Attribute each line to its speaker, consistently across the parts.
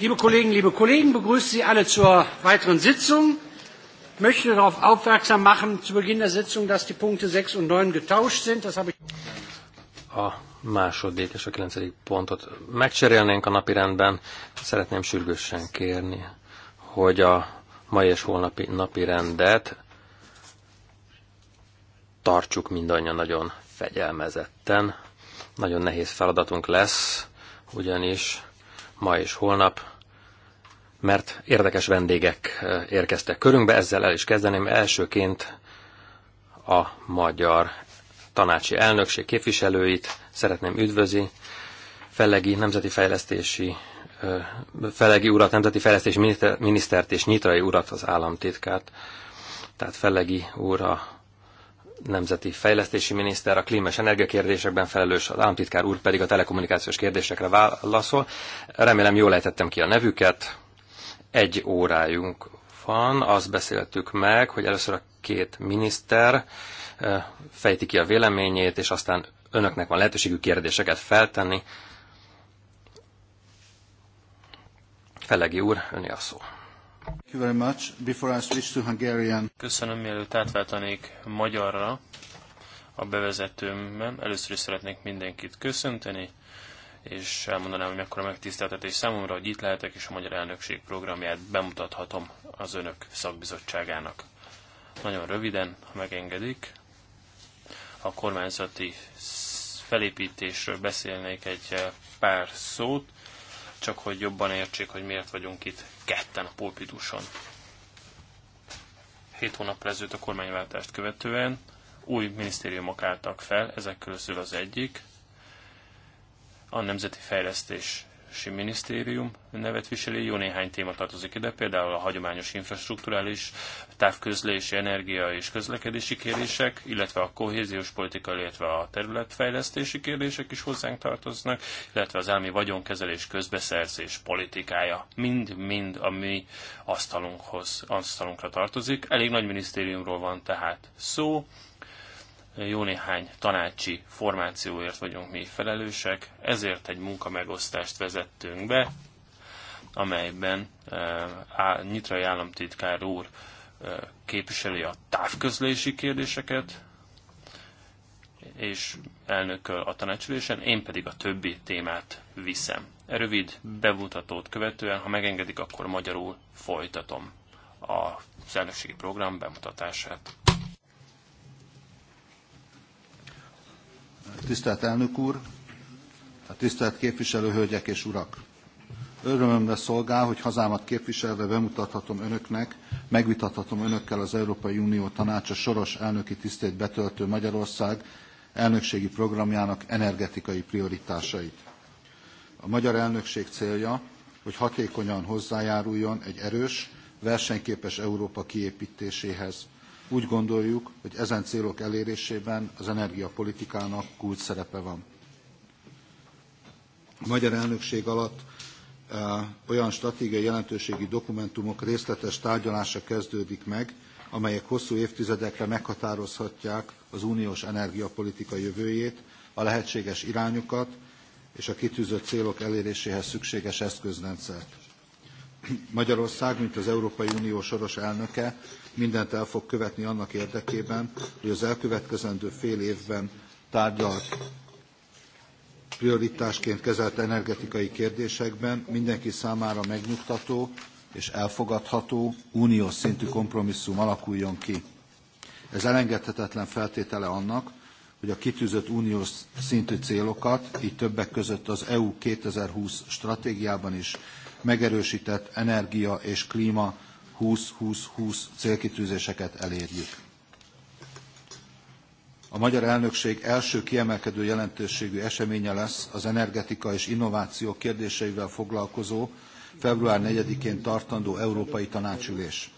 Speaker 1: Liebe Kolleginnen, liebe Kollegen, begrüße Sie alle zur weiteren Sitzung. Ich möchte darauf aufmerksam machen, zu Beginn der Sitzung, dass die Punkte 6 und 9 getauscht
Speaker 2: sind. Das habe ich
Speaker 3: a második és a kilencedik pontot megcserélnénk a napi rendben. Szeretném sürgősen kérni, hogy a mai és holnapi napi rendet tartsuk mindannyian nagyon fegyelmezetten. Nagyon nehéz feladatunk lesz, ugyanis ma és holnap, mert érdekes vendégek eh, érkeztek körünkbe, ezzel el is kezdeném. Elsőként a magyar tanácsi elnökség képviselőit szeretném üdvözi, Fellegi Nemzeti Fejlesztési eh, Fellegi urat, Nemzeti Fejlesztési Minisztert és Nyitrai urat, az államtitkát. Tehát Fellegi úr a nemzeti fejlesztési miniszter, a klíma és energiakérdésekben felelős, az államtitkár úr pedig a telekommunikációs kérdésekre válaszol. Remélem jól lejtettem ki a nevüket. Egy órájunk van, azt beszéltük meg, hogy először a két miniszter fejti ki a véleményét, és aztán önöknek van lehetőségű kérdéseket feltenni. Felegi úr, öné a szó.
Speaker 4: Köszönöm, mielőtt átváltanék magyarra a bevezetőmben. Először is szeretnék mindenkit köszönteni, és elmondanám, hogy mekkora megtiszteltetés számomra, hogy itt lehetek, és a Magyar Elnökség programját bemutathatom az Önök szakbizottságának. Nagyon röviden, ha megengedik, a kormányzati felépítésről beszélnék egy pár szót, csak hogy jobban értsék, hogy miért vagyunk itt ketten a pulpituson. Hét hónap ezelőtt a kormányváltást követően új minisztériumok álltak fel, ezek közül az egyik, a Nemzeti Fejlesztés Fejlesztési Minisztérium nevet viseli, jó néhány téma tartozik ide, például a hagyományos infrastruktúrális, távközlési, energia és közlekedési kérdések, illetve a kohéziós politika, illetve a területfejlesztési kérdések is hozzánk tartoznak, illetve az állami vagyonkezelés közbeszerzés politikája mind-mind a mi asztalunkhoz, asztalunkra tartozik. Elég nagy minisztériumról van tehát szó, jó néhány tanácsi formációért vagyunk mi felelősek, ezért egy munkamegosztást vezettünk be, amelyben uh, eh, Nyitrai államtitkár úr eh, képviseli a távközlési kérdéseket, és elnököl a tanácsülésen, én pedig a többi témát viszem. E rövid bemutatót követően, ha megengedik, akkor magyarul folytatom a elnökségi program bemutatását.
Speaker 5: Tisztelt elnök úr, a tisztelt képviselő hölgyek és urak! Örömömre szolgál, hogy hazámat képviselve bemutathatom önöknek, megvitathatom önökkel az Európai Unió tanácsa soros elnöki tisztét betöltő Magyarország elnökségi programjának energetikai prioritásait. A magyar elnökség célja, hogy hatékonyan hozzájáruljon egy erős, versenyképes Európa kiépítéséhez, úgy gondoljuk, hogy ezen célok elérésében az energiapolitikának kult szerepe van. A magyar elnökség alatt e, olyan stratégiai jelentőségi dokumentumok részletes tárgyalása kezdődik meg, amelyek hosszú évtizedekre meghatározhatják az uniós energiapolitika jövőjét, a lehetséges irányokat és a kitűzött célok eléréséhez szükséges eszközrendszert. Magyarország, mint az Európai Unió soros elnöke mindent el fog követni annak érdekében, hogy az elkövetkezendő fél évben tárgyalt prioritásként kezelt energetikai kérdésekben mindenki számára megnyugtató és elfogadható uniós szintű kompromisszum alakuljon ki. Ez elengedhetetlen feltétele annak, hogy a kitűzött uniós szintű célokat, így többek között az EU 2020 stratégiában is megerősített energia és klíma 20-20-20 célkitűzéseket elérjük. A magyar elnökség első kiemelkedő jelentőségű eseménye lesz az energetika és innováció kérdéseivel foglalkozó február 4-én tartandó Európai Tanácsülés.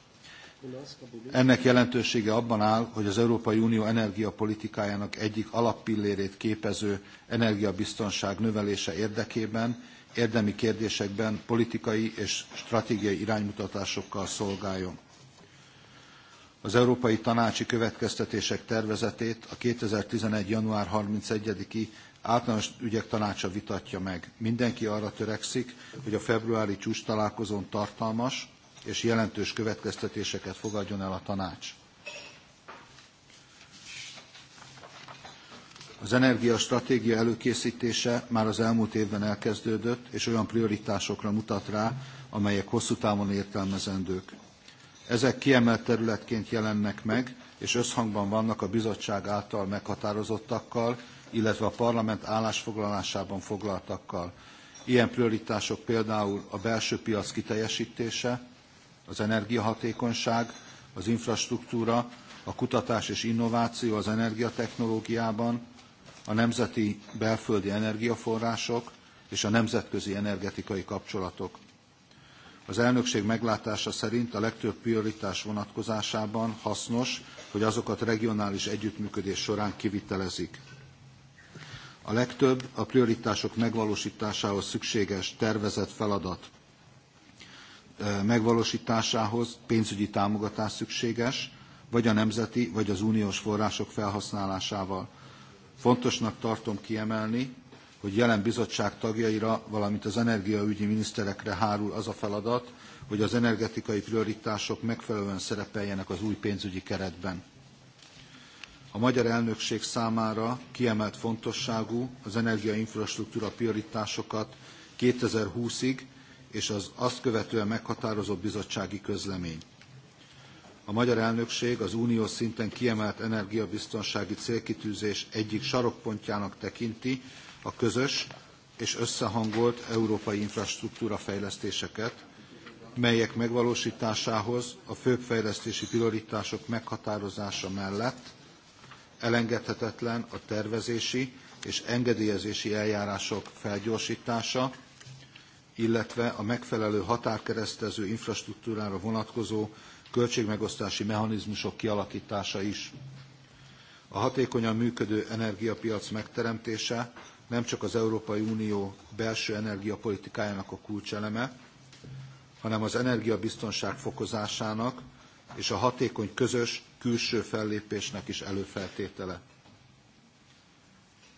Speaker 5: Ennek jelentősége abban áll, hogy az Európai Unió energiapolitikájának egyik alappillérét képező energiabiztonság növelése érdekében érdemi kérdésekben politikai és stratégiai iránymutatásokkal szolgáljon. Az Európai Tanácsi Következtetések tervezetét a 2011. január 31-i általános ügyek tanácsa vitatja meg. Mindenki arra törekszik, hogy a februári csúcs találkozón tartalmas és jelentős következtetéseket fogadjon el a tanács. Az energiastratégia előkészítése már az elmúlt évben elkezdődött, és olyan prioritásokra mutat rá, amelyek hosszú távon értelmezendők. Ezek kiemelt területként jelennek meg, és összhangban vannak a bizottság által meghatározottakkal, illetve a parlament állásfoglalásában foglaltakkal. Ilyen prioritások például a belső piac kiteljesítése, az energiahatékonyság, az infrastruktúra, a kutatás és innováció az energiatechnológiában, a nemzeti belföldi energiaforrások és a nemzetközi energetikai kapcsolatok. Az elnökség meglátása szerint a legtöbb prioritás vonatkozásában hasznos, hogy azokat regionális együttműködés során kivitelezik. A legtöbb a prioritások megvalósításához szükséges tervezett feladat megvalósításához pénzügyi támogatás szükséges, vagy a nemzeti, vagy az uniós források felhasználásával Fontosnak tartom kiemelni, hogy jelen bizottság tagjaira, valamint az energiaügyi miniszterekre hárul az a feladat, hogy az energetikai prioritások megfelelően szerepeljenek az új pénzügyi keretben. A magyar elnökség számára kiemelt fontosságú az energiainfrastruktúra prioritásokat 2020-ig és az azt követően meghatározott bizottsági közlemény a magyar elnökség az uniós szinten kiemelt energiabiztonsági célkitűzés egyik sarokpontjának tekinti a közös és összehangolt európai infrastruktúra fejlesztéseket, melyek megvalósításához a főbb fejlesztési prioritások meghatározása mellett elengedhetetlen a tervezési és engedélyezési eljárások felgyorsítása, illetve a megfelelő határkeresztező infrastruktúrára vonatkozó költségmegosztási mechanizmusok kialakítása is. A hatékonyan működő energiapiac megteremtése nem csak az Európai Unió belső energiapolitikájának a kulcseleme, hanem az energiabiztonság fokozásának és a hatékony közös külső fellépésnek is előfeltétele.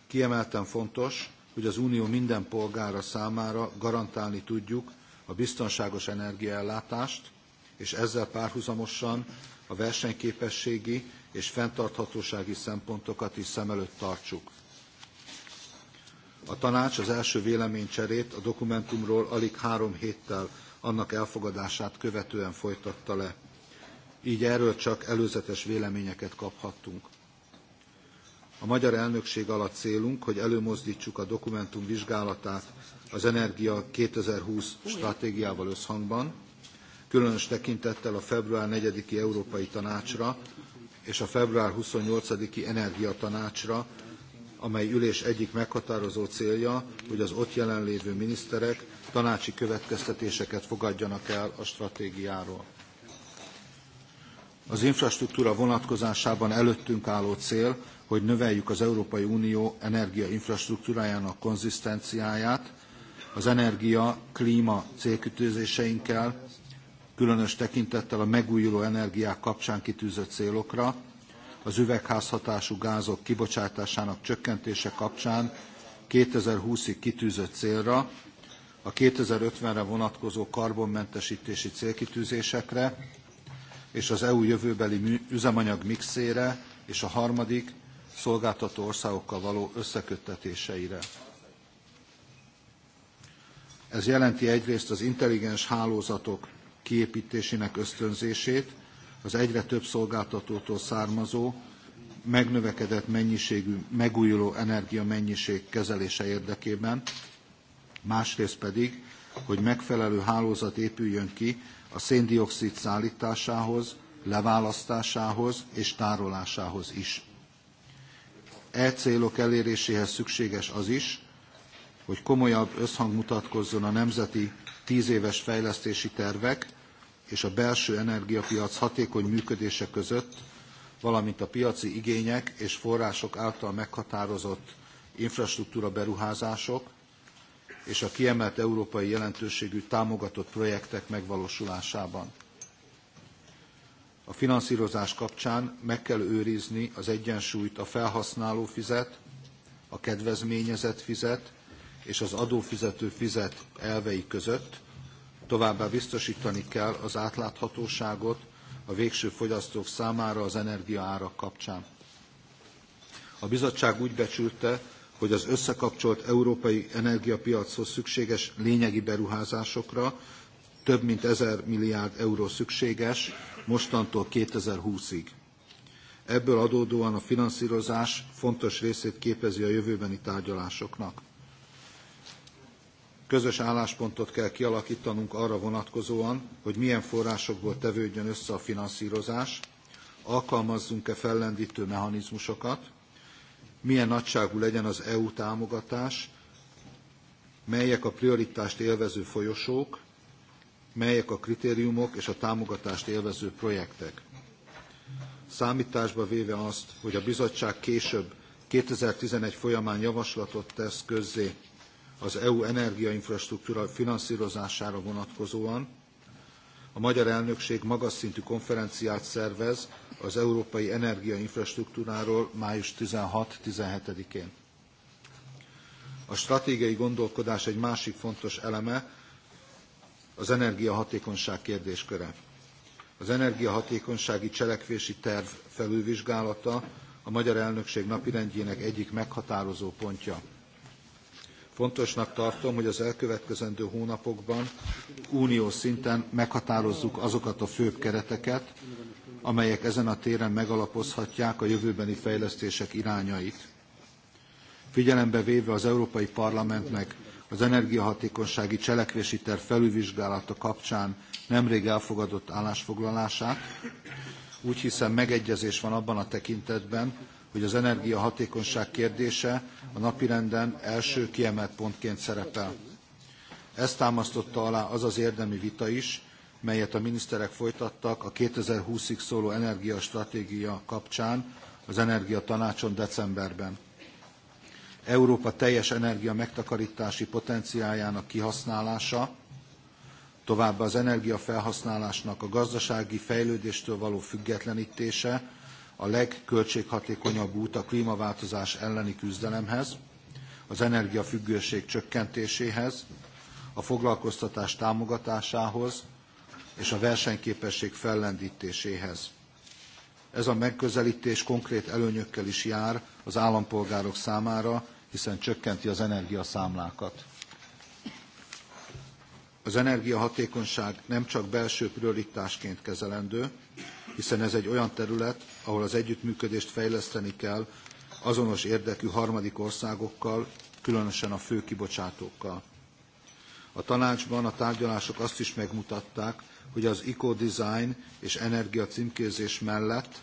Speaker 5: Kiemelten fontos, hogy az Unió minden polgára számára garantálni tudjuk a biztonságos energiaellátást, és ezzel párhuzamosan a versenyképességi és fenntarthatósági szempontokat is szem előtt tartsuk. A tanács az első véleménycserét a dokumentumról alig három héttel annak elfogadását követően folytatta le. Így erről csak előzetes véleményeket kaphattunk. A magyar elnökség alatt célunk, hogy előmozdítsuk a dokumentum vizsgálatát az Energia 2020 stratégiával összhangban, különös tekintettel a február 4-i Európai Tanácsra és a február 28-i Energiatanácsra, amely ülés egyik meghatározó célja, hogy az ott jelenlévő miniszterek tanácsi következtetéseket fogadjanak el a stratégiáról. Az infrastruktúra vonatkozásában előttünk álló cél, hogy növeljük az Európai Unió energiainfrastruktúrájának konzisztenciáját, az energia, klíma célkütőzéseinkkel, különös tekintettel a megújuló energiák kapcsán kitűzött célokra, az üvegházhatású gázok kibocsátásának csökkentése kapcsán 2020-ig kitűzött célra, a 2050-re vonatkozó karbonmentesítési célkitűzésekre és az EU jövőbeli üzemanyag mixére, és a harmadik szolgáltató országokkal való összeköttetéseire. Ez jelenti egyrészt az intelligens hálózatok kiépítésének ösztönzését, az egyre több szolgáltatótól származó, megnövekedett mennyiségű megújuló energia mennyiség kezelése érdekében, másrészt pedig, hogy megfelelő hálózat épüljön ki a széndiokszid szállításához, leválasztásához és tárolásához is. E célok eléréséhez szükséges az is, hogy komolyabb összhang mutatkozzon a nemzeti tíz éves fejlesztési tervek és a belső energiapiac hatékony működése között, valamint a piaci igények és források által meghatározott infrastruktúra beruházások és a kiemelt európai jelentőségű támogatott projektek megvalósulásában. A finanszírozás kapcsán meg kell őrizni az egyensúlyt a felhasználó fizet, a kedvezményezett fizet és az adófizető fizet elvei között, továbbá biztosítani kell az átláthatóságot a végső fogyasztók számára az energiaárak kapcsán. A bizottság úgy becsülte, hogy az összekapcsolt európai energiapiachoz szükséges lényegi beruházásokra több mint 1000 milliárd euró szükséges mostantól 2020-ig. Ebből adódóan a finanszírozás fontos részét képezi a jövőbeni tárgyalásoknak. Közös álláspontot kell kialakítanunk arra vonatkozóan, hogy milyen forrásokból tevődjön össze a finanszírozás, alkalmazzunk-e fellendítő mechanizmusokat, milyen nagyságú legyen az EU támogatás, melyek a prioritást élvező folyosók, melyek a kritériumok és a támogatást élvező projektek. Számításba véve azt, hogy a bizottság később 2011 folyamán javaslatot tesz közzé az EU energiainfrastruktúra finanszírozására vonatkozóan a magyar elnökség magas szintű konferenciát szervez az európai energiainfrastruktúráról május 16-17-én. A stratégiai gondolkodás egy másik fontos eleme az energiahatékonyság kérdésköre. Az energiahatékonysági cselekvési terv felülvizsgálata a magyar elnökség napirendjének egyik meghatározó pontja. Fontosnak tartom, hogy az elkövetkezendő hónapokban uniós szinten meghatározzuk azokat a főbb kereteket, amelyek ezen a téren megalapozhatják a jövőbeni fejlesztések irányait. Figyelembe véve az Európai Parlamentnek az energiahatékonysági cselekvési terv felülvizsgálata kapcsán nemrég elfogadott állásfoglalását, úgy hiszem megegyezés van abban a tekintetben, hogy az energiahatékonyság kérdése a napirenden első kiemelt pontként szerepel. Ezt támasztotta alá az az érdemi vita is, melyet a miniszterek folytattak a 2020-ig szóló energiastratégia kapcsán az energiatanácson decemberben. Európa teljes energia megtakarítási potenciájának kihasználása, továbbá az energiafelhasználásnak a gazdasági fejlődéstől való függetlenítése, a legköltséghatékonyabb út a klímaváltozás elleni küzdelemhez, az energiafüggőség csökkentéséhez, a foglalkoztatás támogatásához és a versenyképesség fellendítéséhez. Ez a megközelítés konkrét előnyökkel is jár az állampolgárok számára, hiszen csökkenti az energiaszámlákat. Az energiahatékonyság nem csak belső prioritásként kezelendő, hiszen ez egy olyan terület, ahol az együttműködést fejleszteni kell azonos érdekű harmadik országokkal, különösen a fő kibocsátókkal. A tanácsban a tárgyalások azt is megmutatták, hogy az eco-design és energia címkézés mellett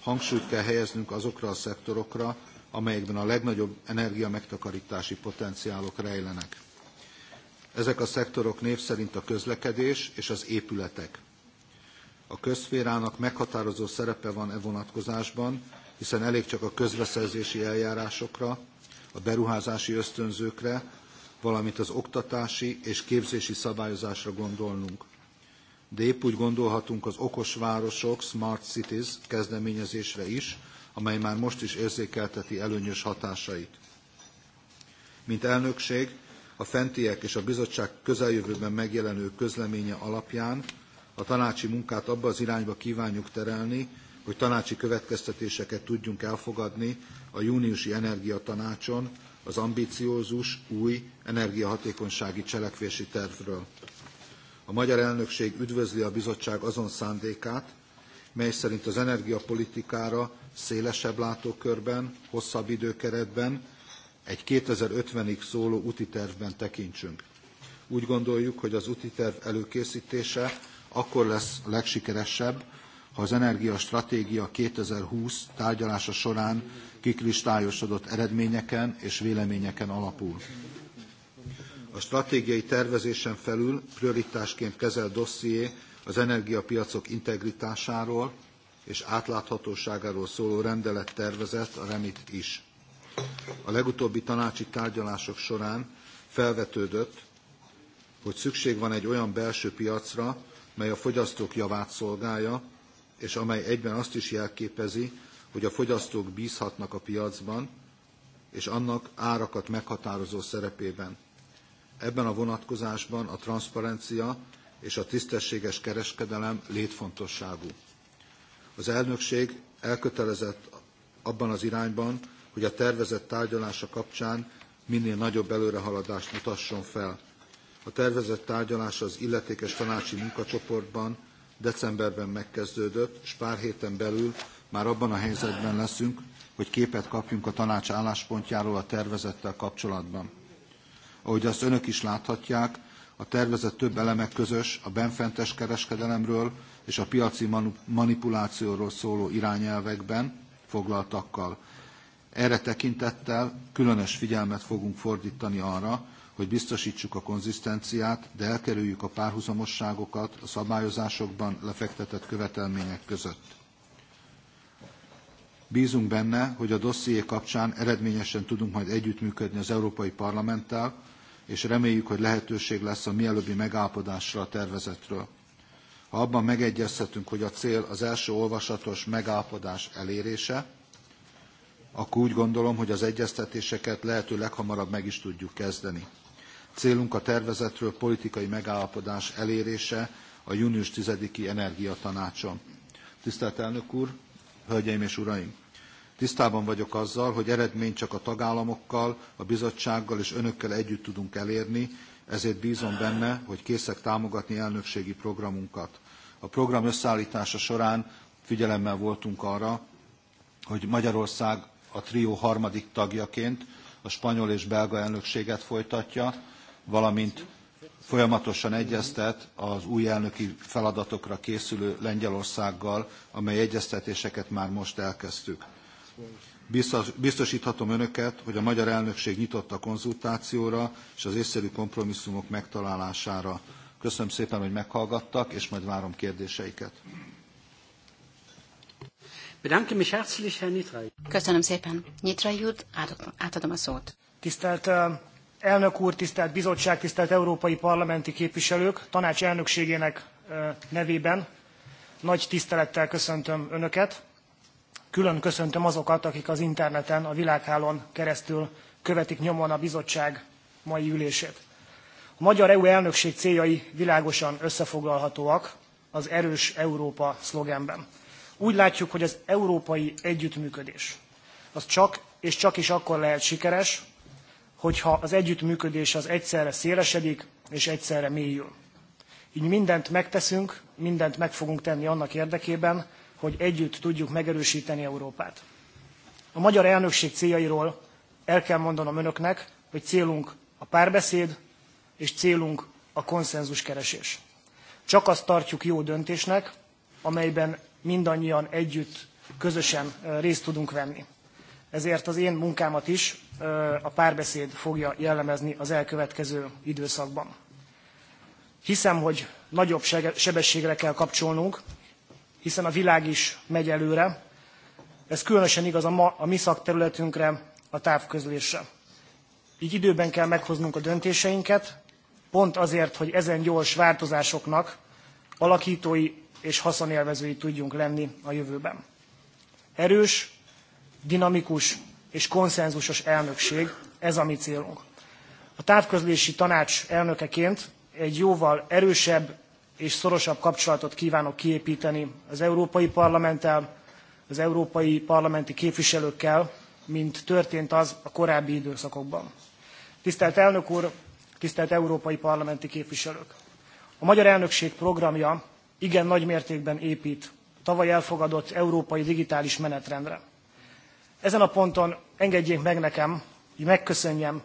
Speaker 5: hangsúlyt kell helyeznünk azokra a szektorokra, amelyekben a legnagyobb energiamegtakarítási potenciálok rejlenek. Ezek a szektorok név szerint a közlekedés és az épületek. A közférának meghatározó szerepe van e vonatkozásban, hiszen elég csak a közbeszerzési eljárásokra, a beruházási ösztönzőkre, valamint az oktatási és képzési szabályozásra gondolnunk. De épp úgy gondolhatunk az okos városok, Smart Cities kezdeményezésre is, amely már most is érzékelteti előnyös hatásait. Mint elnökség, a fentiek és a bizottság közeljövőben megjelenő közleménye alapján a tanácsi munkát abba az irányba kívánjuk terelni, hogy tanácsi következtetéseket tudjunk elfogadni a júniusi energiatanácson az ambiciózus új energiahatékonysági cselekvési tervről. A magyar elnökség üdvözli a bizottság azon szándékát, mely szerint az energiapolitikára szélesebb látókörben, hosszabb időkeretben, egy 2050-ig szóló útitervben tekintsünk. Úgy gondoljuk, hogy az útiterv előkészítése akkor lesz a legsikeresebb, ha az Energiastratégia 2020 tárgyalása során kikristályosodott eredményeken és véleményeken alapul. A stratégiai tervezésen felül prioritásként kezel dosszié az energiapiacok integritásáról és átláthatóságáról szóló rendelet tervezett a REMIT is. A legutóbbi tanácsi tárgyalások során felvetődött, hogy szükség van egy olyan belső piacra, mely a fogyasztók javát szolgálja, és amely egyben azt is jelképezi, hogy a fogyasztók bízhatnak a piacban, és annak árakat meghatározó szerepében. Ebben a vonatkozásban a transzparencia és a tisztességes kereskedelem létfontosságú. Az elnökség elkötelezett abban az irányban, hogy a tervezett tárgyalása kapcsán minél nagyobb előrehaladást mutasson fel. A tervezett tárgyalás az illetékes tanácsi munkacsoportban decemberben megkezdődött, és pár héten belül már abban a helyzetben leszünk, hogy képet kapjunk a tanács álláspontjáról a tervezettel kapcsolatban. Ahogy azt önök is láthatják, a tervezet több elemek közös a benfentes kereskedelemről és a piaci manipulációról szóló irányelvekben foglaltakkal. Erre tekintettel különös figyelmet fogunk fordítani arra, hogy biztosítsuk a konzisztenciát, de elkerüljük a párhuzamosságokat a szabályozásokban lefektetett követelmények között. Bízunk benne, hogy a dosszié kapcsán eredményesen tudunk majd együttműködni az Európai Parlamenttel, és reméljük, hogy lehetőség lesz a mielőbbi megállapodásra a tervezetről. Ha abban megegyezhetünk, hogy a cél az első olvasatos megállapodás elérése, akkor úgy gondolom, hogy az egyeztetéseket lehető leghamarabb meg is tudjuk kezdeni. Célunk a tervezetről politikai megállapodás elérése a június 10-i energiatanácson. Tisztelt elnök úr, hölgyeim és uraim! Tisztában vagyok azzal, hogy eredményt csak a tagállamokkal, a bizottsággal és önökkel együtt tudunk elérni, ezért bízom benne, hogy készek támogatni elnökségi programunkat. A program összeállítása során figyelemmel voltunk arra, hogy Magyarország a trió harmadik tagjaként a spanyol és belga elnökséget folytatja, valamint folyamatosan egyeztet az új elnöki feladatokra készülő Lengyelországgal, amely egyeztetéseket már most elkezdtük. Biztosíthatom önöket, hogy a magyar elnökség nyitott a konzultációra és az észszerű kompromisszumok megtalálására. Köszönöm szépen, hogy meghallgattak, és majd várom kérdéseiket.
Speaker 2: Köszönöm szépen. átadom a szót. Tisztelt uh, Elnök úr, tisztelt bizottság, tisztelt európai parlamenti képviselők, tanács elnökségének nevében nagy tisztelettel köszöntöm Önöket. Külön köszöntöm azokat, akik az interneten, a világhálón keresztül követik nyomon a bizottság mai ülését. A magyar EU elnökség céljai világosan összefoglalhatóak az erős Európa szlogenben. Úgy látjuk, hogy az európai együttműködés az csak és csak is akkor lehet sikeres, hogyha az együttműködés az egyszerre szélesedik és egyszerre mélyül. Így mindent megteszünk, mindent meg fogunk tenni annak érdekében, hogy együtt tudjuk megerősíteni Európát. A magyar elnökség céljairól el kell mondanom önöknek, hogy célunk a párbeszéd, és célunk a konszenzuskeresés. Csak azt tartjuk jó döntésnek, amelyben mindannyian együtt, közösen eh, részt tudunk venni ezért az én munkámat is a párbeszéd fogja jellemezni az elkövetkező időszakban. Hiszem, hogy nagyobb sebességre kell kapcsolnunk, hiszen a világ is megy előre. Ez különösen igaz a, ma, a mi szakterületünkre, a távközlésre. Így időben kell meghoznunk a döntéseinket, pont azért, hogy ezen gyors változásoknak alakítói és haszonélvezői tudjunk lenni a jövőben. Erős, dinamikus és konszenzusos elnökség, ez a mi célunk. A távközlési tanács elnökeként egy jóval erősebb és szorosabb kapcsolatot kívánok kiépíteni az Európai Parlamenttel, az európai parlamenti képviselőkkel, mint történt az a korábbi időszakokban. Tisztelt elnök úr, tisztelt európai parlamenti képviselők! A magyar elnökség programja igen nagy mértékben épít tavaly elfogadott európai digitális menetrendre. Ezen a ponton engedjék meg nekem, hogy megköszönjem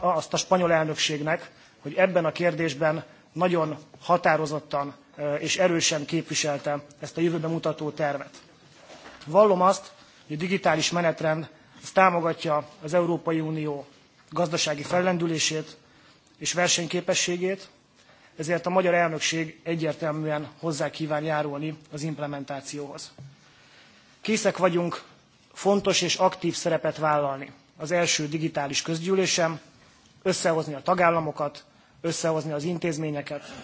Speaker 2: azt a spanyol elnökségnek, hogy ebben a kérdésben nagyon határozottan és erősen képviselte ezt a jövőbe mutató tervet. Vallom azt, hogy a digitális menetrend támogatja az Európai Unió gazdasági fellendülését és versenyképességét, ezért a magyar elnökség egyértelműen hozzá kíván járulni az implementációhoz. Készek vagyunk fontos és aktív szerepet vállalni az első digitális közgyűlésem, összehozni a tagállamokat, összehozni az intézményeket,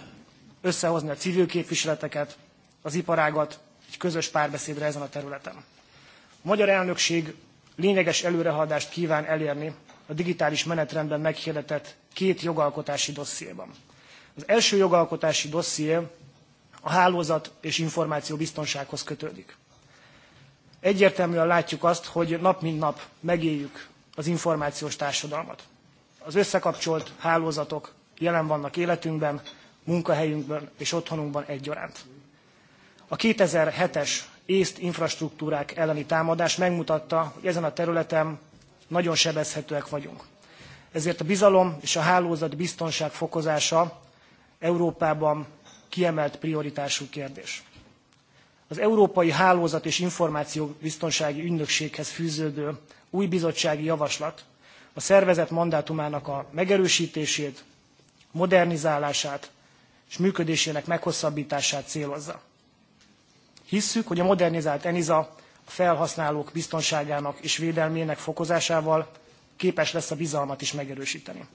Speaker 2: összehozni a civil képviseleteket, az iparágat egy közös párbeszédre ezen a területen. A magyar elnökség lényeges előrehaladást kíván elérni a digitális menetrendben meghirdetett két jogalkotási dossziéban. Az első jogalkotási dosszié a hálózat és információbiztonsághoz kötődik. Egyértelműen látjuk azt, hogy nap mint nap megéljük az információs társadalmat. Az összekapcsolt hálózatok jelen vannak életünkben, munkahelyünkben és otthonunkban egyaránt. A 2007-es észt infrastruktúrák elleni támadás megmutatta, hogy ezen a területen nagyon sebezhetőek vagyunk. Ezért a bizalom és a hálózat biztonság fokozása Európában kiemelt prioritású kérdés az Európai Hálózat és Információbiztonsági Ügynökséghez fűződő új bizottsági javaslat a szervezet mandátumának a megerősítését, modernizálását és működésének meghosszabbítását célozza. Hisszük, hogy a modernizált ENISA a felhasználók biztonságának és védelmének fokozásával képes lesz a bizalmat is megerősíteni.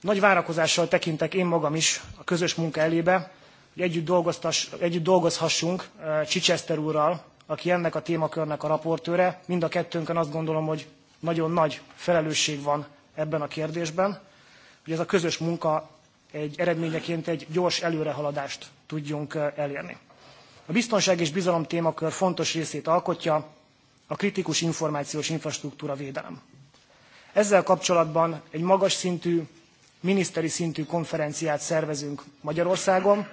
Speaker 2: Nagy várakozással tekintek én magam is a közös munka elébe, hogy együtt, együtt dolgozhassunk eh, Csicseszter úrral, aki ennek a témakörnek a raportőre. Mind a kettőnkön azt gondolom, hogy nagyon nagy felelősség van ebben a kérdésben, hogy ez a közös munka egy eredményeként egy gyors előrehaladást tudjunk eh, elérni. A biztonság és bizalom témakör fontos részét alkotja a kritikus információs infrastruktúra védelem. Ezzel kapcsolatban egy magas szintű, miniszteri szintű konferenciát szervezünk Magyarországon,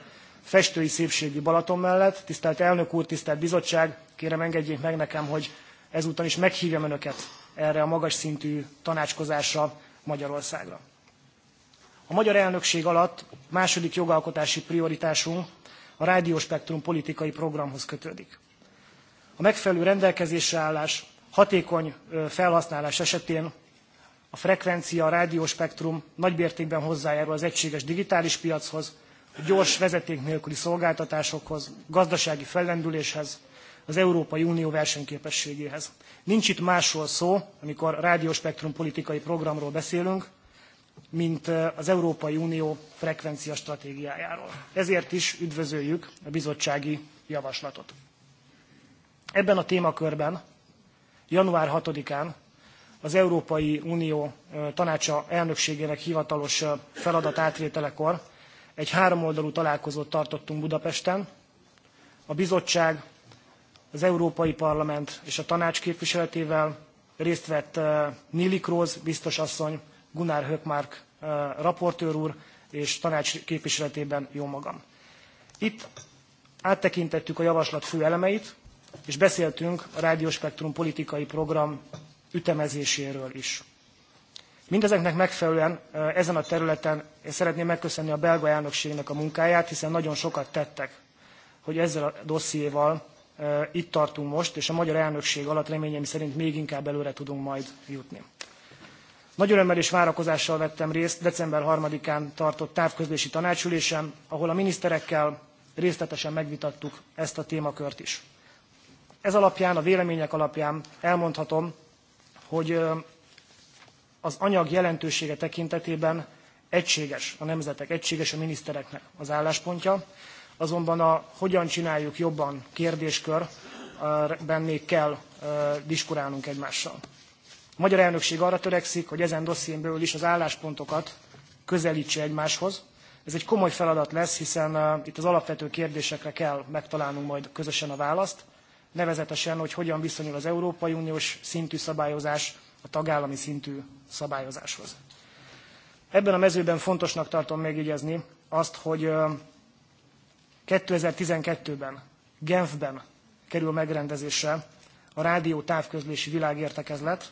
Speaker 2: festői szépségű Balaton mellett. Tisztelt elnök úr, tisztelt bizottság, kérem engedjék meg nekem, hogy ezúton is meghívjam önöket erre a magas szintű tanácskozásra Magyarországra. A magyar elnökség alatt második jogalkotási prioritásunk a rádióspektrum politikai programhoz kötődik. A megfelelő rendelkezésre állás hatékony felhasználás esetén a frekvencia, a rádióspektrum nagymértékben hozzájárul az egységes digitális piachoz, gyors vezeték nélküli szolgáltatásokhoz, gazdasági fellendüléshez, az Európai Unió versenyképességéhez. Nincs itt másról szó, amikor rádióspektrum politikai programról beszélünk, mint az Európai Unió frekvencia stratégiájáról. Ezért is üdvözöljük a bizottsági javaslatot. Ebben a témakörben január 6-án az Európai Unió tanácsa elnökségének hivatalos feladat átvételekor egy háromoldalú találkozót tartottunk Budapesten. A bizottság, az Európai Parlament és a tanács képviseletével részt vett eh, Nili Kroz biztos asszony, Gunnar Hökmark eh, raportőr úr és tanács képviseletében jó magam. Itt áttekintettük a javaslat fő elemeit, és beszéltünk a Rádióspektrum politikai program ütemezéséről is. Mindezeknek megfelelően ezen a területen szeretném megköszönni a belga elnökségnek a munkáját, hiszen nagyon sokat tettek, hogy ezzel a dossziéval itt tartunk most, és a magyar elnökség alatt reményeim szerint még inkább előre tudunk majd jutni. Nagy örömmel és várakozással vettem részt december 3-án tartott távközlési tanácsülésen, ahol a miniszterekkel részletesen megvitattuk ezt a témakört is. Ez alapján, a vélemények alapján elmondhatom, hogy az anyag jelentősége tekintetében egységes a nemzetek, egységes a minisztereknek az álláspontja, azonban a hogyan csináljuk jobban kérdéskörben még kell diskurálnunk egymással. A magyar elnökség arra törekszik, hogy ezen dossziénből is az álláspontokat közelítse egymáshoz. Ez egy komoly feladat lesz, hiszen itt az alapvető kérdésekre kell megtalálnunk majd közösen a választ, nevezetesen, hogy hogyan viszonyul az Európai Uniós szintű szabályozás a tagállami szintű szabályozáshoz. Ebben a mezőben fontosnak tartom megjegyezni azt, hogy 2012-ben Genfben kerül megrendezésre a rádió távközlési világértekezlet.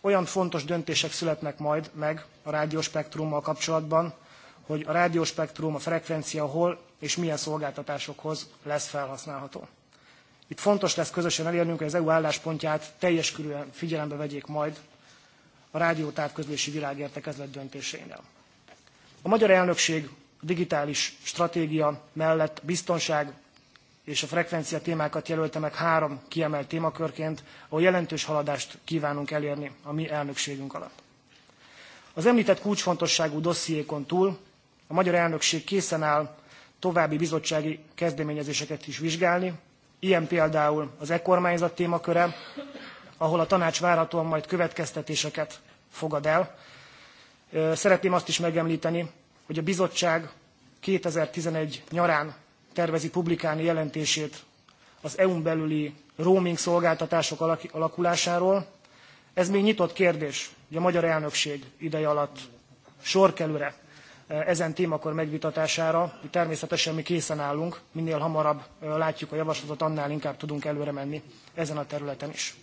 Speaker 2: Olyan fontos döntések születnek majd meg a rádióspektrummal kapcsolatban, hogy a rádióspektrum, a frekvencia hol és milyen szolgáltatásokhoz lesz felhasználható. Itt fontos lesz közösen elérnünk, hogy az EU álláspontját teljes körülön figyelembe vegyék majd a rádió távközlési világértekezlet döntésénél. A magyar elnökség digitális stratégia mellett biztonság és a frekvencia témákat jelölte meg három kiemelt témakörként, ahol jelentős haladást kívánunk elérni a mi elnökségünk alatt. Az említett kulcsfontosságú dossziékon túl a magyar elnökség készen áll további bizottsági kezdeményezéseket is vizsgálni, Ilyen például az e-kormányzat témaköre, ahol a tanács várhatóan majd következtetéseket fogad el. Szeretném azt is megemlíteni, hogy a bizottság 2011 nyarán tervezi publikálni jelentését az EU-n belüli roaming szolgáltatások alakulásáról. Ez még nyitott kérdés, hogy a magyar elnökség ideje alatt sor kerül-e Eh, ezen témakor megvitatására. Természetesen mi készen állunk, minél hamarabb eh, látjuk a javaslatot, annál inkább tudunk előre menni ezen a területen is.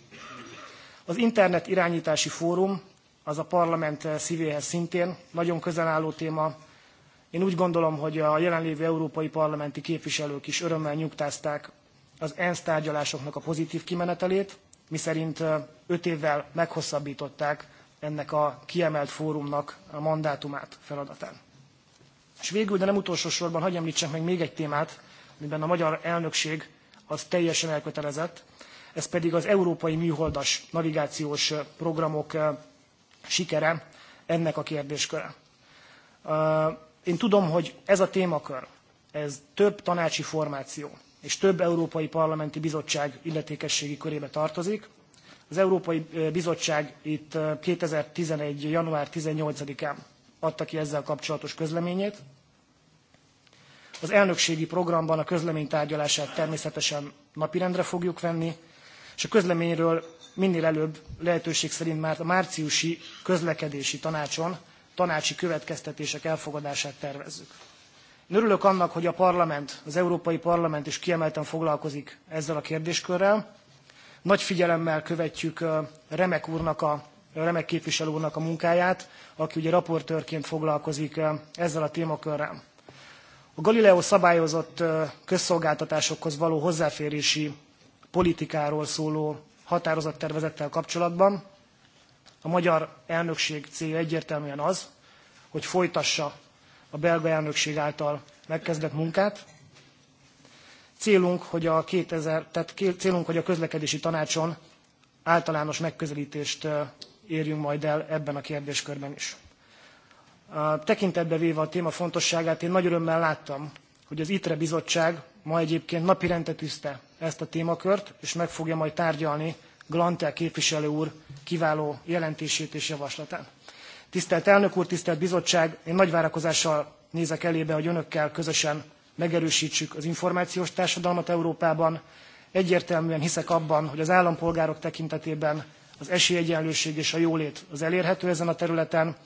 Speaker 2: Az Internet Irányítási Fórum, az a parlament eh, szívéhez szintén nagyon közel álló téma. Én úgy gondolom, hogy a jelenlévő európai parlamenti képviselők is örömmel nyugtázták az ENSZ tárgyalásoknak a pozitív kimenetelét, miszerint öt évvel meghosszabbították ennek a kiemelt fórumnak a mandátumát, feladatán. És végül, de nem utolsó sorban, hagyj említsek meg még egy témát, amiben a magyar elnökség az teljesen elkötelezett, ez pedig az európai műholdas navigációs programok eh, sikere ennek a kérdésköre. Eh, én tudom, hogy ez a témakör, ez több tanácsi formáció és több európai parlamenti bizottság illetékességi körébe tartozik. Az Európai eh, Bizottság itt 2011. január 18-án adta ki ezzel kapcsolatos közleményét, az elnökségi programban a közlemény tárgyalását természetesen napirendre fogjuk venni, és a közleményről minél előbb lehetőség szerint már a márciusi közlekedési tanácson tanácsi következtetések elfogadását tervezzük. Én örülök annak, hogy a parlament, az Európai Parlament is kiemelten foglalkozik ezzel a kérdéskörrel. Nagy figyelemmel követjük Remek úrnak a remek képviselő úrnak a munkáját, aki ugye raportőrként foglalkozik ezzel a témakörrel. A Galileo szabályozott közszolgáltatásokhoz való hozzáférési politikáról szóló határozattervezettel kapcsolatban a magyar elnökség célja egyértelműen az, hogy folytassa a belga elnökség által megkezdett munkát. Célunk, hogy a, 2000, tehát célunk, hogy a közlekedési tanácson általános megközelítést érjünk majd el ebben a kérdéskörben is. Tekintetbe véve a téma fontosságát, én nagy örömmel láttam, hogy az ITRE bizottság ma egyébként napirendre tűzte ezt a témakört, és meg fogja majd tárgyalni Glantel képviselő úr kiváló jelentését és javaslatát. Tisztelt elnök úr, tisztelt bizottság, én nagy várakozással nézek elébe, hogy önökkel közösen megerősítsük az információs társadalmat Európában. Egyértelműen hiszek abban, hogy az állampolgárok tekintetében az esélyegyenlőség és a jólét az elérhető ezen a területen,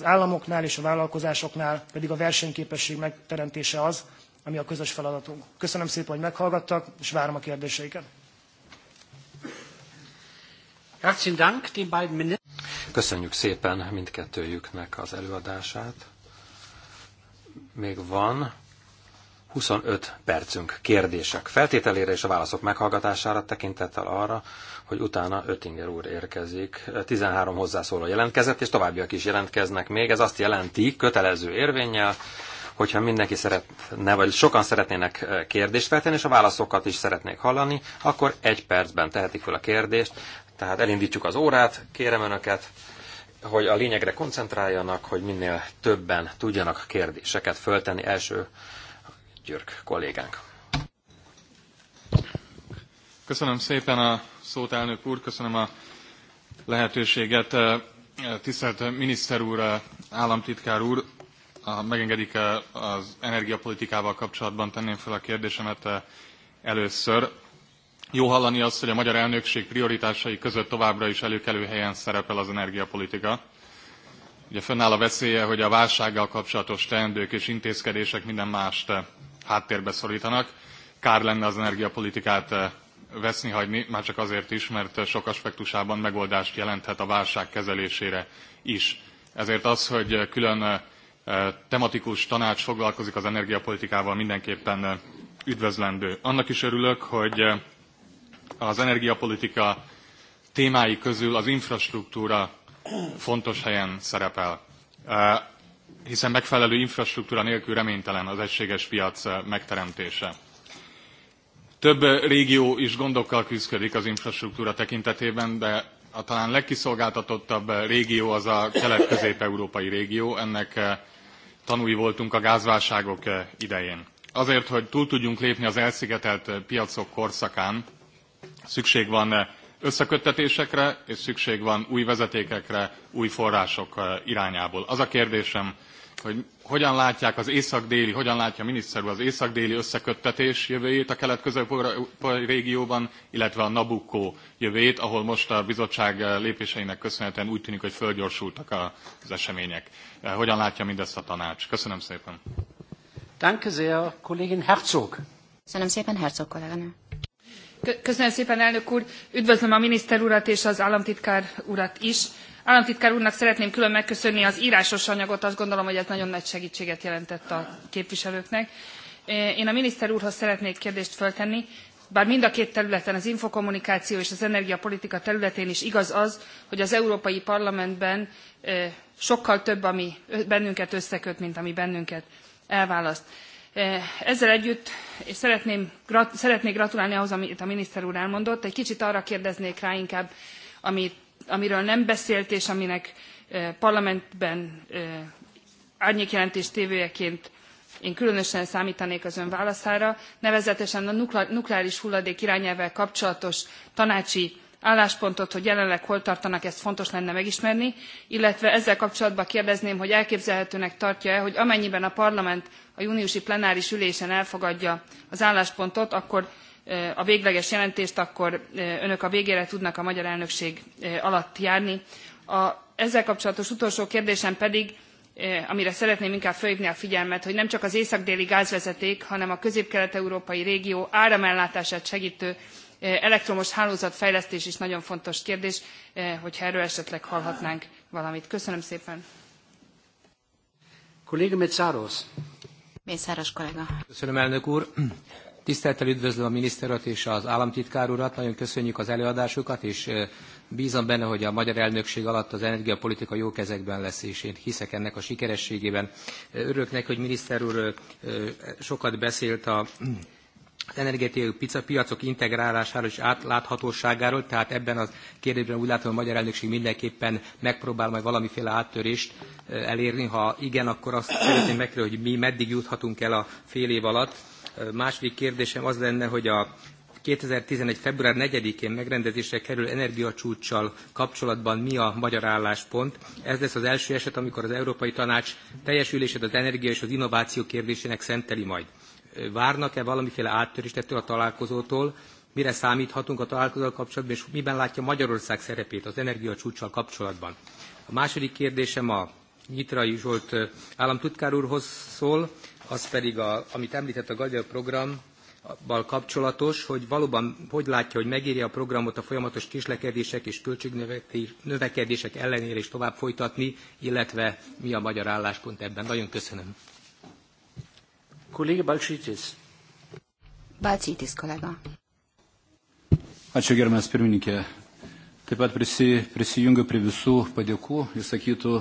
Speaker 2: az államoknál és a vállalkozásoknál pedig a versenyképesség megteremtése az, ami a közös feladatunk. Köszönöm szépen, hogy meghallgattak, és várom a kérdéseiket.
Speaker 3: Köszönjük szépen mindkettőjüknek az előadását. Még van 25 percünk kérdések feltételére és a válaszok meghallgatására tekintettel arra, hogy utána Öttinger úr érkezik. 13 hozzászóló jelentkezett, és továbbiak is jelentkeznek még. Ez azt jelenti kötelező érvényel, hogyha mindenki szeretne, vagy sokan szeretnének eh, kérdést feltenni, és a válaszokat is szeretnék hallani, akkor egy percben tehetik fel a kérdést. Tehát elindítjuk az órát, kérem Önöket, hogy a lényegre koncentráljanak, hogy minél többen tudjanak kérdéseket föltenni
Speaker 6: első Györk kollégánk. Köszönöm szépen a szót, elnök úr, köszönöm a lehetőséget. Tisztelt miniszter úr, államtitkár úr, ha megengedik az energiapolitikával kapcsolatban tenném fel a kérdésemet először. Jó hallani azt, hogy a magyar elnökség prioritásai között továbbra is előkelő helyen szerepel az energiapolitika. Ugye fönnáll a veszélye, hogy a válsággal kapcsolatos teendők és intézkedések minden mást háttérbe szorítanak. Kár lenne az energiapolitikát veszni hagyni, már csak azért is, mert sok aspektusában megoldást jelenthet a válság kezelésére is. Ezért az, hogy külön eh, tematikus tanács foglalkozik az energiapolitikával mindenképpen eh, üdvözlendő. Annak is örülök, hogy eh, az energiapolitika témái közül az infrastruktúra fontos helyen szerepel, hiszen megfelelő infrastruktúra nélkül reménytelen az egységes piac megteremtése. Több régió is gondokkal küszködik az infrastruktúra tekintetében, de a talán legkiszolgáltatottabb régió az a kelet-közép-európai régió. Ennek eh, tanúi voltunk a gázválságok eh, idején. Azért, hogy túl tudjunk lépni az elszigetelt eh, piacok korszakán, szükség van összeköttetésekre, és szükség van új vezetékekre, új források irányából. Az a kérdésem hogy hogyan látják az észak-déli, hogyan látja a miniszter úr az észak-déli összeköttetés jövőjét a kelet-közép-európai régióban, illetve a Nabucco jövőjét, ahol most a bizottság lépéseinek köszönhetően úgy tűnik, hogy fölgyorsultak az események. Hogyan látja mindezt a tanács? Köszönöm szépen.
Speaker 7: Danke sehr, Kollegin Herzog. Köszönöm szépen, Herzog kolléganő.
Speaker 1: Köszönöm szépen, elnök úr. Üdvözlöm a miniszter urat és az államtitkár urat is Államtitkár úrnak szeretném külön megköszönni az írásos anyagot, azt gondolom, hogy ez nagyon nagy segítséget jelentett a képviselőknek. Én a miniszter úrhoz szeretnék kérdést föltenni. Bár mind a két területen, az infokommunikáció és az energiapolitika területén is igaz az, hogy az Európai Parlamentben sokkal több, ami bennünket összeköt, mint ami bennünket elválaszt. Ezzel együtt és szeretném, szeretnék gratulálni ahhoz, amit a miniszter úr elmondott. Egy kicsit arra kérdeznék rá inkább, amit amiről nem beszélt, és aminek eh, parlamentben eh, árnyékjelentés tévőjeként én különösen számtanék az ön válaszára nevezetesen a nukleáris hulladék irányelvvel kapcsolatos tanácsi álláspontot hogy jelenleg hol tartanak ezt fontos lenne megismerni illetve ezzel kapcsolatban kérdezném hogy elképzelhetőnek tartja e hogy amennyiben a parlament a júniusi plenáris ülésen elfogadja az álláspontot akkor a végleges jelentést, akkor önök a végére tudnak a magyar elnökség alatt járni. A ezzel kapcsolatos utolsó kérdésem pedig, amire szeretném inkább felhívni a figyelmet, hogy nem csak az észak-déli gázvezeték, hanem a közép-kelet-európai régió áramellátását segítő elektromos hálózatfejlesztés is nagyon fontos kérdés, hogyha erről esetleg hallhatnánk valamit. Köszönöm szépen. Kolléga Mészáros kollega.
Speaker 8: Köszönöm, elnök úr. Tisztelettel üdvözlöm a miniszter és az államtitkár urat, nagyon köszönjük az előadásukat, és bízom benne, hogy a magyar elnökség alatt az energiapolitika jó kezekben lesz, és én hiszek ennek a sikerességében. Örülök neki, hogy miniszter úr sokat beszélt a az energetikai piacok integrálásáról és átláthatóságáról, tehát ebben a kérdésben úgy látom, hogy a magyar elnökség mindenképpen megpróbál majd valamiféle áttörést elérni. Ha igen, akkor azt szeretném megkérdezni, hogy mi meddig juthatunk el a fél év alatt Második kérdésem az lenne, hogy a 2011. február 4-én megrendezésre kerül energiacsúccsal kapcsolatban mi a magyar álláspont. Ez lesz az első eset, amikor az Európai Tanács teljes ülését az energia és az innováció kérdésének szenteli majd. Várnak-e valamiféle áttörést ettől a találkozótól? Mire számíthatunk a találkozóval kapcsolatban, és miben látja Magyarország szerepét az energiacsúccsal kapcsolatban? A második kérdésem a Nyitrai Zsolt államtitkár úrhoz szól az pedig, a, amit említett a Galileo programmal kapcsolatos, hogy valóban hogy látja, hogy megéri a programot a folyamatos kislekedések és költségnövekedések ellenére is tovább folytatni, illetve mi a magyar álláspont ebben. Nagyon köszönöm.
Speaker 1: Kolléga Balcsitis. Balcsitis kollega.
Speaker 5: Ačiū gerbiamas pirmininkė. Taip pat prisijungiu prie visų padėkų išsakytų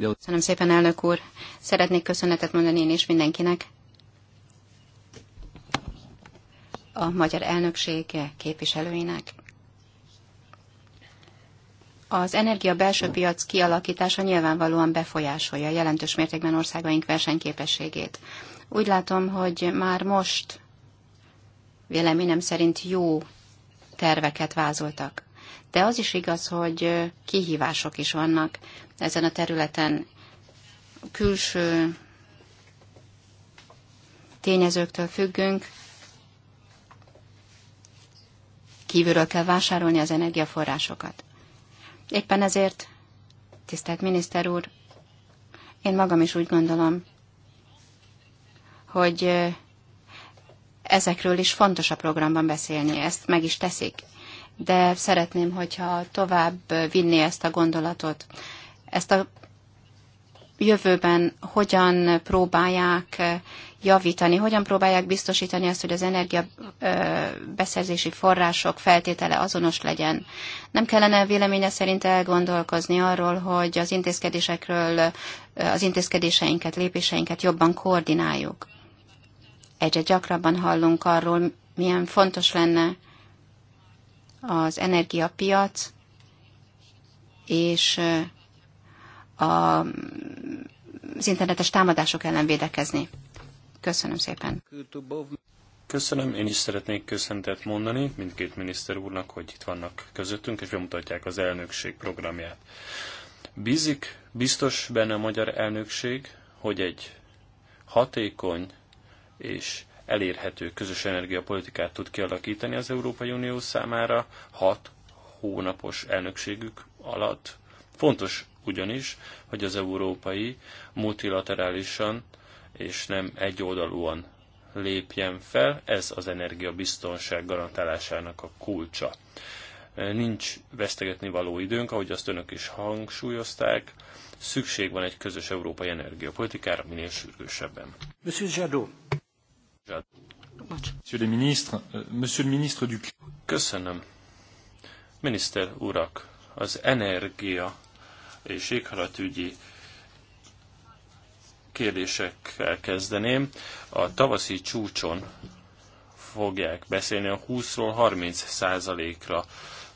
Speaker 5: Köszönöm
Speaker 7: szépen, elnök úr. Szeretnék köszönetet mondani én is mindenkinek. A magyar elnökség képviselőinek. Az energia belső piac kialakítása nyilvánvalóan befolyásolja jelentős mértékben országaink versenyképességét. Úgy látom, hogy már most véleményem szerint jó terveket vázoltak de az is igaz, hogy kihívások is vannak ezen a területen. Külső tényezőktől függünk, kívülről kell vásárolni az energiaforrásokat. Éppen ezért, tisztelt miniszter úr, én magam is úgy gondolom, hogy ezekről is fontos a programban beszélni, ezt meg is teszik de szeretném, hogyha tovább vinni ezt a gondolatot. Ezt a jövőben hogyan próbálják javítani, hogyan próbálják biztosítani azt, hogy az energia beszerzési források feltétele azonos legyen. Nem kellene véleménye szerint elgondolkozni arról, hogy az intézkedésekről, az intézkedéseinket, lépéseinket jobban koordináljuk. Egyre gyakrabban hallunk arról, milyen fontos lenne az energiapiac és a, az internetes támadások ellen védekezni. Köszönöm szépen.
Speaker 4: Köszönöm, én is szeretnék köszöntet mondani mindkét miniszter úrnak, hogy itt vannak közöttünk, és bemutatják az elnökség programját. Bízik biztos benne a magyar elnökség, hogy egy hatékony és elérhető közös energiapolitikát tud kialakítani az Európai Unió számára hat hónapos elnökségük alatt. Fontos ugyanis, hogy az európai multilaterálisan és nem egyoldalúan lépjen fel, ez az energiabiztonság garantálásának a kulcsa. Nincs vesztegetni való időnk, ahogy azt önök is hangsúlyozták, szükség van egy közös európai energiapolitikára minél sürgősebben. Jadot. Monsieur le ministre, euh, monsieur le ministre du... Köszönöm. Miniszter urak, az energia és éghajlatügyi kérdésekkel kezdeném. A tavaszi csúcson fogják beszélni a 20-ról 30 százalékra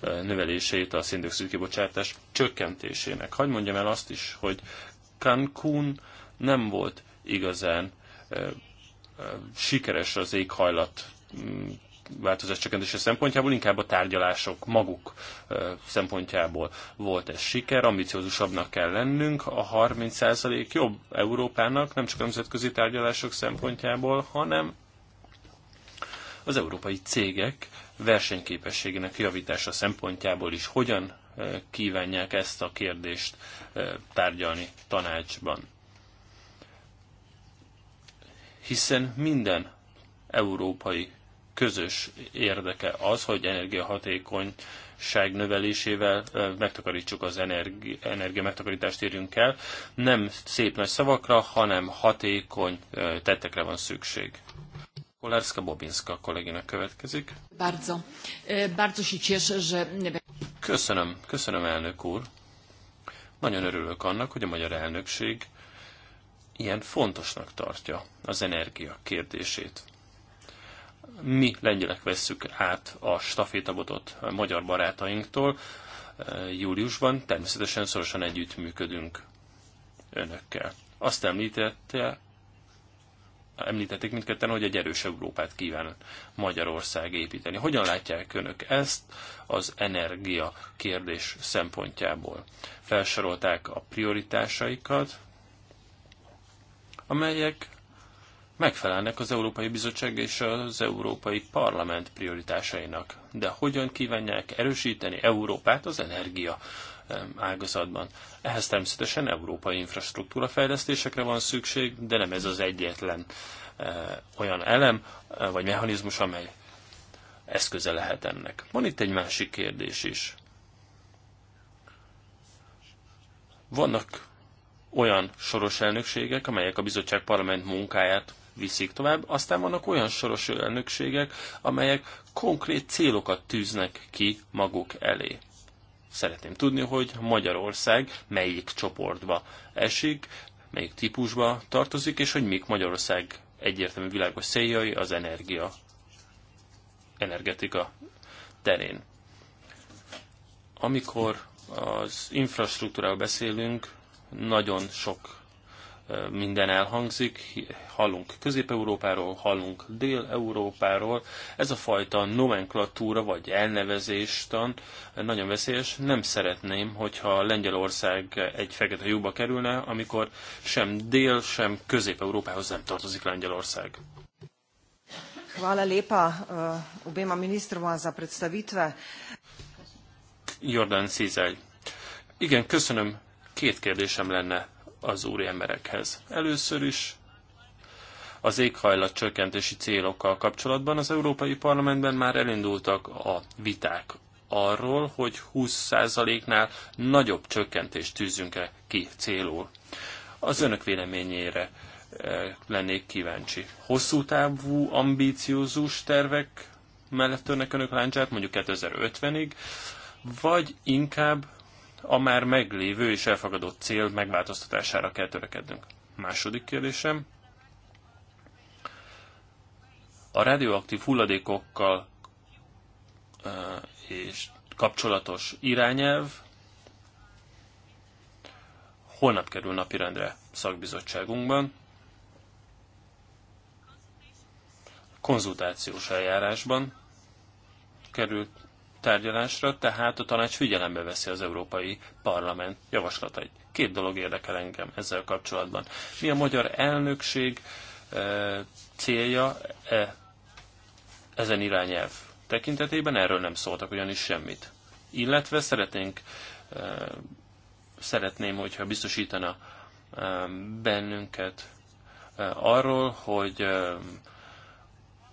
Speaker 4: növelését a széndiokszid kibocsátás csökkentésének. Hagy mondjam el azt is, hogy Cancún nem volt igazán sikeres az éghajlat mm, változás csökkentése szempontjából, inkább a tárgyalások maguk szempontjából volt ez siker, ambiciózusabbnak kell lennünk, a 30% jobb Európának, nem csak a nemzetközi tárgyalások szempontjából, hanem az európai cégek versenyképességének javítása szempontjából is hogyan kívánják ezt a kérdést tárgyalni tanácsban hiszen minden európai közös érdeke az, hogy energiahatékonyság növelésével megtakarítsuk az energi, energia megtakarítást érjünk el. Nem szép nagy szavakra, hanem hatékony tettekre van szükség. Kolarska Bobinska kolléginak következik.
Speaker 1: Bardzo. E, bardzo si cieszę, że...
Speaker 4: Köszönöm, köszönöm elnök úr. Nagyon örülök annak, hogy a magyar elnökség ilyen fontosnak tartja az energia kérdését. Mi lengyelek vesszük át a stafétabotot a magyar barátainktól eh, júliusban, természetesen szorosan együttműködünk önökkel. Azt említette, említették mindketten, hogy egy erős Európát kíván Magyarország építeni. Hogyan látják önök ezt az energia kérdés szempontjából? Felsorolták a prioritásaikat, amelyek megfelelnek az Európai Bizottság és az Európai Parlament prioritásainak. De hogyan kívánják erősíteni Európát az energia ágazatban? Ehhez természetesen európai infrastruktúra fejlesztésekre van szükség, de nem ez az egyetlen eh, olyan elem eh, vagy mechanizmus, amely eszköze lehet ennek. Van itt egy másik kérdés is. Vannak olyan soros elnökségek, amelyek a bizottság parlament munkáját viszik tovább. Aztán vannak olyan soros elnökségek, amelyek konkrét célokat tűznek ki maguk elé. Szeretném tudni, hogy Magyarország melyik csoportba esik, melyik típusba tartozik, és hogy mik Magyarország egyértelmű világos céljai az energia, energetika terén. Amikor az infrastruktúráról beszélünk, nagyon sok minden elhangzik, hallunk Közép-Európáról, hallunk Dél-Európáról. Ez a fajta nomenklatúra vagy elnevezéstan nagyon veszélyes. Nem szeretném, hogyha Lengyelország egy fekete lyukba kerülne, amikor sem Dél, sem Közép-Európához nem tartozik Lengyelország.
Speaker 1: Hvala lepa obema ministroma za predstavitve.
Speaker 4: Jordan Cizaj. Igen, köszönöm Két kérdésem lenne az úri emberekhez. Először is az éghajlat csökkentési célokkal kapcsolatban az Európai Parlamentben már elindultak a viták arról, hogy 20%-nál nagyobb csökkentést tűzünk-e ki célul. Az önök véleményére eh, lennék kíváncsi. Hosszú távú, ambíciózus tervek mellett törnek önök láncsát, mondjuk 2050-ig, vagy inkább a már meglévő és elfogadott cél megváltoztatására kell törekednünk. Második kérdésem. A radioaktív hulladékokkal és kapcsolatos irányelv holnap kerül napirendre szakbizottságunkban. Konzultációs eljárásban került tárgyalásra, tehát a tanács figyelembe veszi az Európai Parlament javaslatait. Két dolog érdekel engem ezzel kapcsolatban. Mi a magyar elnökség e, célja e, ezen irányelv tekintetében? Erről nem szóltak ugyanis semmit. Illetve szeretnénk, e, szeretném, hogyha biztosítana e, bennünket e, arról, hogy e,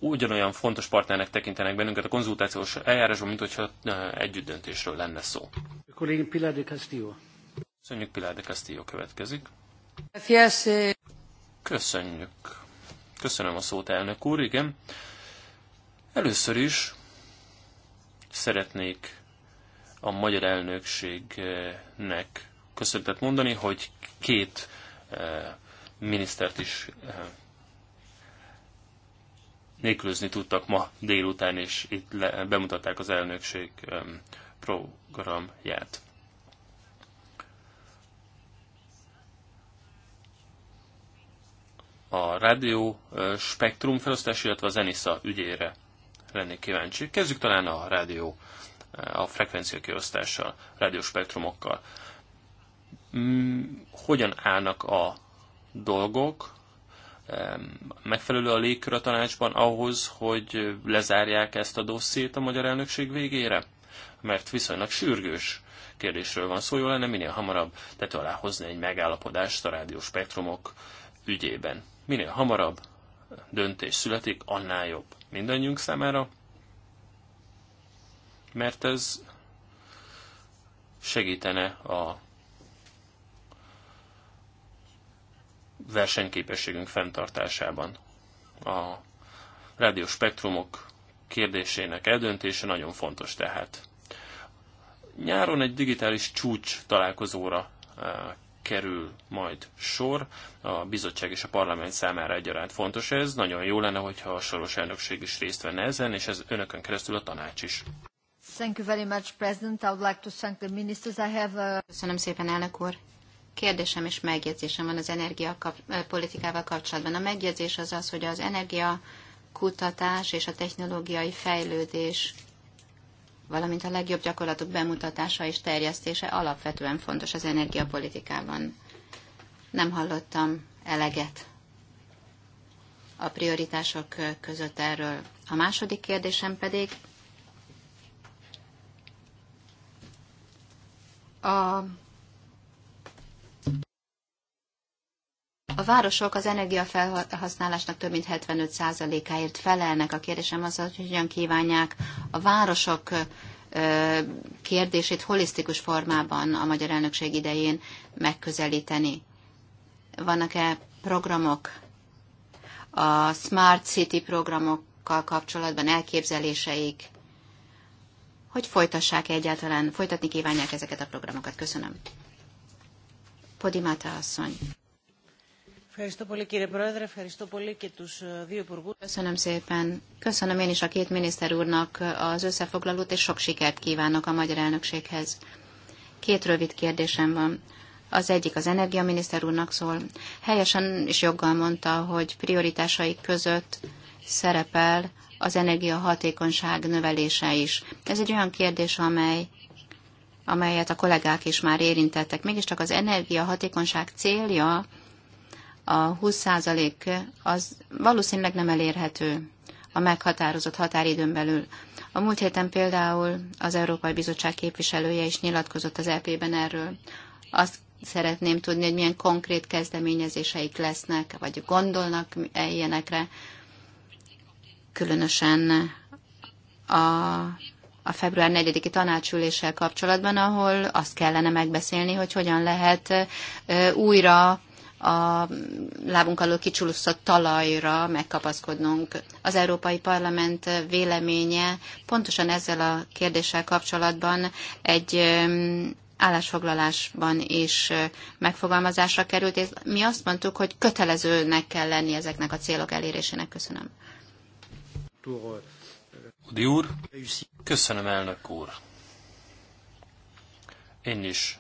Speaker 4: ugyanolyan fontos partnernek tekintenek bennünket a konzultációs eljárásban, mint hogyha döntésről lenne szó.
Speaker 2: Kollégin Pilar de Castillo.
Speaker 4: Köszönjük, Pilar de Castillo következik.
Speaker 1: Eh.
Speaker 4: Köszönjük. Köszönöm a szót, elnök úr, igen. Először is szeretnék a magyar elnökségnek köszöntet mondani, hogy két minisztert is nélkülözni tudtak ma délután, és itt le, bemutatták az elnökség programját. A rádió spektrum felosztás, illetve a zenisza ügyére lennék kíváncsi. Kezdjük talán a rádió, a frekvencia kiosztással, Mm, Hogyan állnak a dolgok, megfelelő a légkör a tanácsban ahhoz, hogy lezárják ezt a dossziét a magyar elnökség végére? Mert viszonylag sürgős kérdésről van szó, jó lenne minél hamarabb tető alá hozni egy megállapodást a rádióspektrumok ügyében. Minél hamarabb döntés születik, annál jobb mindannyiunk számára, mert ez segítene a versenyképességünk fenntartásában. A rádióspektrumok kérdésének eldöntése nagyon fontos tehát. Nyáron egy digitális csúcs találkozóra e, kerül majd sor. A bizottság és a parlament számára egyaránt fontos ez. Nagyon jó lenne, hogyha a soros elnökség is részt venne ezen, és ez önökön keresztül a tanács is.
Speaker 7: Thank you very much, President. I would like to thank the ministers. I have a... Uh, Köszönöm szépen, elnök úr kérdésem és megjegyzésem van az energiapolitikával eh, kapcsolatban. A megjegyzés az az, hogy az energiakutatás és a technológiai fejlődés, valamint a legjobb gyakorlatok bemutatása és terjesztése alapvetően fontos az energiapolitikában. Nem hallottam eleget a prioritások között erről. A második kérdésem pedig a A városok az energiafelhasználásnak több mint 75%-áért felelnek. A kérdésem az, hogy hogyan kívánják a városok kérdését holisztikus formában a magyar elnökség idején megközelíteni. Vannak-e programok, a Smart City programokkal kapcsolatban elképzeléseik, hogy folytassák -e egyáltalán, folytatni kívánják ezeket a programokat. Köszönöm. Podimata asszony. Köszönöm szépen. Köszönöm én is a két miniszter úrnak az összefoglalót, és sok sikert kívánok a magyar elnökséghez. Két rövid kérdésem van. Az egyik az energiaminiszter úrnak szól. Helyesen és joggal mondta, hogy prioritásaik között szerepel az energiahatékonyság növelése is. Ez egy olyan kérdés, amely amelyet a kollégák is már érintettek. Mégiscsak az energiahatékonyság célja a 20% az valószínűleg nem elérhető a meghatározott határidőn belül. A múlt héten például az Európai Bizottság képviselője is nyilatkozott az EP-ben erről. Azt szeretném tudni, hogy milyen konkrét kezdeményezéseik lesznek, vagy gondolnak -e ilyenekre, különösen a, a február 4-i tanácsüléssel kapcsolatban, ahol azt kellene megbeszélni, hogy hogyan lehet újra a lábunk alól kicsúszott talajra megkapaszkodnunk. Az Európai Parlament véleménye pontosan ezzel a kérdéssel kapcsolatban egy állásfoglalásban is megfogalmazásra került, és mi azt mondtuk, hogy kötelezőnek kell lenni ezeknek a célok elérésének. Köszönöm. Udi úr,
Speaker 4: köszönöm elnök úr. Én is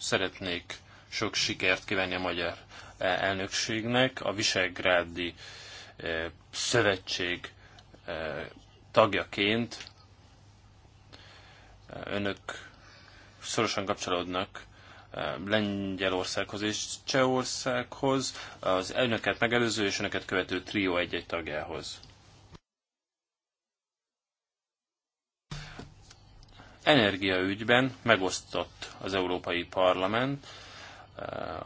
Speaker 4: szeretnék sok sikert kívánni a magyar elnökségnek. A Visegrádi eh, Szövetség eh, tagjaként eh, önök szorosan kapcsolódnak Lengyelországhoz és Csehországhoz, az önöket megelőző és önöket követő trió egy-egy tagjához. Energiaügyben megosztott az Európai Parlament,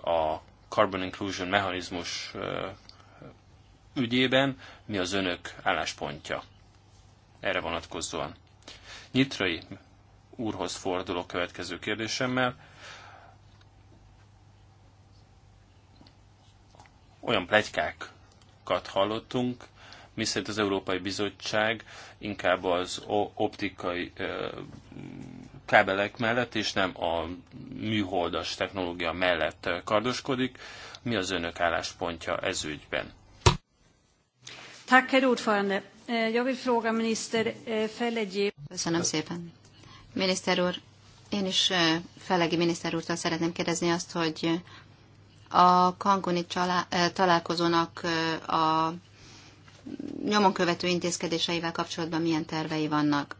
Speaker 4: a Carbon Inclusion mechanizmus ügyében mi az önök álláspontja erre vonatkozóan. Nyitrai úrhoz fordulok következő kérdésemmel. Olyan plegykákat hallottunk, miszerint az Európai Bizottság inkább az optikai kábelek mellett, és nem a műholdas technológia mellett kardoskodik. Mi az önök álláspontja ez ügyben?
Speaker 1: Eh, minister eh, Köszönöm
Speaker 7: szépen. Miniszter úr, én is eh, Felegi miniszter úrtól szeretném kérdezni azt, hogy a Cancuni találkozónak a nyomon követő intézkedéseivel kapcsolatban milyen tervei vannak?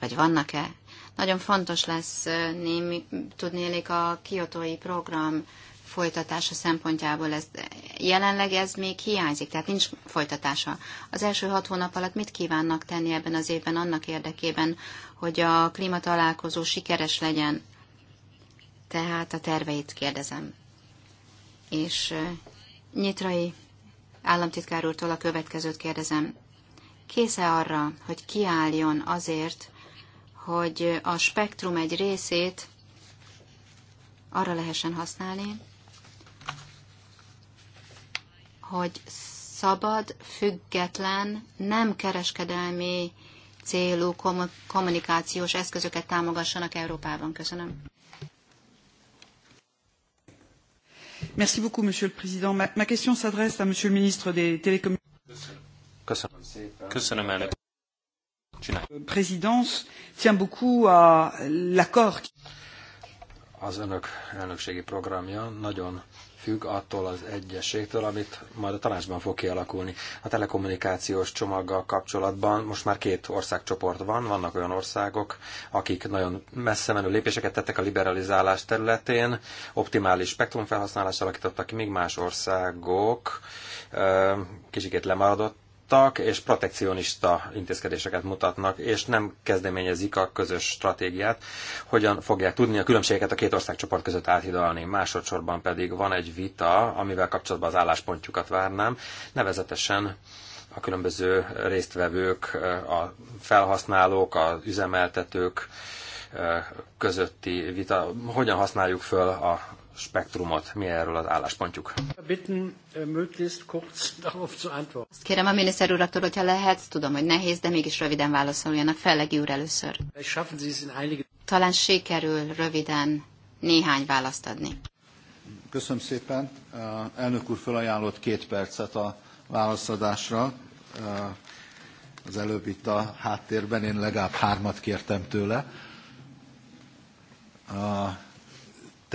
Speaker 7: Vagy vannak-e? Nagyon fontos lesz némi, tudnélik a kiotói program folytatása szempontjából ez jelenleg ez még hiányzik, tehát nincs folytatása. Az első hat hónap alatt mit kívánnak tenni ebben az évben annak érdekében, hogy a klímatalálkozó sikeres legyen? Tehát a terveit kérdezem. És Nyitrai államtitkár úrtól a következőt kérdezem. Késze arra, hogy kiálljon azért, hogy a spektrum egy részét arra lehessen használni, hogy szabad, független, nem kereskedelmi célú kommunikációs eszközöket támogassanak Európában. Köszönöm.
Speaker 1: Merci beaucoup, Monsieur le Président. Ma, ma question s'adresse à Monsieur le Ministre des Télécommunications.
Speaker 3: Köszönöm. Köszönöm, elnök
Speaker 1: Csinálj. Euh, az önök
Speaker 3: elnökségi programja nagyon függ attól az egyességtől, amit majd a tanácsban fog kialakulni. A telekommunikációs csomaggal kapcsolatban most már két országcsoport van, vannak olyan országok, akik nagyon messze menő lépéseket tettek a liberalizálás területén, optimális spektrumfelhasználást alakítottak ki, még más országok kicsikét lemaradott mutattak, és protekcionista intézkedéseket mutatnak, és nem kezdeményezik a közös stratégiát, hogyan fogják tudni a különbségeket a két országcsoport között áthidalni. Másodszorban pedig van egy vita, amivel kapcsolatban az álláspontjukat várnám, nevezetesen a különböző résztvevők, a felhasználók, az üzemeltetők eh, közötti vita, hogyan használjuk föl a spektrumot, mi erről az álláspontjuk. Äh, Azt
Speaker 7: kérem a miniszter uraktól, hogyha lehet, tudom, hogy nehéz, de mégis röviden válaszoljanak. Fellegi úr először. Talán sikerül röviden néhány választ adni.
Speaker 5: Köszönöm szépen. Elnök úr felajánlott két percet a válaszadásra. Az előbb itt a háttérben én legalább hármat kértem tőle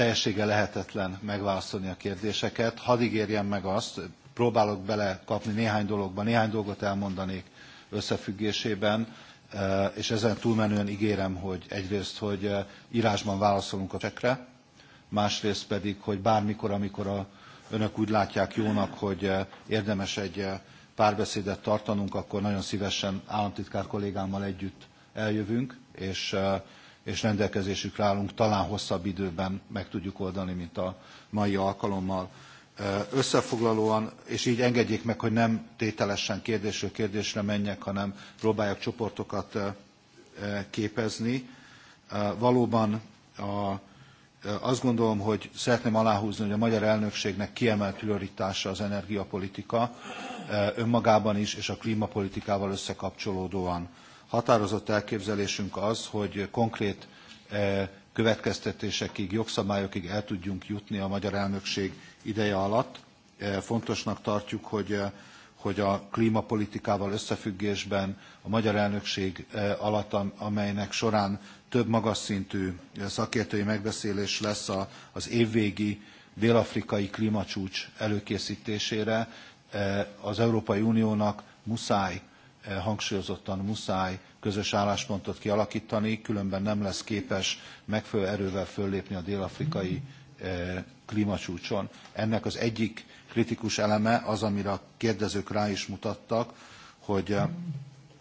Speaker 5: teljessége lehetetlen megválaszolni a kérdéseket. Hadd ígérjem meg azt, próbálok belekapni néhány dologba, néhány dolgot elmondanék összefüggésében, eh, és ezen túlmenően ígérem, hogy egyrészt, hogy eh, írásban válaszolunk a csekre, másrészt pedig, hogy bármikor, amikor a önök úgy látják jónak, hogy eh, érdemes egy párbeszédet tartanunk, akkor nagyon szívesen államtitkár kollégámmal együtt eljövünk, és és rendelkezésükre állunk, talán hosszabb időben meg tudjuk oldani, mint a mai alkalommal. Összefoglalóan, és így engedjék meg, hogy nem tételesen kérdésről kérdésre menjek, hanem próbáljak csoportokat képezni. Valóban a azt gondolom, hogy szeretném aláhúzni, hogy a magyar elnökségnek kiemelt prioritása az energiapolitika önmagában is és a klímapolitikával összekapcsolódóan. Határozott elképzelésünk az, hogy konkrét e, következtetésekig, jogszabályokig el tudjunk jutni a magyar elnökség ideje alatt. E, fontosnak tartjuk, hogy, e, hogy a klímapolitikával összefüggésben a magyar elnökség alatt, amelynek során több magas szintű szakértői megbeszélés lesz az évvégi dél-afrikai klímacsúcs előkészítésére, az Európai Uniónak muszáj Eh, hangsúlyozottan muszáj közös álláspontot kialakítani, különben nem lesz képes megfelelő erővel föllépni a dél-afrikai eh, klímacsúcson. Ennek az egyik kritikus eleme az, amire a kérdezők rá is mutattak, hogy eh,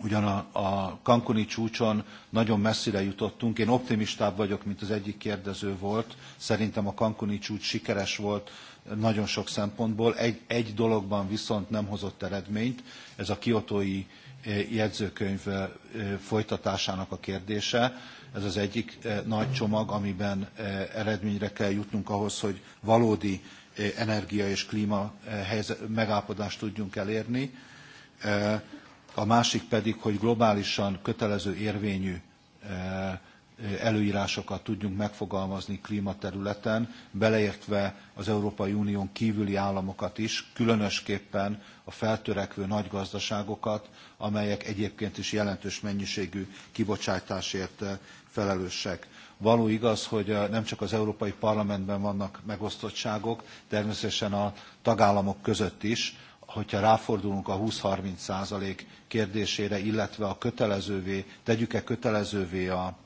Speaker 5: ugyan a, a Cancuni csúcson nagyon messzire jutottunk. Én optimistább vagyok, mint az egyik kérdező volt. Szerintem a Cancuni csúcs sikeres volt nagyon sok szempontból. Egy, egy dologban viszont nem hozott eredményt, ez a kiotói jegyzőkönyv folytatásának a kérdése. Ez az egyik nagy csomag, amiben eredményre kell jutnunk ahhoz, hogy valódi energia és klíma megállapodást tudjunk elérni. A másik pedig, hogy globálisan kötelező érvényű előírásokat tudjunk megfogalmazni klímaterületen, beleértve az Európai Unión kívüli államokat is, különösképpen a feltörekvő nagy gazdaságokat, amelyek egyébként is jelentős mennyiségű kibocsátásért eh, felelősek. Való igaz, hogy eh, nem csak az Európai Parlamentben vannak megosztottságok, természetesen a tagállamok között is, hogyha ráfordulunk a 20-30 százalék kérdésére, illetve a kötelezővé, tegyük-e kötelezővé a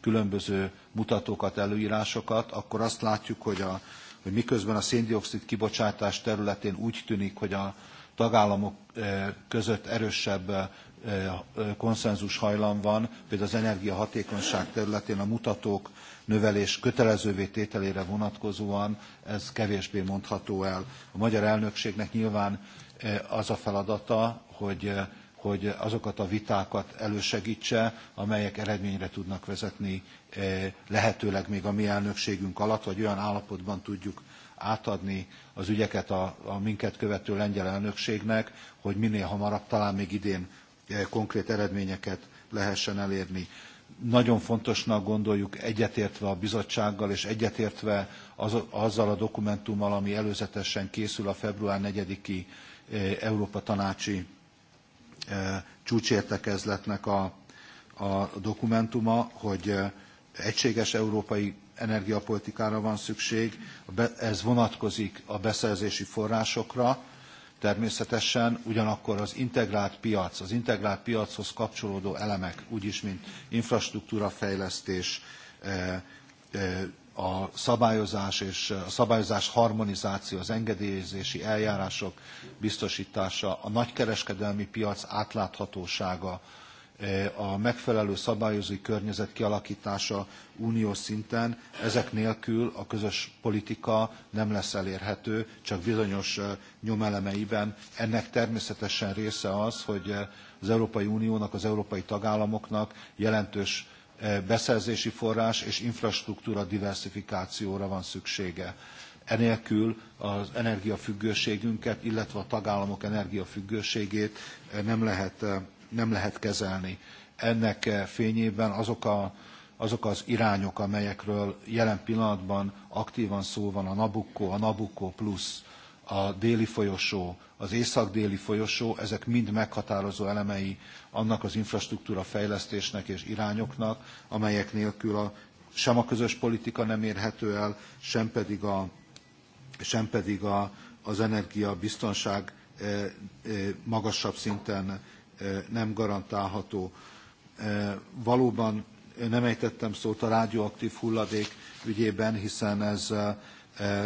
Speaker 5: különböző mutatókat, előírásokat, akkor azt látjuk, hogy, a, hogy miközben a széndiokszid kibocsátás területén úgy tűnik, hogy a tagállamok eh, között erősebb eh, eh, konszenzus hajlam van, például az energiahatékonyság területén a mutatók növelés kötelezővé tételére vonatkozóan ez kevésbé mondható el. A magyar elnökségnek nyilván az a feladata, hogy hogy azokat a vitákat elősegítse, amelyek eredményre tudnak vezetni eh, lehetőleg még a mi elnökségünk alatt, vagy olyan állapotban tudjuk átadni az ügyeket a, a minket követő lengyel elnökségnek, hogy minél hamarabb, talán még idén eh, konkrét eredményeket lehessen elérni. Nagyon fontosnak gondoljuk egyetértve a bizottsággal és egyetértve az, azzal a dokumentummal, ami előzetesen készül a február 4-i eh, Európa Tanácsi csúcsértekezletnek a, a dokumentuma, hogy egységes európai energiapolitikára van szükség, ez vonatkozik a beszerzési forrásokra, természetesen ugyanakkor az integrált piac, az integrált piachoz kapcsolódó elemek, úgyis, mint infrastruktúrafejlesztés, a szabályozás és a szabályozás harmonizáció, az engedélyezési eljárások biztosítása, a nagykereskedelmi piac átláthatósága, eh, a megfelelő szabályozói környezet kialakítása uniós szinten, ezek nélkül a közös politika nem lesz elérhető, csak bizonyos eh, nyomelemeiben. Ennek természetesen része az, hogy eh, az Európai Uniónak, az európai tagállamoknak jelentős beszerzési forrás és infrastruktúra diversifikációra van szüksége. Enélkül az energiafüggőségünket, illetve a tagállamok energiafüggőségét eh, nem lehet, eh, nem lehet kezelni. Ennek eh, fényében azok, a, azok az irányok, amelyekről jelen pillanatban aktívan szó van a Nabucco, a Nabucco Plus, a déli folyosó, az észak-déli folyosó, ezek mind meghatározó elemei annak az infrastruktúra fejlesztésnek és irányoknak, amelyek nélkül a, sem a közös politika nem érhető el, sem pedig, a, sem pedig a, az energiabiztonság e, e, magasabb szinten e, nem garantálható. Valóban nem ejtettem szót a rádióaktív hulladék ügyében, hiszen ez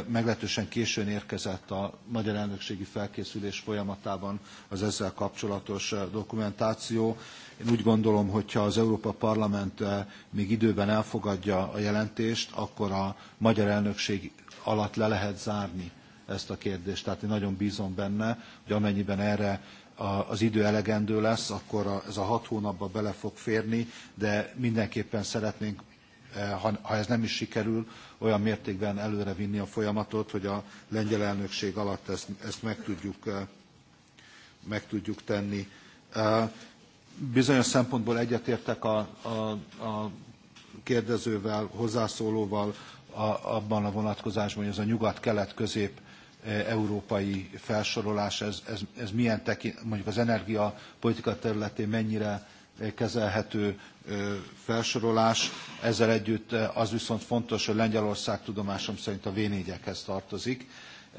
Speaker 5: meglehetősen későn érkezett a magyar elnökségi felkészülés folyamatában az ezzel kapcsolatos dokumentáció. Én úgy gondolom, hogyha az Európa Parlament még időben elfogadja a jelentést, akkor a magyar elnökség alatt le lehet zárni ezt a kérdést. Tehát én nagyon bízom benne, hogy amennyiben erre az idő elegendő lesz, akkor ez a hat hónapba bele fog férni, de mindenképpen szeretnénk Eh, ha, ha ez nem is sikerül, olyan mértékben előre vinni a folyamatot, hogy a lengyel elnökség alatt ezt, ezt meg, tudjuk, eh, meg tudjuk tenni. Eh, bizonyos szempontból egyetértek a, a, a kérdezővel, hozzászólóval a, abban a vonatkozásban, hogy ez a nyugat-kelet-közép európai felsorolás, ez, ez, ez milyen tekint, mondjuk az energiapolitika területén mennyire kezelhető felsorolás. Ezzel együtt az viszont fontos, hogy Lengyelország tudomásom szerint a v tartozik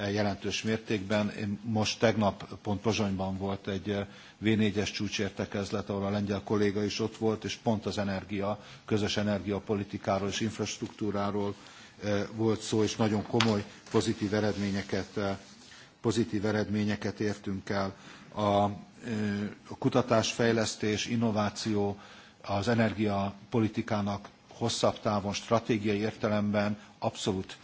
Speaker 5: jelentős mértékben. Én most tegnap pont Pozsonyban volt egy V4-es csúcsértekezlet, ahol a lengyel kolléga is ott volt, és pont az energia, közös energiapolitikáról és infrastruktúráról volt szó, és nagyon komoly pozitív eredményeket, pozitív eredményeket értünk el. A, a kutatás, fejlesztés, innováció, az energiapolitikának hosszabb távon stratégiai értelemben abszolút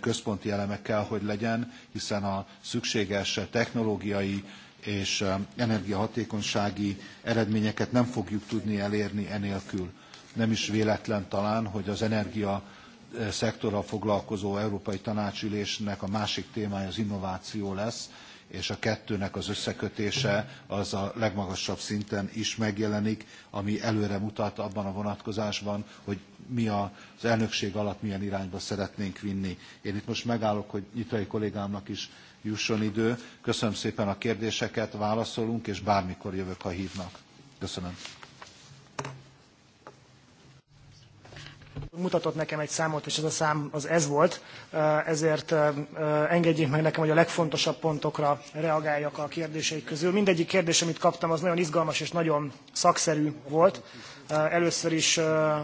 Speaker 5: központi eleme kell, hogy legyen, hiszen a szükséges technológiai és energiahatékonysági eredményeket nem fogjuk tudni elérni enélkül. Nem is véletlen talán, hogy az energia szektorral foglalkozó Európai Tanácsülésnek a másik témája az innováció lesz, és a kettőnek az összekötése az a legmagasabb szinten is megjelenik, ami előre mutat abban a vonatkozásban, hogy mi az elnökség alatt milyen irányba szeretnénk vinni. Én itt most megállok, hogy nyitai kollégámnak is jusson idő. Köszönöm szépen a kérdéseket, válaszolunk, és bármikor jövök, ha hívnak. Köszönöm.
Speaker 2: Mutatott nekem egy számot, és ez a szám az ez volt, ezért engedjék meg nekem, hogy a legfontosabb pontokra reagáljak a kérdéseik közül. Mindegyik kérdés, amit kaptam, az nagyon izgalmas és nagyon szakszerű volt. Először is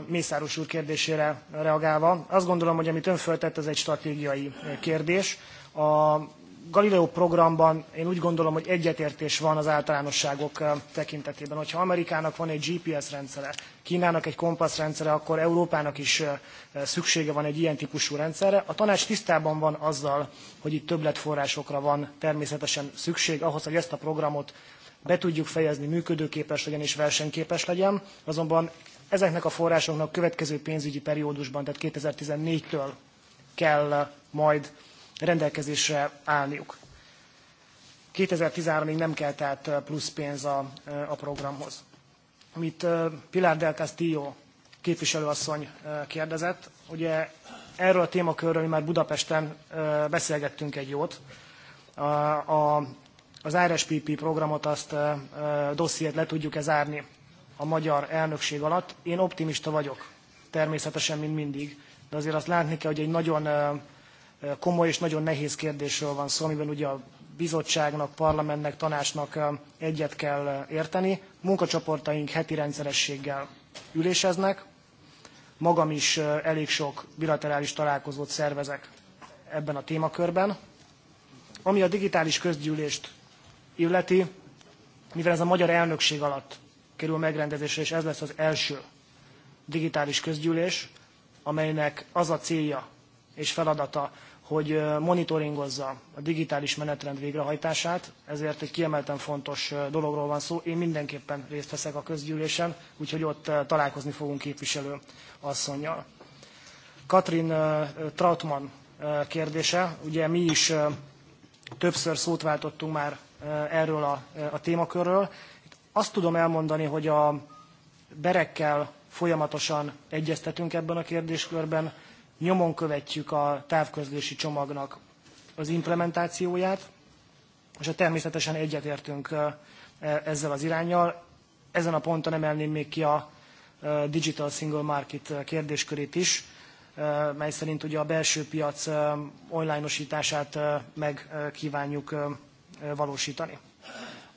Speaker 2: Mészáros úr kérdésére reagálva. Azt gondolom, hogy amit ön föltett, ez egy stratégiai kérdés. A Galileo programban én úgy gondolom, hogy egyetértés van az általánosságok eh, tekintetében. Hogyha Amerikának van egy GPS rendszere, Kínának egy kompassz rendszere, akkor Európának is eh, eh, szüksége van egy ilyen típusú rendszerre. A tanács tisztában van azzal, hogy itt többletforrásokra van természetesen szükség ahhoz, hogy ezt a programot be tudjuk fejezni, működőképes legyen és versenyképes legyen, azonban ezeknek a forrásoknak következő pénzügyi periódusban, tehát 2014-től kell majd rendelkezésre állniuk. 2013-ig nem kell tehát plusz pénz a, a programhoz. Amit Pilar del Castillo képviselőasszony kérdezett, ugye erről a témakörről mi már Budapesten beszélgettünk egy jót. A, a, az RSPP programot, azt dossziét le tudjuk-e zárni a magyar elnökség alatt. Én optimista vagyok, természetesen, mint mindig, de azért azt látni kell, hogy egy nagyon komoly és nagyon nehéz kérdésről van szó, amiben ugye a bizottságnak, parlamentnek, tanácsnak egyet kell érteni. Munkacsoportaink heti rendszerességgel üléseznek, magam is elég sok bilaterális találkozót szervezek ebben a témakörben. Ami a digitális közgyűlést illeti, mivel ez a magyar elnökség alatt kerül megrendezésre, és ez lesz az első digitális közgyűlés, amelynek az a célja és feladata, hogy monitoringozza a digitális menetrend végrehajtását, ezért egy kiemelten fontos dologról van szó. Én mindenképpen részt veszek a közgyűlésen, úgyhogy ott találkozni fogunk képviselő asszonyjal. Katrin Trautmann kérdése, ugye mi is többször szót váltottunk már erről a, a témakörről. Itt azt tudom elmondani, hogy a berekkel folyamatosan egyeztetünk ebben a kérdéskörben, nyomon követjük a távközlési csomagnak az implementációját, és a hát természetesen egyetértünk e, ezzel az irányjal. Ezen a ponton emelném még ki a Digital Single Market kérdéskörét is, mely szerint ugye a belső piac onlineosítását meg kívánjuk valósítani.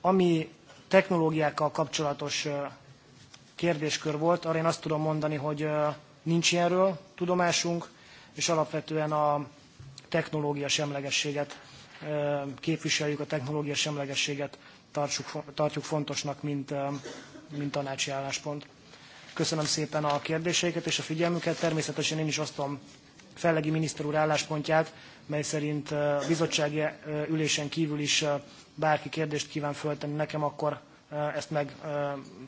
Speaker 2: Ami technológiákkal kapcsolatos kérdéskör volt, arra én azt tudom mondani, hogy nincs ilyenről tudomásunk, és alapvetően a technológia semlegességet képviseljük, a technológia semlegességet tartsuk, tartjuk fontosnak, mint, mint tanácsi álláspont. Köszönöm szépen a kérdéseiket és a figyelmüket. Természetesen én is osztom Fellegi miniszter úr álláspontját, mely szerint a bizottsági ülésen kívül is bárki kérdést kíván föltenni nekem, akkor ezt meg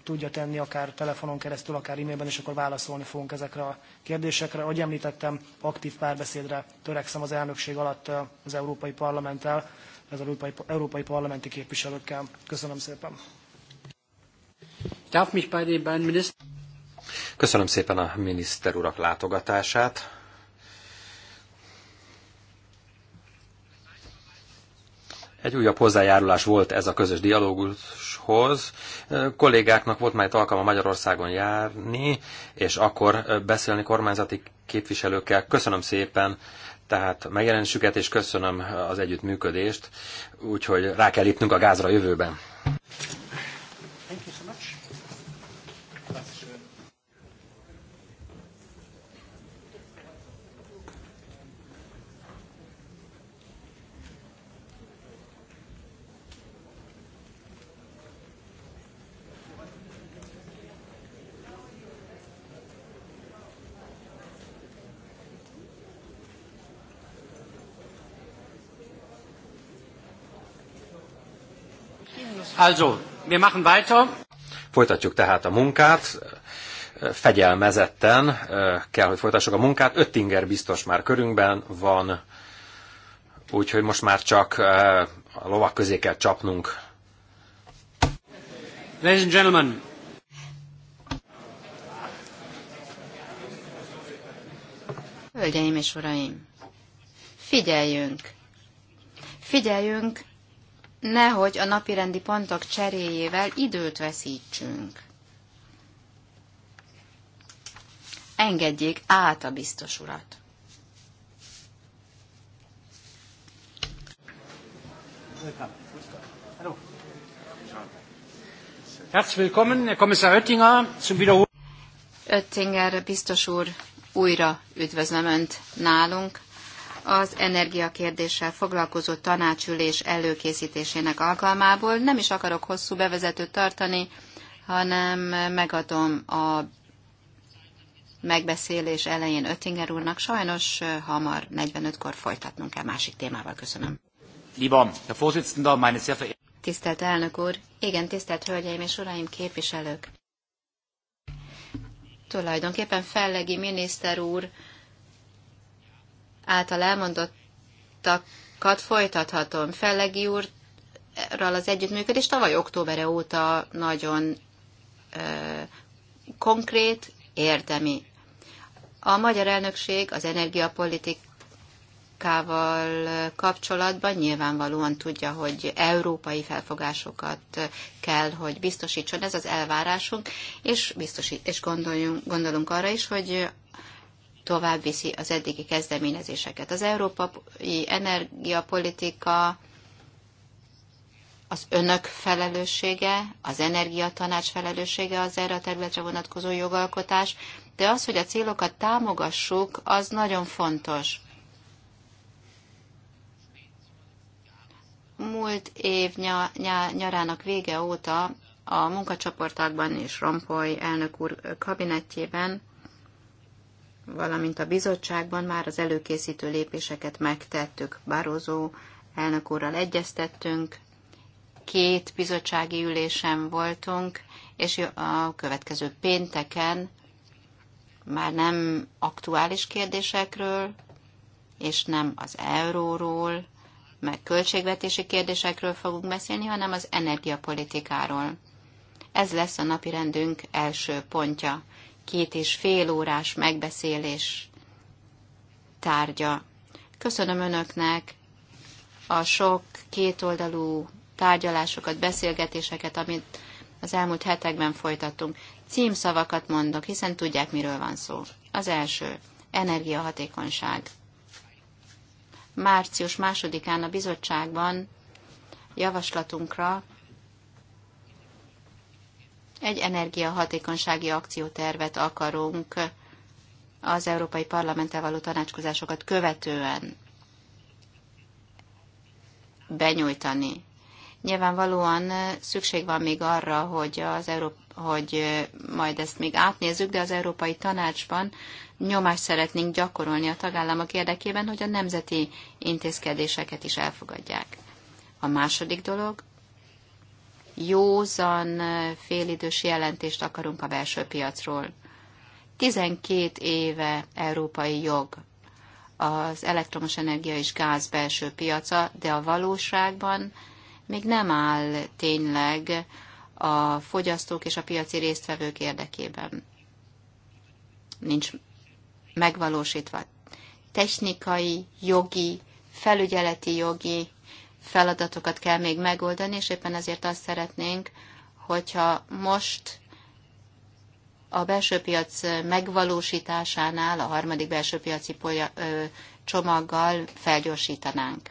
Speaker 2: tudja tenni akár telefonon keresztül, akár e-mailben, és akkor válaszolni fogunk ezekre a kérdésekre. Ahogy említettem, aktív párbeszédre törekszem az elnökség alatt az Európai Parlamenttel, az Európai, Európai Parlamenti képviselőkkel. Köszönöm szépen.
Speaker 3: Köszönöm szépen a miniszter urak látogatását. Egy újabb hozzájárulás volt ez a közös dialógus Bizottsághoz. Kollégáknak volt már egy alkalma Magyarországon járni, és akkor beszélni kormányzati képviselőkkel. Köszönöm szépen tehát megjelenésüket, és köszönöm az együttműködést, úgyhogy rá kell lépnünk a gázra a jövőben.
Speaker 8: Also, wir machen
Speaker 3: weiter. Folytatjuk tehát a munkát. Fegyelmezetten kell, hogy folytassuk a munkát. Öttinger biztos már körünkben van, úgyhogy most már csak a lovak közé kell csapnunk.
Speaker 1: Ladies and gentlemen,
Speaker 7: Hölgyeim és uraim, figyeljünk! Figyeljünk nehogy a napirendi pontok cseréjével időt veszítsünk. Engedjék át a biztos urat.
Speaker 1: Herzlich willkommen, Herr Kommissar Oettinger, zum Wiederholen.
Speaker 7: Oettinger biztos úr, újra üdvözlöm Önt nálunk az energiakérdéssel foglalkozó tanácsülés előkészítésének alkalmából. Nem is akarok hosszú bevezetőt tartani, hanem megadom a megbeszélés elején Öttinger úrnak. Sajnos hamar 45-kor folytatnunk kell másik témával. Köszönöm. Tisztelt elnök úr, igen, tisztelt hölgyeim és uraim, képviselők. Tulajdonképpen Fellegi miniszter úr által elmondottakat folytathatom. Fellegi úrral az együttműködés tavaly októberre óta nagyon ö, konkrét, érdemi. A magyar elnökség az energiapolitikával kapcsolatban nyilvánvalóan tudja, hogy európai felfogásokat kell, hogy biztosítson. Ez az elvárásunk, és, biztosít, és gondoljunk, gondolunk arra is, hogy tovább viszi az eddigi kezdeményezéseket. Az európai energiapolitika az önök felelőssége, az energiatanács felelőssége az erre a területre vonatkozó jogalkotás, de az, hogy a célokat támogassuk, az nagyon fontos. Múlt év nyarának vége óta a munkacsoportokban és Rompoy elnök úr kabinettjében valamint a bizottságban már az előkészítő lépéseket megtettük. Barozó elnök úrral egyeztettünk, két bizottsági ülésen voltunk, és a következő pénteken már nem aktuális kérdésekről, és nem az euróról, meg költségvetési kérdésekről fogunk beszélni, hanem az energiapolitikáról. Ez lesz a napirendünk első pontja két és fél órás megbeszélés tárgya. Köszönöm Önöknek a sok kétoldalú tárgyalásokat, beszélgetéseket, amit az elmúlt hetekben folytattunk. Címszavakat mondok, hiszen tudják, miről van szó. Az első, energiahatékonyság. Március másodikán a bizottságban javaslatunkra egy energiahatékonysági akciótervet akarunk az Európai Parlamenttel való tanácskozásokat követően benyújtani. Nyilvánvalóan szükség van még arra, hogy, az Európa, hogy majd ezt még átnézzük, de az Európai Tanácsban nyomást szeretnénk gyakorolni a tagállamok érdekében, hogy a nemzeti intézkedéseket is elfogadják. A második dolog, józan félidős jelentést akarunk a belső piacról. 12 éve európai jog az elektromos energia és gáz belső piaca, de a valóságban még nem áll tényleg a fogyasztók és a piaci résztvevők érdekében. Nincs megvalósítva. Technikai, jogi, felügyeleti jogi feladatokat kell még megoldani, és éppen ezért azt szeretnénk, hogyha most a belső piac megvalósításánál a harmadik belső piaci csomaggal felgyorsítanánk.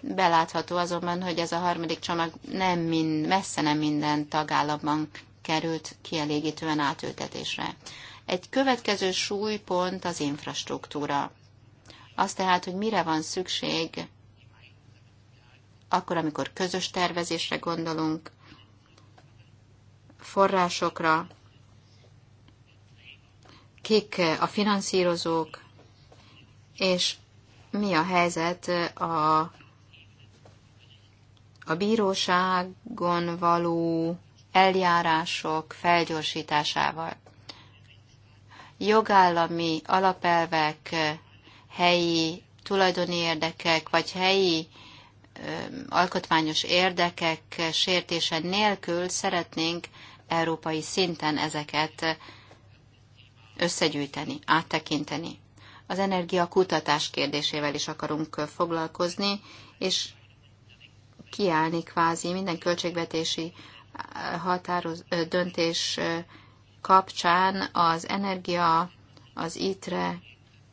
Speaker 7: Belátható azonban, hogy ez a harmadik csomag nem mind, messze nem minden tagállamban került kielégítően átültetésre. Egy következő súlypont az infrastruktúra. Az tehát, hogy mire van szükség akkor, amikor közös tervezésre gondolunk, forrásokra, kik a finanszírozók, és mi a helyzet a, a bíróságon való eljárások felgyorsításával. Jogállami alapelvek, helyi tulajdoni érdekek, vagy helyi alkotmányos érdekek sértése nélkül szeretnénk európai szinten ezeket összegyűjteni, áttekinteni. Az energia kérdésével is akarunk foglalkozni, és kiállni kvázi minden költségvetési határoz, döntés kapcsán az energia, az ITRE,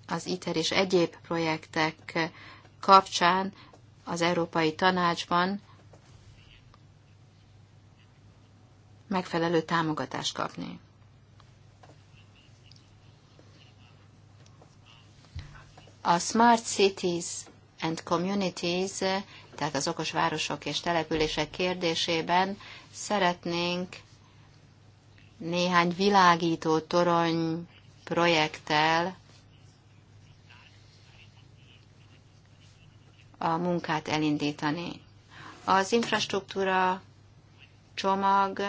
Speaker 7: az ITER és egyéb projektek kapcsán az Európai Tanácsban megfelelő támogatást kapni. A Smart Cities and Communities, tehát az okos városok és települések kérdésében szeretnénk néhány világító torony projekttel a munkát elindítani. Az infrastruktúra csomag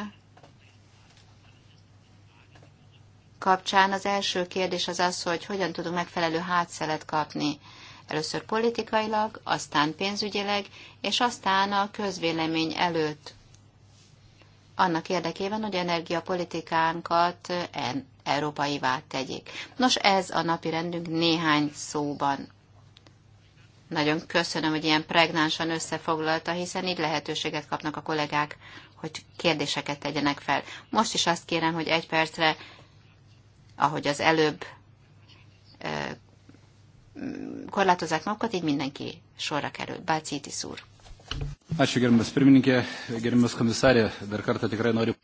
Speaker 7: kapcsán az első kérdés az az, hogy hogyan tudunk megfelelő hátszelet kapni. Először politikailag, aztán pénzügyileg, és aztán a közvélemény előtt. Annak érdekében, hogy energiapolitikánkat európaivá tegyék. Nos, ez a napi rendünk néhány szóban. Nagyon köszönöm, hogy ilyen pregnánsan összefoglalta, hiszen így lehetőséget kapnak a kollégák, hogy kérdéseket tegyenek fel. Most is azt kérem, hogy egy percre, ahogy az előbb korlátozzák magukat, így mindenki sorra kerül. Bácítis úr.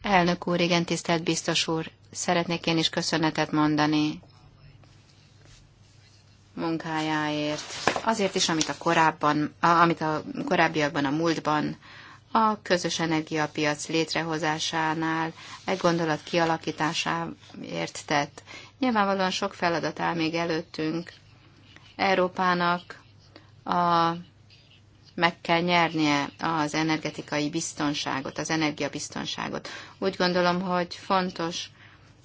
Speaker 7: Elnök úr, igen, tisztelt biztos úr, szeretnék én is köszönetet mondani munkájáért, azért is, amit a, korábban, amit a korábbiakban, a múltban a közös energiapiac létrehozásánál, egy gondolat kialakításáért tett. Nyilvánvalóan sok feladat áll még előttünk. Európának a, meg kell nyernie az energetikai biztonságot, az energiabiztonságot. Úgy gondolom, hogy fontos,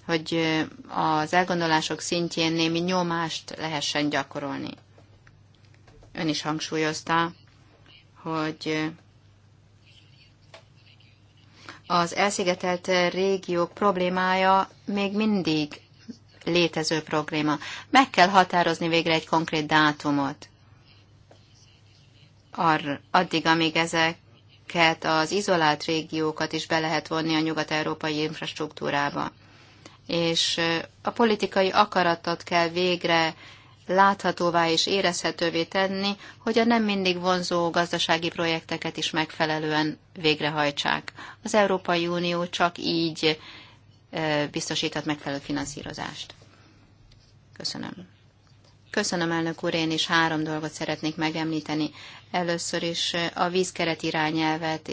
Speaker 7: hogy az elgondolások szintjén némi nyomást lehessen gyakorolni. Ön is hangsúlyozta, hogy az elszigetelt régiók problémája még mindig létező probléma. Meg kell határozni végre egy konkrét dátumot. Ar, addig, amíg ezeket az izolált régiókat is be lehet vonni a nyugat-európai infrastruktúrába és a politikai akaratot kell végre láthatóvá és érezhetővé tenni, hogy a nem mindig vonzó gazdasági projekteket is megfelelően végrehajtsák. Az Európai Unió csak így biztosíthat megfelelő finanszírozást. Köszönöm. Köszönöm, elnök úr, én is három dolgot szeretnék megemlíteni. Először is a vízkeret irányelvet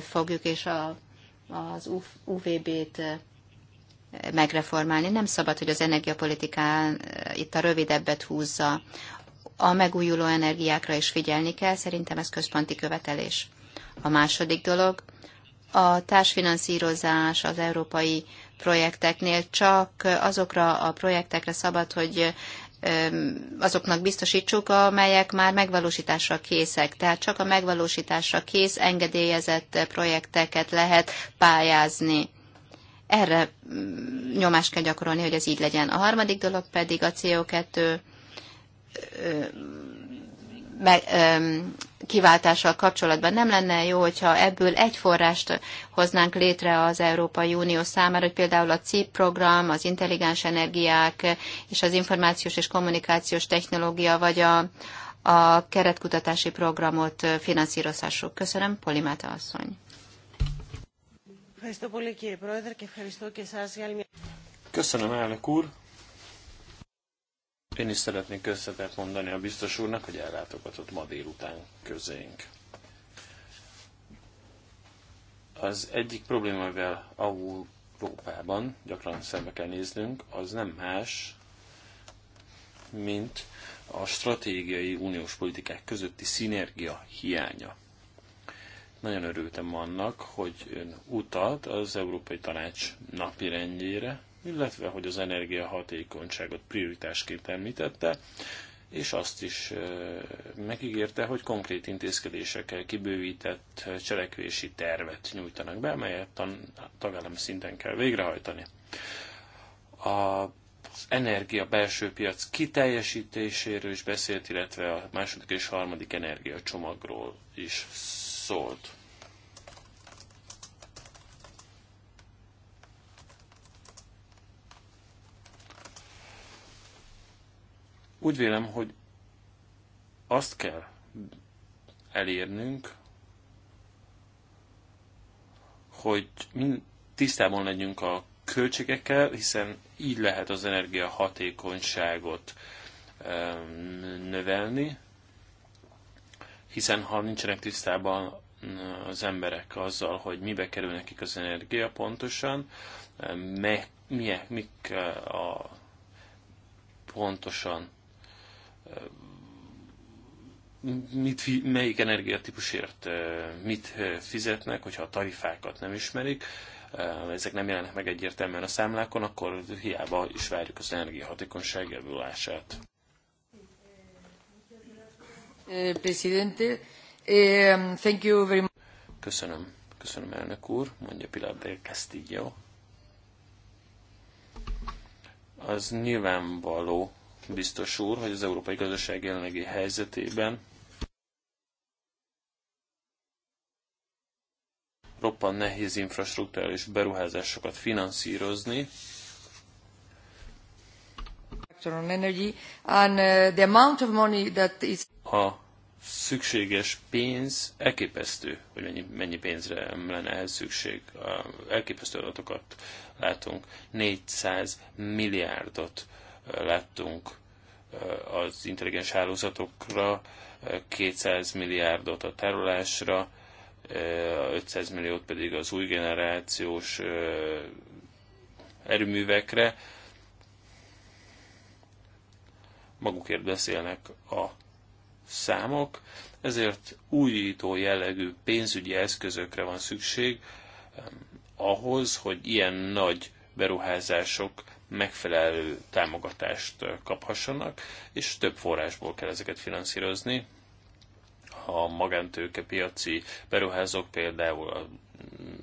Speaker 7: fogjuk, és a, az UVB-t megreformálni. Nem szabad, hogy az energiapolitikán eh, itt a rövidebbet húzza. A megújuló energiákra is figyelni kell, szerintem ez központi követelés. A második dolog, a társfinanszírozás az európai projekteknél csak azokra a projektekre szabad, hogy azoknak biztosítsuk, amelyek már megvalósításra készek. Tehát csak a megvalósításra kész engedélyezett projekteket lehet pályázni erre mm, nyomást kell gyakorolni, hogy ez így legyen. A harmadik dolog pedig a CO2 meg, kiváltással kapcsolatban nem lenne jó, hogyha ebből egy forrást hoznánk létre az Európai Unió számára, hogy például a CIP program, az intelligens energiák és az információs és kommunikációs technológia, vagy a, a keretkutatási programot finanszírozhassuk. Köszönöm, Polimáta asszony.
Speaker 4: Köszönöm, elnök úr! Én is szeretnék köszönetet mondani a biztos úrnak, hogy ellátogatott ma délután közénk. Az egyik probléma, amivel Európában gyakran szembe kell néznünk, az nem más, mint a stratégiai uniós politikák közötti szinergia hiánya. Nagyon örültem annak, hogy ön utalt az Európai Tanács napi rendjére, illetve hogy az energiahatékonyságot prioritásként említette, és azt is megígérte, hogy konkrét intézkedésekkel kibővített cselekvési tervet nyújtanak be, melyet a tagállam szinten kell végrehajtani. A az energia belső piac kiteljesítéséről is beszélt, illetve a második és harmadik energiacsomagról is szót. Úgy vélem, hogy azt kell elérnünk, hogy mind tisztában legyünk a költségekkel, hiszen így lehet az energia hatékonyságot ehm, növelni, hiszen ha nincsenek tisztában mm, az emberek azzal, hogy mibe kerül nekik az energia pontosan, me, milyen, mik eh, a pontosan eh, mit, melyik energiatípusért eh, mit fizetnek, hogyha a tarifákat nem ismerik, ezek nem jelennek meg egyértelműen a számlákon, akkor hiába is várjuk az energiahatékonyság javulását.
Speaker 1: Eh, eh, um, Köszönöm.
Speaker 4: Köszönöm, elnök úr, mondja Pilar del Castillo. Az nyilvánvaló, biztos úr, hogy az európai gazdaság jelenlegi helyzetében roppan nehéz infrastruktúrális beruházásokat finanszírozni, a szükséges pénz elképesztő, hogy mennyi, mennyi pénzre lenne ehhez szükség. Elképesztő adatokat látunk. 400 milliárdot láttunk az intelligens hálózatokra, 200 milliárdot a tárolásra, 500 milliót pedig az új generációs erőművekre magukért beszélnek a számok, ezért újító jellegű pénzügyi eszközökre van szükség ahhoz, hogy ilyen nagy beruházások megfelelő támogatást kaphassanak, és több forrásból kell ezeket finanszírozni. A magántőke piaci beruházók például a mm,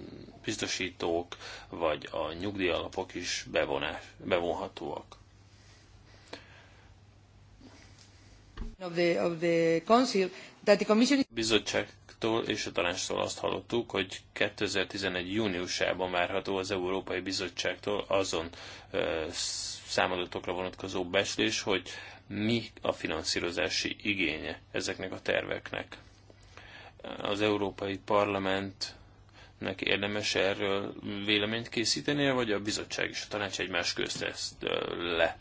Speaker 4: biztosítók vagy a nyugdíjalapok is bevonhatóak. A bizottságtól és a tanácstól azt hallottuk, hogy 2011. júniusában várható az Európai Bizottságtól azon számadatokra vonatkozó becslés, hogy mi a finanszírozási igénye ezeknek a terveknek. Az Európai Parlamentnek érdemes erről véleményt készítenie, vagy a bizottság és a tanács egymás közt ezt le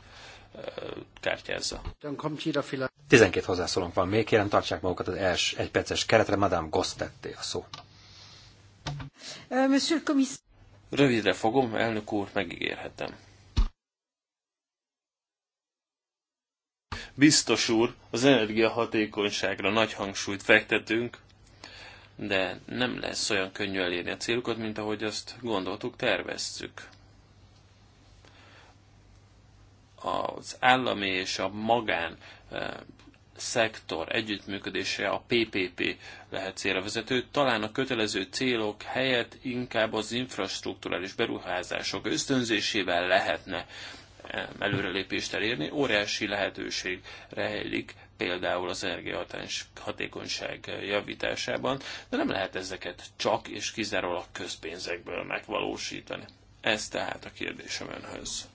Speaker 3: kártyázza. 12 hozzászólónk van még, kérem tartsák magukat az első egy perces keretre, Madame Goss tetté a szó. Rövidre fogom, elnök úr, megígérhetem.
Speaker 4: Biztos úr, az energiahatékonyságra nagy hangsúlyt fektetünk, de nem lesz olyan könnyű elérni a célokat, mint ahogy azt gondoltuk, terveztük az állami és a magán eh, szektor együttműködése, a PPP lehet célra vezető. Talán a kötelező célok helyett inkább az infrastruktúrális beruházások ösztönzésével lehetne eh, előrelépést elérni. Óriási lehetőség rejlik például az energiahatékonyság javításában, de nem lehet ezeket csak és kizárólag közpénzekből megvalósítani. Ez tehát a kérdésem önhöz.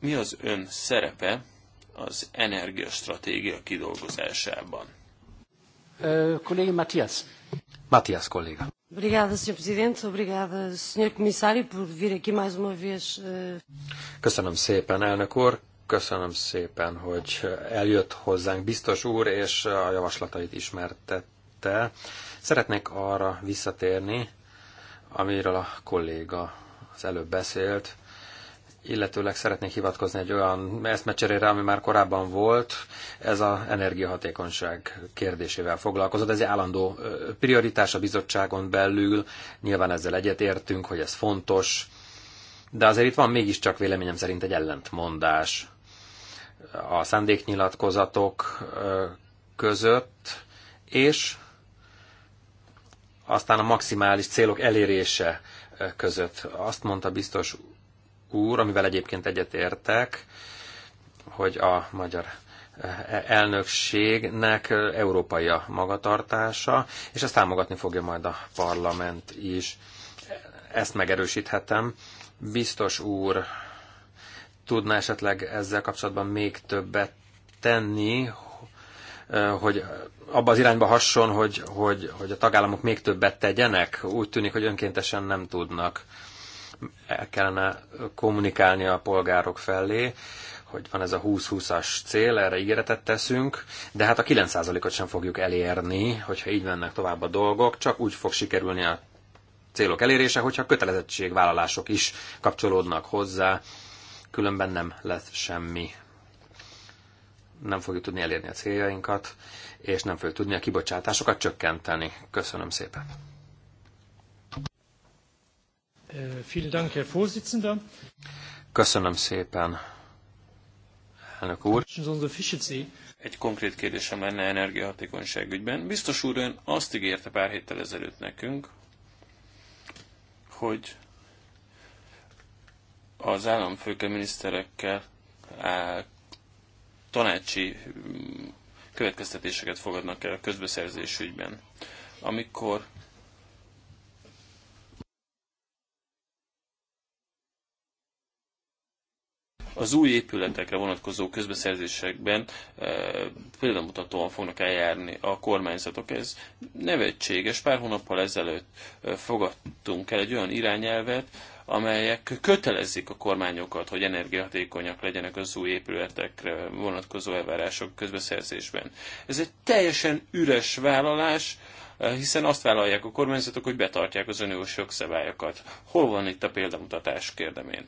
Speaker 4: Mi az ön szerepe az energiastratégia kidolgozásában?
Speaker 3: Kollégám Matthias. Matthias kolléga.
Speaker 6: Obrigada, Sr. Presidente. Obrigada, Sr. Comissário, por vir aqui mais uma vez. Eh,
Speaker 3: Köszönöm szépen, elnök úr. Köszönöm szépen, hogy eljött hozzánk biztos úr, és a javaslatait ismertette. Szeretnék arra visszatérni, amiről a kolléga az előbb beszélt, illetőleg szeretnék hivatkozni egy olyan eszmecserére, ami már korábban volt, ez az energiahatékonyság kérdésével foglalkozott. Ez egy állandó prioritás a bizottságon belül, nyilván ezzel egyetértünk, hogy ez fontos, de azért itt van mégiscsak véleményem szerint egy ellentmondás a szándéknyilatkozatok között, és aztán a maximális célok elérése között. Azt mondta biztos úr, amivel egyébként egyetértek, hogy a magyar eh, elnökségnek eh, európai a magatartása, és ezt támogatni fogja majd a parlament is. Ezt megerősíthetem. Biztos úr, tudna esetleg ezzel kapcsolatban még többet tenni, eh, hogy abba az irányba hasson, hogy, hogy, hogy a tagállamok még többet tegyenek? Úgy tűnik, hogy önkéntesen nem tudnak el kellene kommunikálni a polgárok felé, hogy van ez a 20-20-as cél, erre ígéretet teszünk, de hát a 9%-ot sem fogjuk elérni, hogyha így mennek tovább a dolgok, csak úgy fog sikerülni a célok elérése, hogyha kötelezettségvállalások is kapcsolódnak hozzá, különben nem lesz semmi. Nem fogjuk tudni elérni a céljainkat, és nem fogjuk tudni a kibocsátásokat csökkenteni. Köszönöm szépen!
Speaker 2: Äh,
Speaker 3: Köszönöm szépen, elnök úr. Eh? Egy konkrét kérdésem lenne energiahatékonyság ügyben. Biztos úr, ön
Speaker 4: azt ígérte pár héttel ezelőtt nekünk, hogy az államfőke miniszterekkel tanácsi hm, következtetéseket fogadnak el a közbeszerzés ügyben. Amikor az új épületekre vonatkozó közbeszerzésekben eh, példamutatóan fognak eljárni a kormányzatok. Ez nevetséges. Pár hónappal ezelőtt eh, fogadtunk el egy olyan irányelvet, amelyek kötelezik a kormányokat, hogy energiahatékonyak legyenek az új épületekre vonatkozó elvárások közbeszerzésben. Ez egy teljesen üres vállalás, eh, hiszen azt vállalják a kormányzatok, hogy betartják az uniós jogszabályokat. Hol van itt a példamutatás, kérdem én?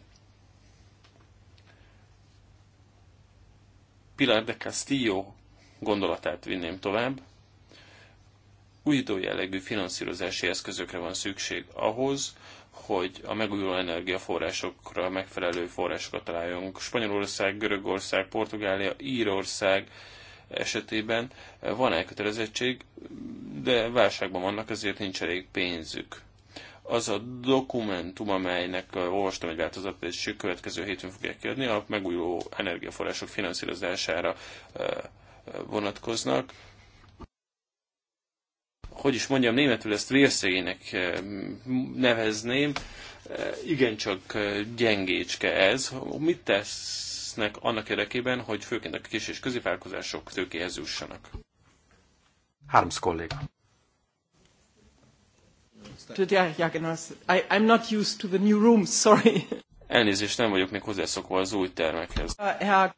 Speaker 4: Pilar de Castillo gondolatát vinném tovább. Újító jellegű finanszírozási eszközökre van szükség ahhoz, hogy a megújuló energiaforrásokra megfelelő forrásokat találjunk. Spanyolország, Görögország, Portugália, Írország esetében van elkötelezettség, de válságban vannak, ezért nincs elég pénzük az a dokumentum, amelynek olvastam egy változatát, és következő hétfőn fogják kérni, a megújuló energiaforrások finanszírozására vonatkoznak. Hogy is mondjam, németül ezt vérszegének nevezném, igencsak gyengécske ez. Mit tesznek annak érdekében, hogy főként a kis és középálkozások tőkéhez jussanak?
Speaker 3: Harms kolléga. I'm not used to the new sorry. Elnézést, nem vagyok még hozzászokva az új termekhez. Uh,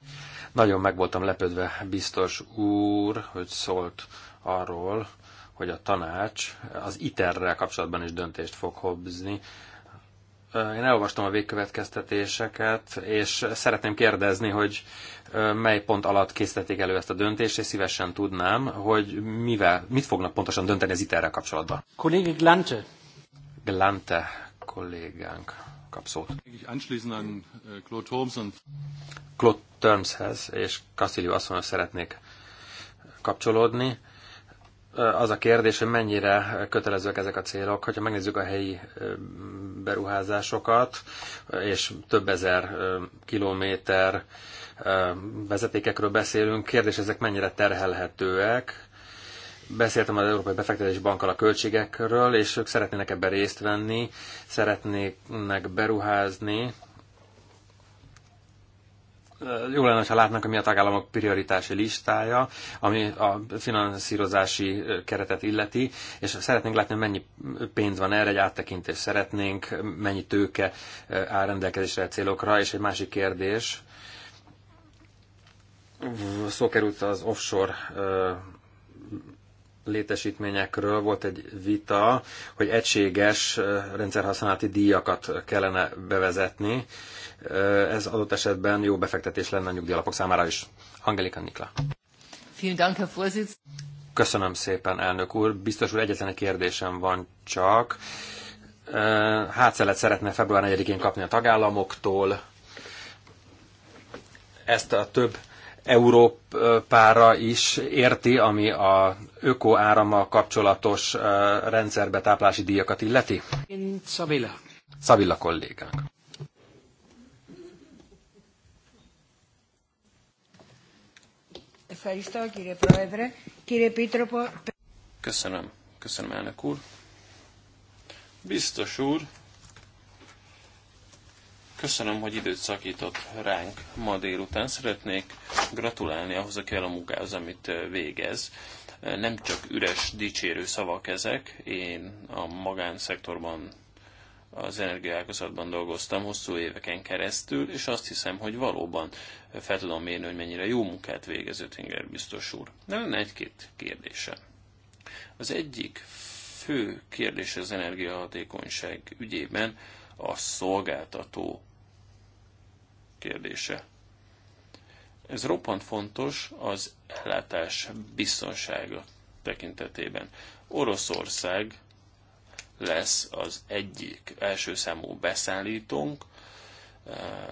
Speaker 3: Nagyon meg voltam lepődve, biztos úr, hogy szólt arról, hogy a tanács az iterrel kapcsolatban is döntést fog hobzni. Uh, én elolvastam a végkövetkeztetéseket, és szeretném kérdezni, hogy uh, mely pont alatt készítették elő ezt a döntést, és szívesen tudnám, hogy mivel, mit fognak pontosan dönteni az iterrel kapcsolatban. Kollégik Glante. Glante kollégánk kap szót. Äh, Claude Turmshez és Castillo asszonyhoz szeretnék kapcsolódni. Az a kérdés, hogy mennyire kötelezőek ezek a célok. Hogyha megnézzük a helyi beruházásokat, és több ezer kilométer vezetékekről beszélünk, kérdés, ezek mennyire terhelhetőek, Beszéltem az Európai Befektetési Bankkal a költségekről, és ők szeretnének ebben részt venni, szeretnének beruházni. Jó lenne, ha látnak, hogy mi a tagállamok prioritási listája, ami a finanszírozási keretet illeti, és szeretnénk látni, hogy mennyi pénz van erre, egy áttekintést szeretnénk, mennyi tőke áll rendelkezésre a célokra, és egy másik kérdés, szó került az offshore létesítményekről volt egy vita, hogy egységes rendszerhasználati díjakat kellene bevezetni. Ez adott esetben jó befektetés lenne a nyugdíjalapok számára is. Angelika Nikla. Köszönöm szépen, elnök úr. Biztos úr, egyetlen egy kérdésem van csak. Hátszelet szeretne február 4-én kapni a tagállamoktól. Ezt a több Európára is érti, ami a ökoárammal kapcsolatos rendszerbe táplási díjakat illeti? Én Szavilla. Szavilla kollégánk.
Speaker 4: Köszönöm. Köszönöm, elnök úr. Biztos úr, köszönöm, hogy időt szakított ránk ma délután. Szeretnék gratulálni ahhoz a kell a munkához, amit végez. Nem csak üres, dicsérő szavak ezek. Én a magánszektorban, az energiaágazatban dolgoztam hosszú éveken keresztül, és azt hiszem, hogy valóban fel tudom mérni, hogy mennyire jó munkát végez Ötinger biztos úr. De lenne egy-két kérdése.
Speaker 2: Az egyik
Speaker 4: fő kérdés az energiahatékonyság ügyében a szolgáltató kérdése. Ez roppant fontos az ellátás biztonsága tekintetében. Oroszország lesz az egyik első számú beszállítónk, eh,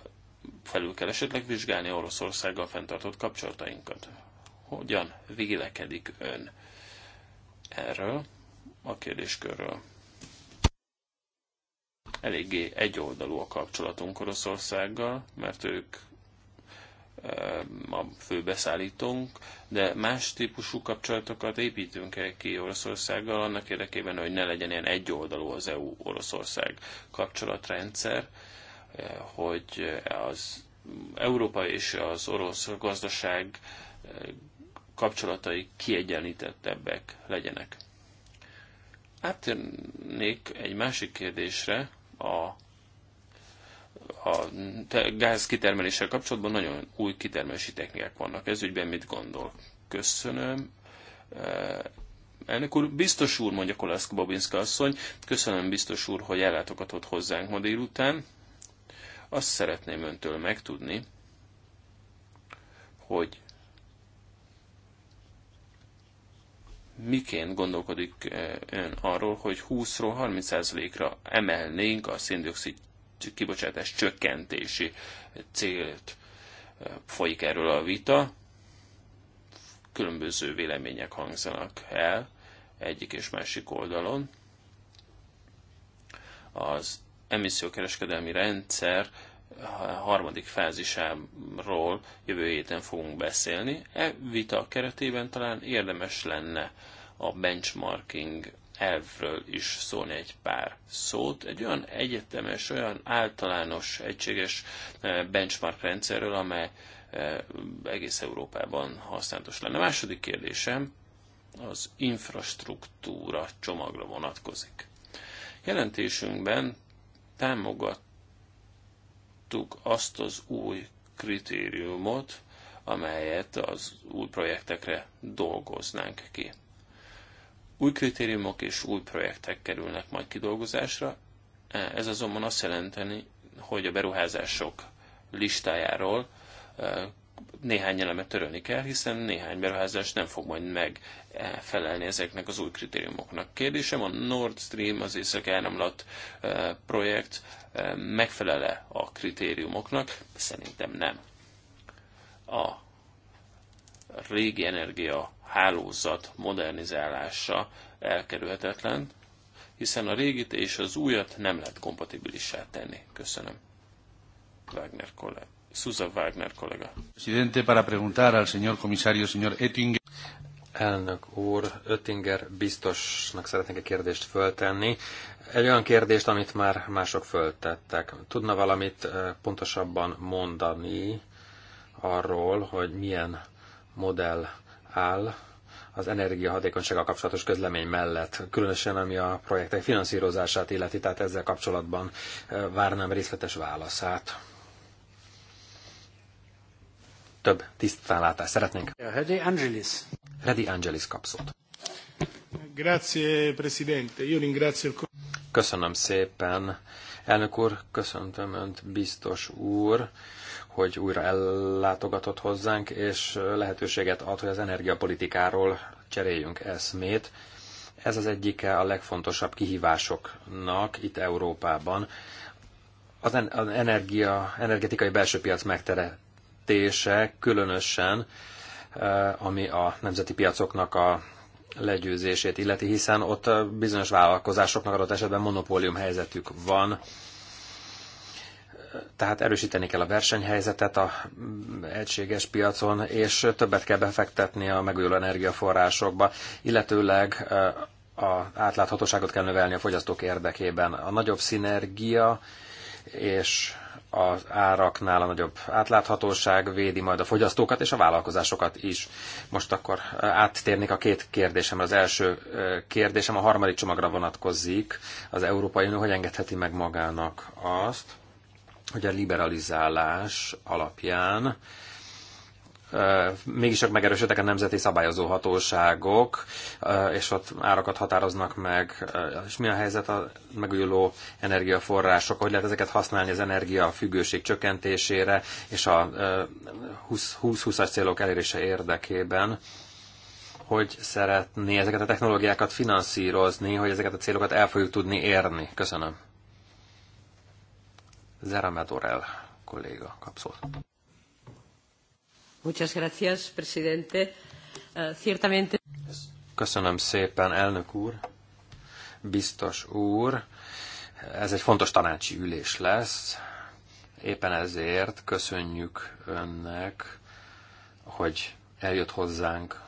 Speaker 4: felül kell esetleg vizsgálni Oroszországgal fenntartott kapcsolatainkat. Hogyan vélekedik ön erről a kérdéskörről? Eléggé egyoldalú a kapcsolatunk Oroszországgal, mert ők a fő beszállítónk, de más típusú kapcsolatokat építünk el ki Oroszországgal annak érdekében, hogy ne legyen ilyen egyoldalú az EU-Oroszország kapcsolatrendszer, hogy az Európa és az orosz gazdaság kapcsolatai kiegyenlítettebbek legyenek. Áttérnék egy másik kérdésre, a a gáz kitermeléssel kapcsolatban nagyon új kitermelési technikák vannak. Ez ügyben mit gondol? Köszönöm. Eh, elnök úr, biztos úr, mondja Kolászka Babinska asszony, köszönöm biztos úr, hogy ellátogatott hozzánk ma délután. Azt szeretném öntől megtudni, hogy miként gondolkodik eh, ön arról, hogy 20-ról 30%-ra emelnénk a széndiokszid kibocsátás csökkentési célt folyik erről a vita. Különböző vélemények hangzanak el egyik és másik oldalon. Az emissziókereskedelmi rendszer harmadik fázisáról jövő héten fogunk beszélni. E vita keretében talán érdemes lenne a benchmarking elvről is szólni egy pár szót. Egy olyan egyetemes, olyan általános, egységes eh, benchmark rendszerről, amely eh, egész Európában használatos lenne. A második kérdésem az infrastruktúra csomagra vonatkozik. Jelentésünkben támogattuk azt az új kritériumot, amelyet az új projektekre dolgoznánk ki. Új kritériumok és új projektek kerülnek majd kidolgozásra. Ez azonban azt jelenteni, hogy a beruházások listájáról e, néhány elemet törölni kell, hiszen néhány beruházás nem fog majd megfelelni ezeknek az új kritériumoknak. Kérdésem a Nord Stream, az észak áramlat e, projekt e, megfelele a kritériumoknak? Szerintem nem. A régi energia hálózat modernizálása elkerülhetetlen, hiszen a régit és az újat nem lehet kompatibilissá tenni. Köszönöm. Wagner kollega. Susa Wagner kollega.
Speaker 5: Presidente, para preguntar
Speaker 3: al señor comisario, señor Ettinger. Elnök úr, Öttinger biztosnak szeretnék egy kérdést föltenni. Egy olyan kérdést, amit már mások föltettek. Tudna valamit eh, pontosabban mondani arról, hogy milyen modell áll az energiahatékonysággal kapcsolatos közlemény mellett, különösen ami a projektek finanszírozását illeti, tehát ezzel kapcsolatban várnám részletes válaszát. Több tisztánlátást szeretnénk. Redi Angelis. Redi Angelis kapszott. Grazie, Presidente. Io ringrazio il... Köszönöm szépen. Elnök úr, köszöntöm Önt, biztos úr hogy újra ellátogatott hozzánk, és lehetőséget ad, hogy az energiapolitikáról cseréljünk eszmét. Ez az egyike a legfontosabb kihívásoknak itt Európában. Az energia, energetikai belső piac megteretése különösen, ami a nemzeti piacoknak a legyőzését illeti, hiszen ott bizonyos vállalkozásoknak adott esetben monopólium helyzetük van, tehát erősíteni kell a versenyhelyzetet a egységes piacon, és többet kell befektetni a megújuló energiaforrásokba, illetőleg eh, a átláthatóságot kell növelni a fogyasztók érdekében. A nagyobb szinergia és az áraknál a nagyobb átláthatóság védi majd a fogyasztókat és a vállalkozásokat is. Most akkor eh, áttérnék a két kérdésemre. Az első eh, kérdésem a harmadik csomagra vonatkozik. Az Európai Unió hogy engedheti meg magának azt, hogy a liberalizálás alapján mégiscsak megerősödtek a nemzeti szabályozó hatóságok, és ott árakat határoznak meg, és mi a helyzet a megújuló energiaforrások, hogy lehet ezeket használni az energia függőség csökkentésére, és a 20-20-as célok elérése érdekében hogy szeretné ezeket a technológiákat finanszírozni, hogy ezeket a célokat el fogjuk tudni érni. Köszönöm. Zerame kolléga kap szót.
Speaker 1: Muchas gracias,
Speaker 7: presidente. Eh, ciertamente...
Speaker 3: Köszönöm szépen, elnök úr, biztos úr. Ez egy fontos tanácsi ülés lesz. Éppen ezért köszönjük önnek, hogy eljött hozzánk,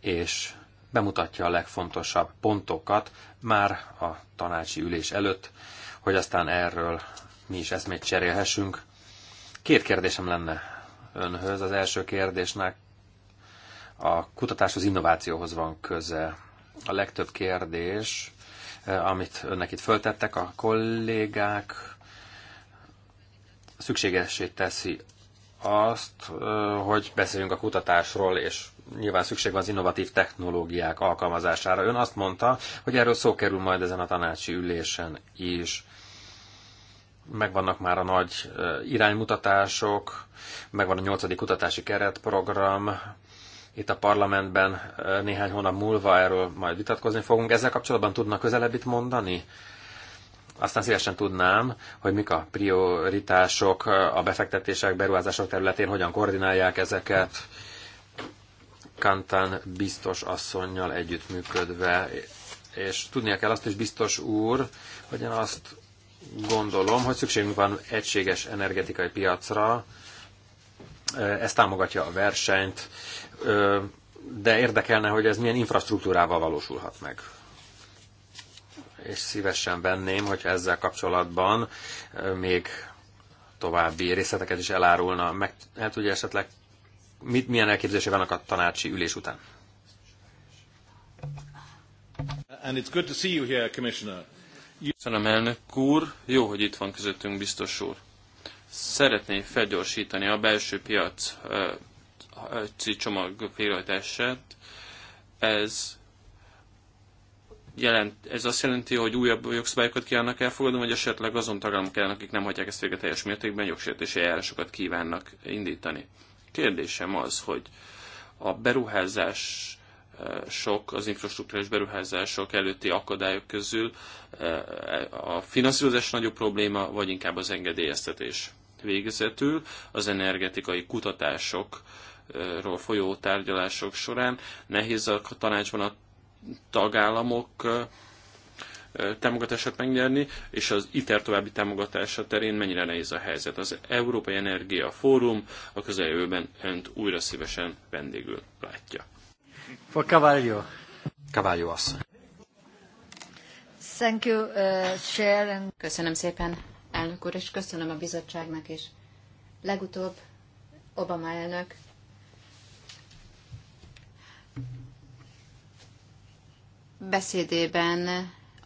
Speaker 3: és bemutatja a legfontosabb pontokat már a tanácsi ülés előtt, hogy aztán erről mi is eszmét cserélhessünk. Két kérdésem lenne önhöz. Az első kérdésnek a kutatáshoz, innovációhoz van köze. A legtöbb kérdés, eh, amit önnek itt föltettek a kollégák, szükségessé teszi azt, eh, hogy beszéljünk a kutatásról és nyilván szükség van az innovatív technológiák alkalmazására. Ön azt mondta, hogy erről szó kerül majd ezen a tanácsi ülésen is. Megvannak már a nagy iránymutatások, megvan a nyolcadik kutatási keretprogram, itt a parlamentben néhány hónap múlva erről majd vitatkozni fogunk. Ezzel kapcsolatban tudnak közelebbit mondani? Aztán szívesen tudnám, hogy mik a prioritások a befektetések, beruházások területén, hogyan koordinálják ezeket, Kantán biztos asszonynal együttműködve. És tudnia kell azt is, biztos úr, hogy én azt gondolom, hogy szükségünk van egységes energetikai piacra, ez támogatja a versenyt, de érdekelne, hogy ez milyen infrastruktúrával valósulhat meg. És szívesen venném, hogyha ezzel kapcsolatban még további részleteket is elárulna. Meg hát el tudja esetleg mit, milyen elképzelése vannak a tanácsi ülés után?
Speaker 6: And it's good to see you here, Commissioner.
Speaker 3: Köszönöm, elnök úr. Jó, hogy
Speaker 4: itt van közöttünk, biztos úr. Szeretné felgyorsítani a belső piac csomag végrehajtását. Ez jelent, ez azt jelenti, hogy újabb jogszabályokat kívánnak elfogadni, vagy esetleg azon tagállamok kell, akik nem hagyják ezt végre teljes mértékben, jogsértési eljárásokat kívánnak indítani. Kérdésem az, hogy a beruházás eh, sok, az infrastruktúrás beruházások előtti akadályok közül eh, a finanszírozás nagyobb probléma, vagy inkább az engedélyeztetés. Végezetül az energetikai kutatásokról folyó tárgyalások során nehéz a tanácsban a tagállamok eh, támogatását megnyerni, és az ITER további támogatása terén mennyire nehéz a helyzet. Az Európai Energia Fórum a közeljövőben önt újra szívesen vendégül látja.
Speaker 6: For Cavallio.
Speaker 4: Cavallio
Speaker 7: asszony. Thank you, uh, Sharon. Köszönöm szépen, elnök úr, és köszönöm a bizottságnak is. Legutóbb Obama elnök beszédében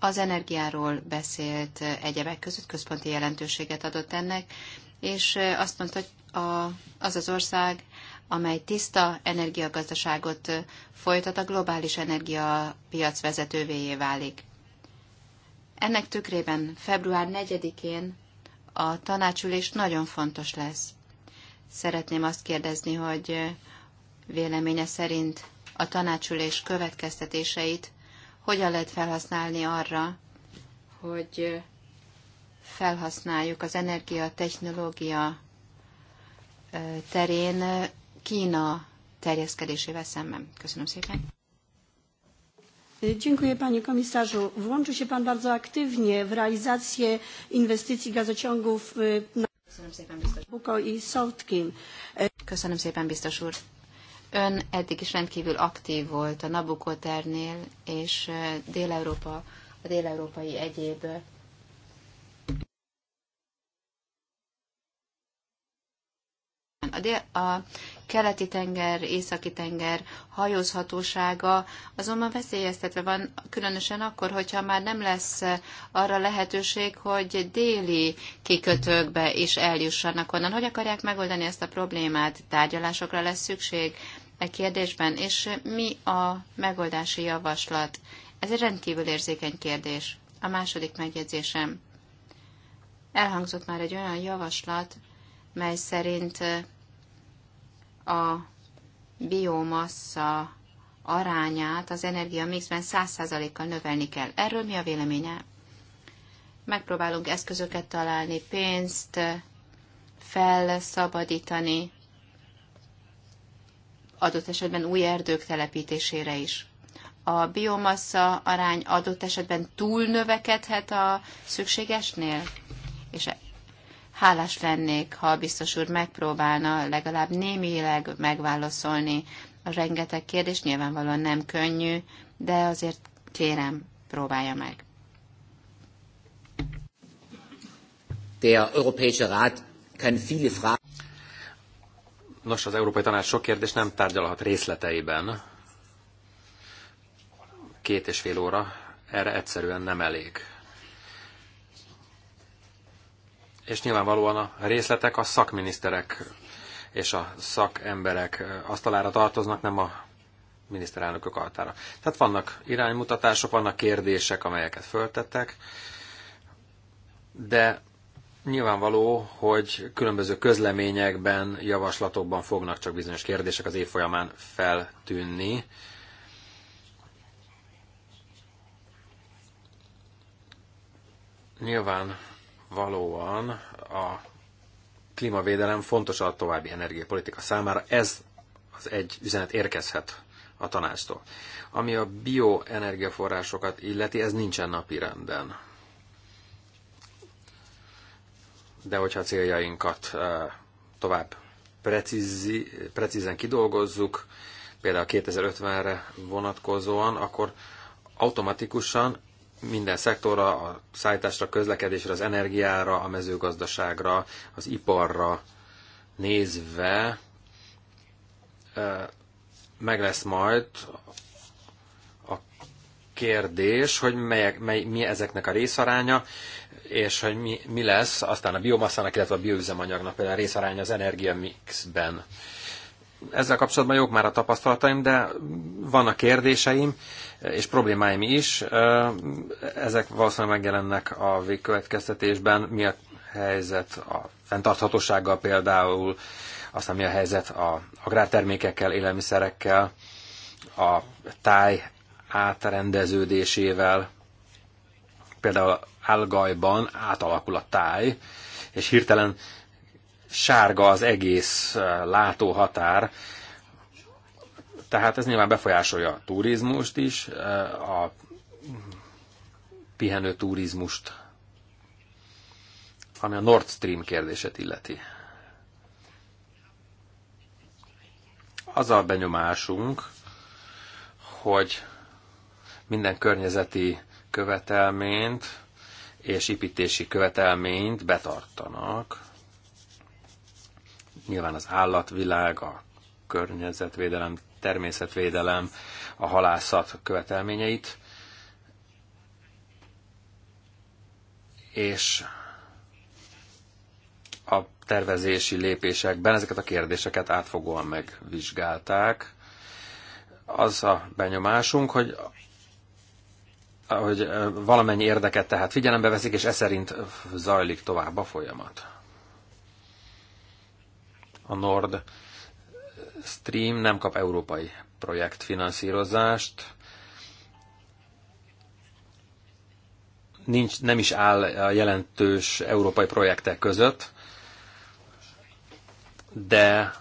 Speaker 7: az energiáról beszélt egyebek között, központi jelentőséget adott ennek, és azt mondta, hogy a, az az ország, amely tiszta energiagazdaságot folytat, a globális energiapiac vezetővéjé válik. Ennek tükrében február 4-én a tanácsülés nagyon fontos lesz. Szeretném azt kérdezni, hogy véleménye szerint a tanácsülés következtetéseit hogyan lehet felhasználni arra, hogy felhasználjuk az energia technológia terén Kína terjeszkedésével szemben. Köszönöm szépen.
Speaker 1: Dziękuję panie komisarzu. Włączy się pan bardzo aktywnie w realizację inwestycji
Speaker 7: gazociągów na Buko i Sołtkin. Köszönöm szépen, biztos úr. Ön eddig is rendkívül aktív volt a Nabukoternél és Dél-Európa, a dél-európai egyéb a, dél, a keleti tenger, északi tenger hajózhatósága azonban veszélyeztetve van, különösen akkor, hogyha már nem lesz arra lehetőség, hogy déli kikötőkbe is eljussanak onnan. Hogy akarják megoldani ezt a problémát? Tárgyalásokra lesz szükség e kérdésben, és mi a megoldási javaslat? Ez egy rendkívül érzékeny kérdés. A második megjegyzésem. Elhangzott már egy olyan javaslat, mely szerint a biomassa arányát az energia mixben 100%-kal növelni kell. Erről mi a véleménye? Megpróbálunk eszközöket találni, pénzt felszabadítani, adott esetben új erdők telepítésére is. A biomassa arány adott esetben túl növekedhet a szükségesnél, és Hálás lennék, ha a biztos úr megpróbálna legalább némileg megválaszolni a rengeteg kérdést. Nyilvánvalóan nem könnyű, de azért kérem, próbálja meg.
Speaker 1: Der Europäische Rat kann viele Fragen. Nos, az Európai
Speaker 3: Tanács sok kérdés nem tárgyalhat részleteiben. Két és fél óra erre egyszerűen nem elég. és nyilvánvalóan a részletek a szakminiszterek és a szakemberek asztalára tartoznak, nem a miniszterelnökök altára. Tehát vannak iránymutatások, vannak kérdések, amelyeket föltettek, de nyilvánvaló, hogy különböző közleményekben, javaslatokban fognak csak bizonyos kérdések az év folyamán feltűnni. Nyilván valóan a klímavédelem fontos a további energiapolitika számára. Ez az egy üzenet érkezhet a tanácstól. Ami a bioenergiaforrásokat illeti, ez nincsen napi renden. De hogyha a céljainkat eh, tovább precízi, precízen kidolgozzuk, például 2050-re vonatkozóan, akkor automatikusan minden szektorra, a szállításra, közlekedésre, az energiára, a mezőgazdaságra, az iparra nézve meg lesz majd a kérdés, hogy melyek, mely, mi ezeknek a részaránya, és hogy mi, mi lesz aztán a biomaszának, illetve a bioüzemanyagnak például a részaránya az energiamixben. mixben ezzel kapcsolatban jók már a tapasztalataim, de vannak kérdéseim és problémáim is. Ezek valószínűleg megjelennek a végkövetkeztetésben. Mi a helyzet a fenntarthatósággal például, aztán mi a helyzet a agrártermékekkel, élelmiszerekkel, a táj átrendeződésével, például Algajban átalakul a táj, és hirtelen sárga az egész látóhatár, tehát ez nyilván befolyásolja a turizmust is, a pihenő turizmust, ami a Nord Stream kérdését illeti. Az a benyomásunk, hogy minden környezeti követelményt és építési követelményt betartanak, Nyilván az állatvilág, a környezetvédelem, természetvédelem, a halászat követelményeit, és a tervezési lépésekben ezeket a kérdéseket átfogóan megvizsgálták. Az a benyomásunk, hogy hogy valamennyi érdeket tehát figyelembe veszik, és e szerint zajlik tovább a folyamat a Nord Stream nem kap európai projektfinanszírozást, nincs, nem is áll a jelentős európai projektek között, de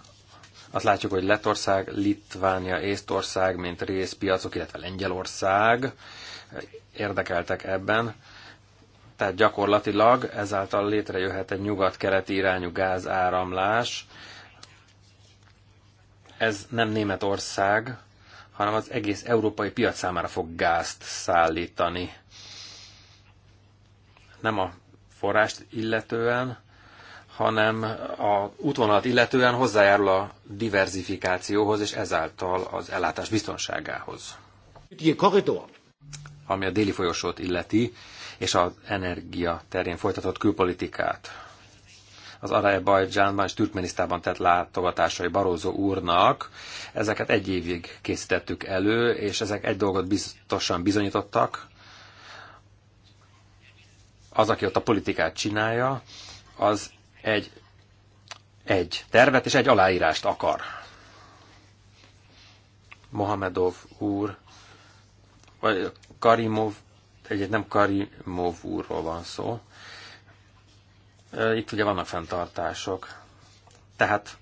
Speaker 3: azt látjuk, hogy Lettország, Litvánia, Észtország, mint részpiacok, illetve Lengyelország érdekeltek ebben. Tehát gyakorlatilag ezáltal létrejöhet egy nyugat-keleti irányú gázáramlás, ez nem Németország, hanem az egész európai piac számára fog gázt szállítani. Nem a forrást illetően, hanem a útvonalat illetően hozzájárul a diversifikációhoz, és ezáltal az ellátás biztonságához. Ami a déli folyosót illeti, és az energia terén folytatott külpolitikát az Arajbajdzsánban és Türkmenisztában tett látogatásai Barózó úrnak. Ezeket egy évig készítettük elő, és ezek egy dolgot biztosan bizonyítottak. Az, aki ott a politikát csinálja, az egy, egy tervet és egy aláírást akar. Mohamedov úr, vagy Karimov, egyet nem Karimov úrról van szó, itt ugye vannak fenntartások. Tehát,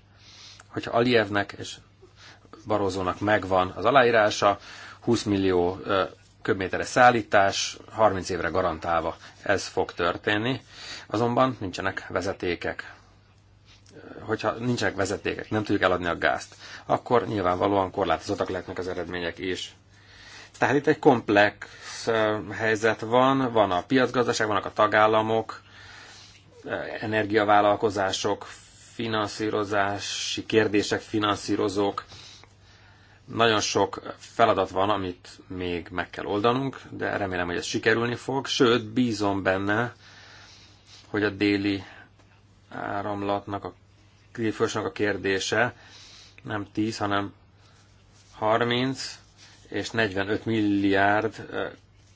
Speaker 3: hogyha Alievnek és Barózónak megvan az aláírása, 20 millió köbméteres szállítás, 30 évre garantálva ez fog történni, azonban nincsenek vezetékek. Hogyha nincsenek vezetékek, nem tudjuk eladni a gázt, akkor nyilvánvalóan korlátozottak lehetnek az eredmények is. Tehát itt egy komplex helyzet van, van a piacgazdaság, vannak a tagállamok, energiavállalkozások, finanszírozási kérdések, finanszírozók. Nagyon sok feladat van, amit még meg kell oldanunk, de remélem, hogy ez sikerülni fog. Sőt, bízom benne, hogy a déli áramlatnak, a külföldsnek a kérdése nem 10, hanem 30 és 45 milliárd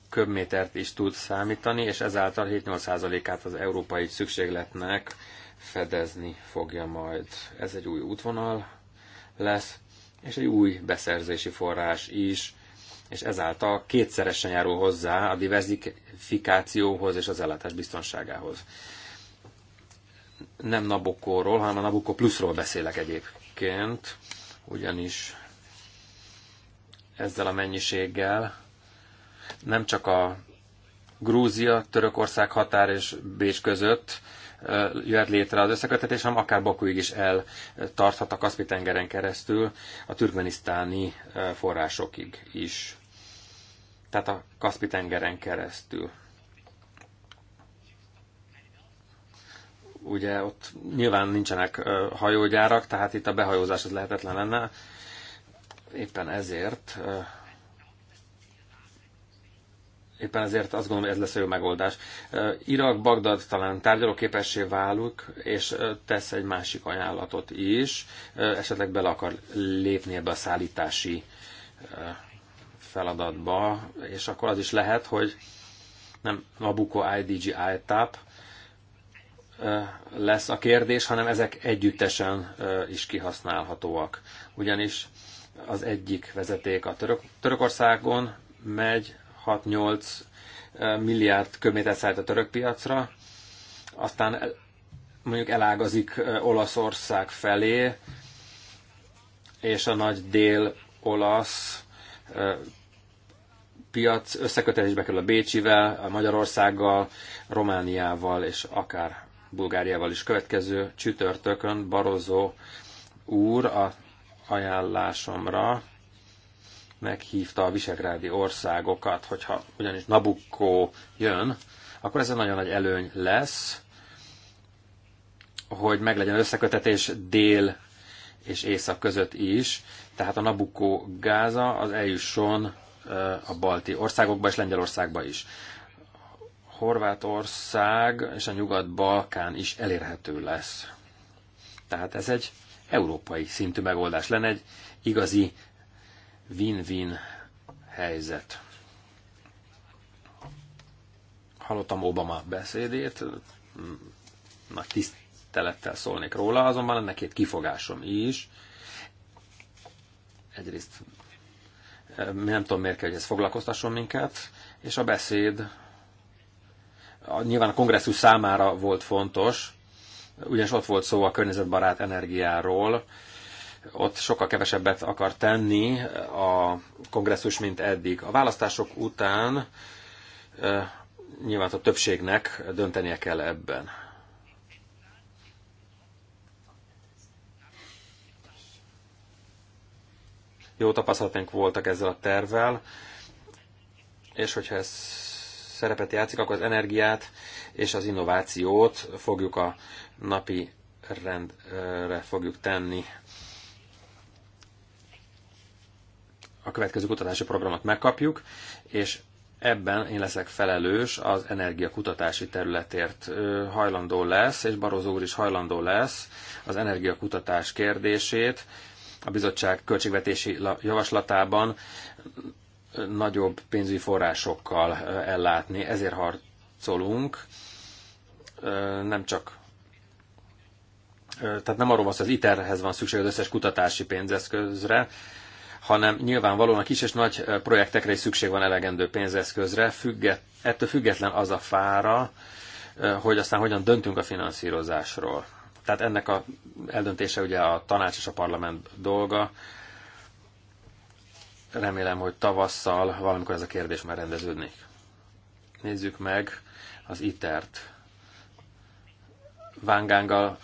Speaker 3: köbmétert is tud számítani, és ezáltal 7-8%-át az európai szükségletnek fedezni fogja majd. Ez egy új útvonal lesz, és egy új beszerzési forrás is, és ezáltal kétszeresen járul hozzá a diversifikációhoz és az ellátás biztonságához. Nem Nabokóról, hanem a Nabokó pluszról beszélek egyébként, ugyanis ezzel a mennyiséggel nem csak a Grúzia, Törökország határ és Bécs között jöhet létre az összekötetés, hanem akár Bakuig is eltarthat a Kaszpi-tengeren keresztül a türkmenisztáni forrásokig is. Tehát a Kaszpi-tengeren keresztül. Ugye ott nyilván nincsenek hajógyárak, tehát itt a behajózás az lehetetlen lenne. Éppen ezért éppen ezért azt gondolom, hogy ez lesz a jó megoldás. Irak, Bagdad talán tárgyalóképessé válik, és tesz egy másik ajánlatot is, esetleg bele akar lépni ebbe a szállítási feladatba, és akkor az is lehet, hogy nem Nabucco IDG ITAP lesz a kérdés, hanem ezek együttesen is kihasználhatóak. Ugyanis az egyik vezeték a Török, Törökországon megy, 6-8 milliárd köbméter szállt a török piacra, aztán mondjuk elágazik Olaszország felé, és a nagy dél-olasz piac összekötetésbe kerül a Bécsivel, a Magyarországgal, Romániával és akár Bulgáriával is. Következő csütörtökön Barozó úr a ajánlásomra meghívta a visegrádi országokat, hogyha ugyanis Nabucco jön, akkor ez egy nagyon nagy előny lesz, hogy meglegyen összekötetés dél és észak között is, tehát a Nabucco gáza az eljusson a balti országokba és Lengyelországba is. Horvátország és a Nyugat-Balkán is elérhető lesz. Tehát ez egy európai szintű megoldás lenne, egy igazi win-win helyzet. Hallottam Obama beszédét, nagy tisztelettel szólnék róla, azonban ennek két kifogásom is. Egyrészt eh, nem tudom miért kell, hogy ez foglalkoztasson minket, és a beszéd nyilván a kongresszus számára volt fontos, ugyanis ott volt szó a környezetbarát energiáról, ott sokkal kevesebbet akar tenni a kongresszus, mint eddig. A választások után nyilván a többségnek döntenie kell ebben. Jó tapasztalatunk voltak ezzel a tervvel, és hogyha ez szerepet játszik, akkor az energiát és az innovációt fogjuk a napi rendre fogjuk tenni. a következő kutatási programot megkapjuk, és ebben én leszek felelős az energiakutatási területért. Hajlandó lesz, és Barozó úr is hajlandó lesz az energiakutatás kérdését a bizottság költségvetési javaslatában nagyobb pénzügyi forrásokkal ellátni. Ezért harcolunk, nem csak tehát nem arról van szó, az ITER-hez van szükség az összes kutatási pénzeszközre, hanem nyilvánvalóan a kis és nagy projektekre is szükség van elegendő pénzeszközre, függet, ettől független az a fára, hogy aztán hogyan döntünk a finanszírozásról. Tehát ennek a eldöntése ugye a tanács és a parlament dolga. Remélem, hogy tavasszal valamikor ez a kérdés már rendeződni. Nézzük meg az ITERT. Vángánggal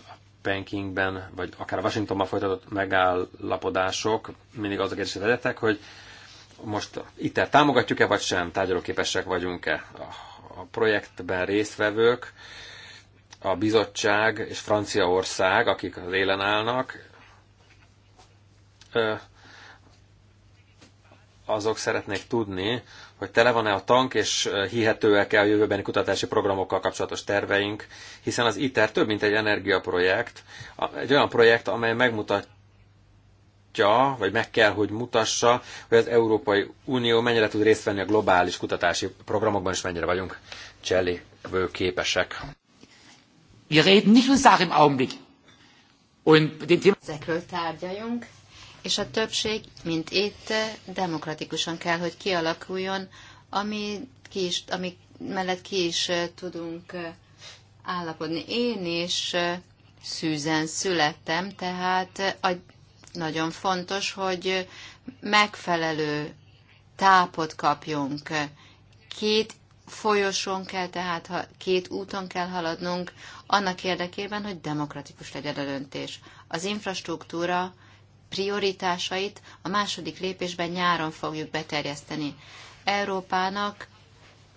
Speaker 3: Pekingben, vagy akár a Washingtonban folytatott megállapodások mindig az a kérdésre vezetek, hogy most itt támogatjuk-e vagy sem, tárgyalóképesek vagyunk-e. A projektben résztvevők, a bizottság és Franciaország, akik az élen állnak, azok szeretnék tudni, hogy tele van-e a tank, és hihetőek-e a jövőbeni kutatási programokkal kapcsolatos terveink, hiszen az ITER több, mint egy energiaprojekt, egy olyan projekt, amely megmutatja, vagy meg kell, hogy mutassa, hogy az Európai Unió mennyire tud részt venni a globális kutatási programokban, és mennyire vagyunk cselévő képesek. Wir
Speaker 1: reden nicht nur Sachen im Augenblick. Und den
Speaker 3: Thema...
Speaker 7: Ezekről tárgyaljunk, és a többség, mint itt, demokratikusan kell, hogy kialakuljon, ami, ki is, ami mellett ki is tudunk állapodni. Én is szűzen születtem, tehát nagyon fontos, hogy megfelelő tápot kapjunk. Két folyosón kell, tehát ha két úton kell haladnunk, annak érdekében, hogy demokratikus legyen a döntés. Az infrastruktúra prioritásait a második lépésben nyáron fogjuk beterjeszteni. Európának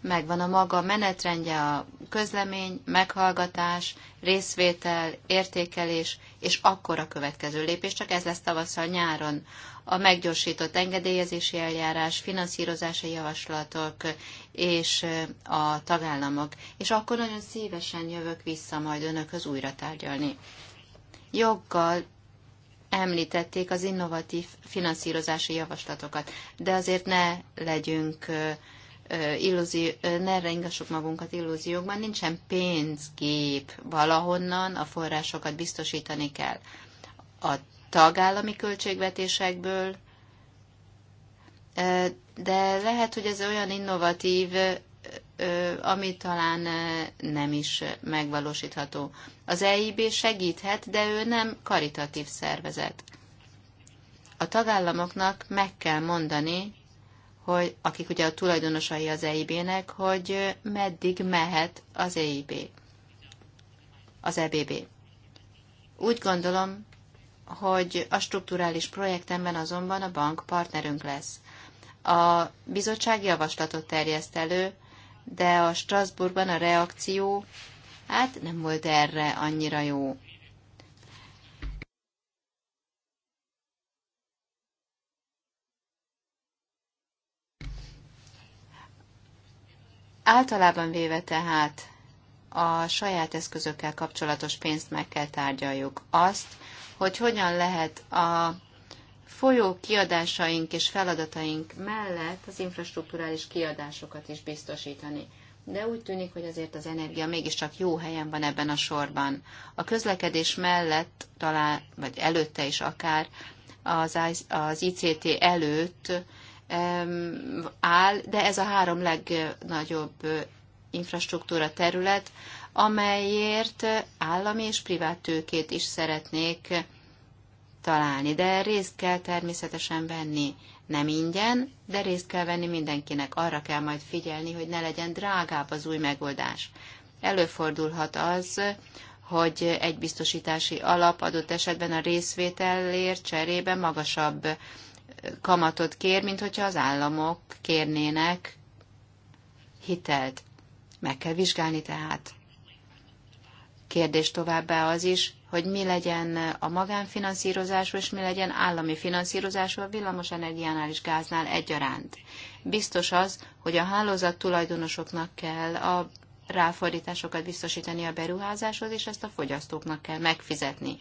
Speaker 7: megvan a maga menetrendje, a közlemény, meghallgatás, részvétel, értékelés, és akkor a következő lépés, csak ez lesz tavasszal nyáron. A meggyorsított engedélyezési eljárás, finanszírozási javaslatok és a tagállamok. És akkor nagyon szívesen jövök vissza majd önökhöz újra tárgyalni. Joggal említették az innovatív finanszírozási javaslatokat. De azért ne legyünk illúzió, ne rengassuk magunkat illúziókban, nincsen pénzgép valahonnan, a forrásokat biztosítani kell. A tagállami költségvetésekből, de lehet, hogy ez olyan innovatív ami talán nem is megvalósítható. Az EIB segíthet, de ő nem karitatív szervezet. A tagállamoknak meg kell mondani, hogy akik ugye a tulajdonosai az EIB-nek, hogy meddig mehet az EIB, az EBB. Úgy gondolom, hogy a strukturális projektemben azonban a bank partnerünk lesz. A bizottság javaslatot terjeszt elő, de a Strasbourgban a reakció hát nem volt erre annyira jó. Általában véve tehát a saját eszközökkel kapcsolatos pénzt meg kell tárgyaljuk. Azt, hogy hogyan lehet a folyó kiadásaink és feladataink mellett az infrastruktúrális kiadásokat is biztosítani. De úgy tűnik, hogy azért az energia mégiscsak jó helyen van ebben a sorban. A közlekedés mellett talán, vagy előtte is akár, az, az ICT előtt áll, de ez a három legnagyobb infrastruktúra terület, amelyért állami és privát tőkét is szeretnék találni, de részt kell természetesen venni. Nem ingyen, de részt kell venni mindenkinek. Arra kell majd figyelni, hogy ne legyen drágább az új megoldás. Előfordulhat az, hogy egy biztosítási alap adott esetben a részvételért cserébe magasabb kamatot kér, mint hogyha az államok kérnének hitelt. Meg kell vizsgálni tehát. Kérdés továbbá az is, hogy mi legyen a magánfinanszírozású, és mi legyen állami finanszírozású a villamosenergiánál és gáznál egyaránt. Biztos az, hogy a hálózat tulajdonosoknak kell a ráfordításokat biztosítani a beruházáshoz, és ezt a fogyasztóknak kell megfizetni.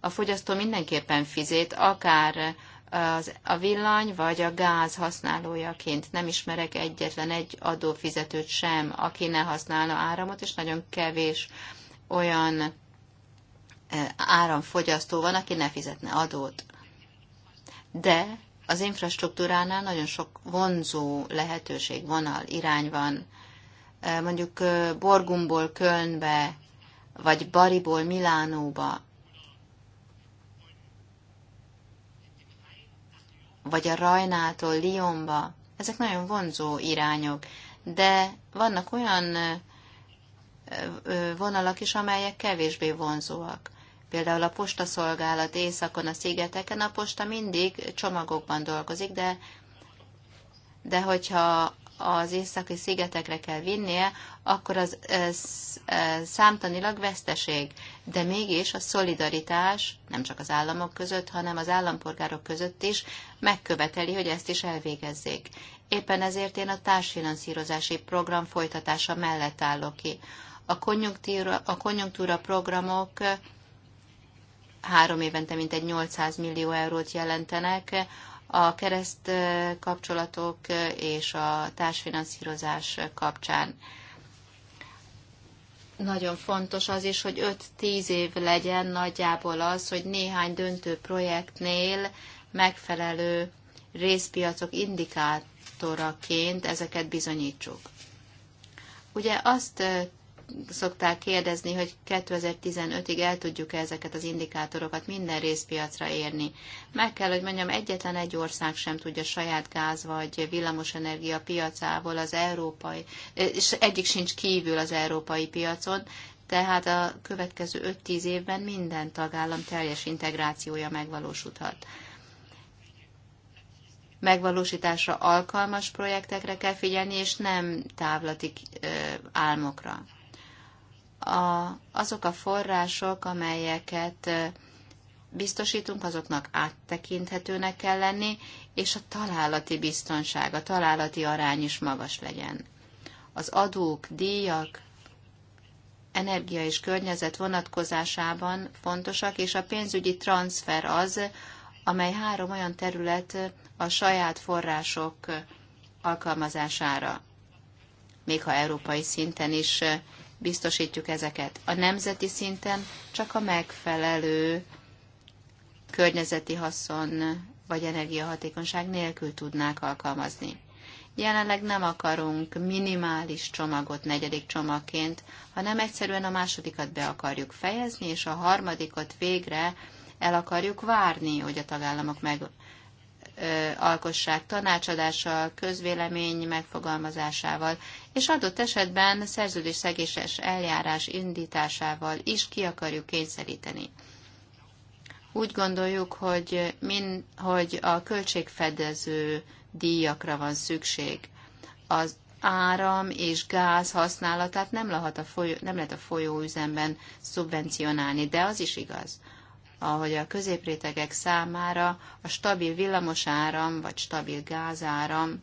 Speaker 7: A fogyasztó mindenképpen fizet, akár az, a villany vagy a gáz használójaként. Nem ismerek egyetlen egy adófizetőt sem, aki ne használna áramot, és nagyon kevés olyan áramfogyasztó van, aki ne fizetne adót. De az infrastruktúránál nagyon sok vonzó lehetőség, vonal, irány van. Mondjuk Borgumból Kölnbe, vagy Bariból Milánóba, vagy a Rajnától Lyonba. Ezek nagyon vonzó irányok, de vannak olyan vonalak is, amelyek kevésbé vonzóak. Például a postaszolgálat északon, a szigeteken a posta mindig csomagokban dolgozik, de, de hogyha az északi szigetekre kell vinnie, akkor az ez, ez számtanilag veszteség. De mégis a szolidaritás nem csak az államok között, hanem az állampolgárok között is megköveteli, hogy ezt is elvégezzék. Éppen ezért én a társfinanszírozási program folytatása mellett állok ki. A konjunktúra, a konjunktúra programok három évente mintegy 800 millió eurót jelentenek, a kereszt kapcsolatok és a társfinanszírozás kapcsán. Nagyon fontos az is, hogy 5-10 év legyen nagyjából az, hogy néhány döntő projektnél megfelelő részpiacok indikátoraként ezeket bizonyítsuk. Ugye azt szokták kérdezni, hogy 2015-ig el tudjuk -e ezeket az indikátorokat minden részpiacra érni. Meg kell, hogy mondjam, egyetlen egy ország sem tudja saját gáz vagy villamosenergia piacából az európai, és egyik sincs kívül az európai piacon, tehát a következő 5-10 évben minden tagállam teljes integrációja megvalósulhat megvalósításra alkalmas projektekre kell figyelni, és nem távlati álmokra a, azok a források, amelyeket biztosítunk, azoknak áttekinthetőnek kell lenni, és a találati biztonság, a találati arány is magas legyen. Az adók, díjak, energia és környezet vonatkozásában fontosak, és a pénzügyi transfer az, amely három olyan terület a saját források alkalmazására, még ha európai szinten is biztosítjuk ezeket. A nemzeti szinten csak a megfelelő környezeti haszon vagy energiahatékonyság nélkül tudnák alkalmazni. Jelenleg nem akarunk minimális csomagot negyedik csomagként, hanem egyszerűen a másodikat be akarjuk fejezni, és a harmadikat végre el akarjuk várni, hogy a tagállamok meg alkossák tanácsadással, közvélemény megfogalmazásával, és adott esetben szerződésszegéses eljárás indításával is ki akarjuk kényszeríteni. Úgy gondoljuk, hogy, min, hogy a költségfedező díjakra van szükség. Az áram és gáz használatát nem lehet a, folyó, nem lehet a folyóüzemben szubvencionálni, de az is igaz, ahogy a középrétegek számára a stabil villamosáram vagy stabil gázáram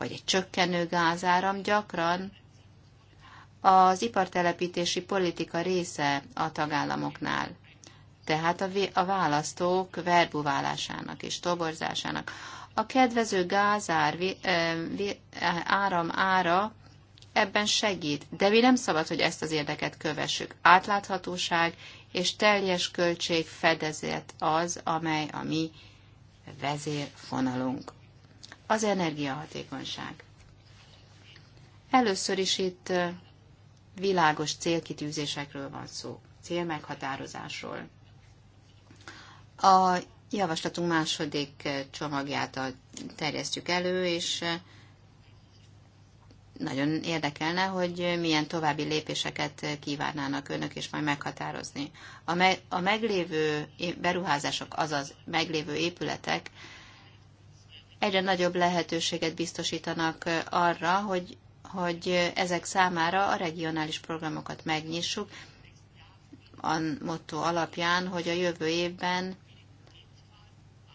Speaker 7: vagy egy csökkenő gázáram gyakran az ipartelepítési politika része a tagállamoknál. Tehát a, a választók verbuválásának és toborzásának. A kedvező gázár vi, vi, áram ára ebben segít, de mi nem szabad, hogy ezt az érdeket kövessük. Átláthatóság és teljes költség fedezet az, amely a mi vezérfonalunk az energiahatékonyság. Először is itt világos célkitűzésekről van szó, célmeghatározásról. A javaslatunk második csomagját terjesztjük elő, és nagyon érdekelne, hogy milyen további lépéseket kívánnának önök, és majd meghatározni. A, me- a meglévő beruházások, azaz meglévő épületek egyre nagyobb lehetőséget biztosítanak arra, hogy, hogy ezek számára a regionális programokat megnyissuk, a motto alapján, hogy a jövő évben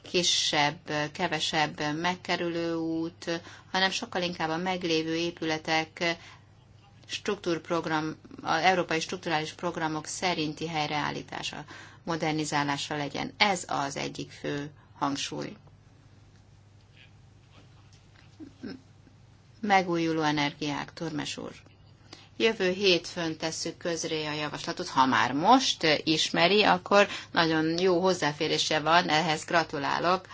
Speaker 7: kisebb, kevesebb megkerülő út, hanem sokkal inkább a meglévő épületek struktúrprogram, az európai strukturális programok szerinti helyreállítása, modernizálása legyen. Ez az egyik fő hangsúly. megújuló energiák, Tormes úr. Jövő hétfőn tesszük közré a javaslatot, ha már most ismeri, akkor nagyon jó hozzáférése van, ehhez gratulálok.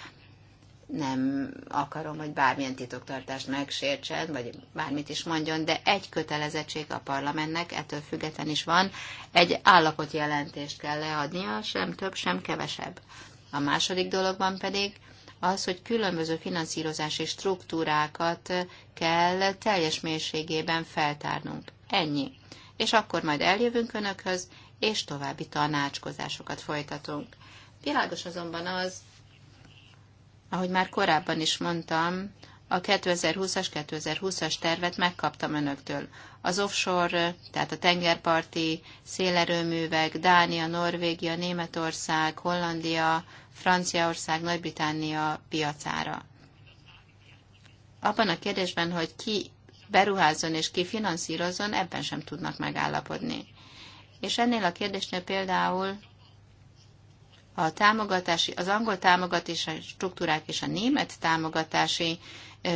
Speaker 7: Nem akarom, hogy bármilyen titoktartást megsértsen, vagy bármit is mondjon, de egy kötelezettség a parlamentnek, ettől független is van, egy állapotjelentést kell leadnia, sem több, sem kevesebb. A második dologban pedig az, hogy különböző finanszírozási struktúrákat kell teljes mélységében feltárnunk. Ennyi. És akkor majd eljövünk Önökhöz, és további tanácskozásokat folytatunk. Világos azonban az, ahogy már korábban is mondtam, a 2020-as 2020-as tervet megkaptam önöktől. Az offshore, tehát a tengerparti szélerőművek, Dánia, Norvégia, Németország, Hollandia, Franciaország, Nagy-Britannia piacára. Abban a kérdésben, hogy ki beruházzon és ki finanszírozzon, ebben sem tudnak megállapodni. És ennél a kérdésnél például a támogatási, az angol támogatási struktúrák és a német támogatási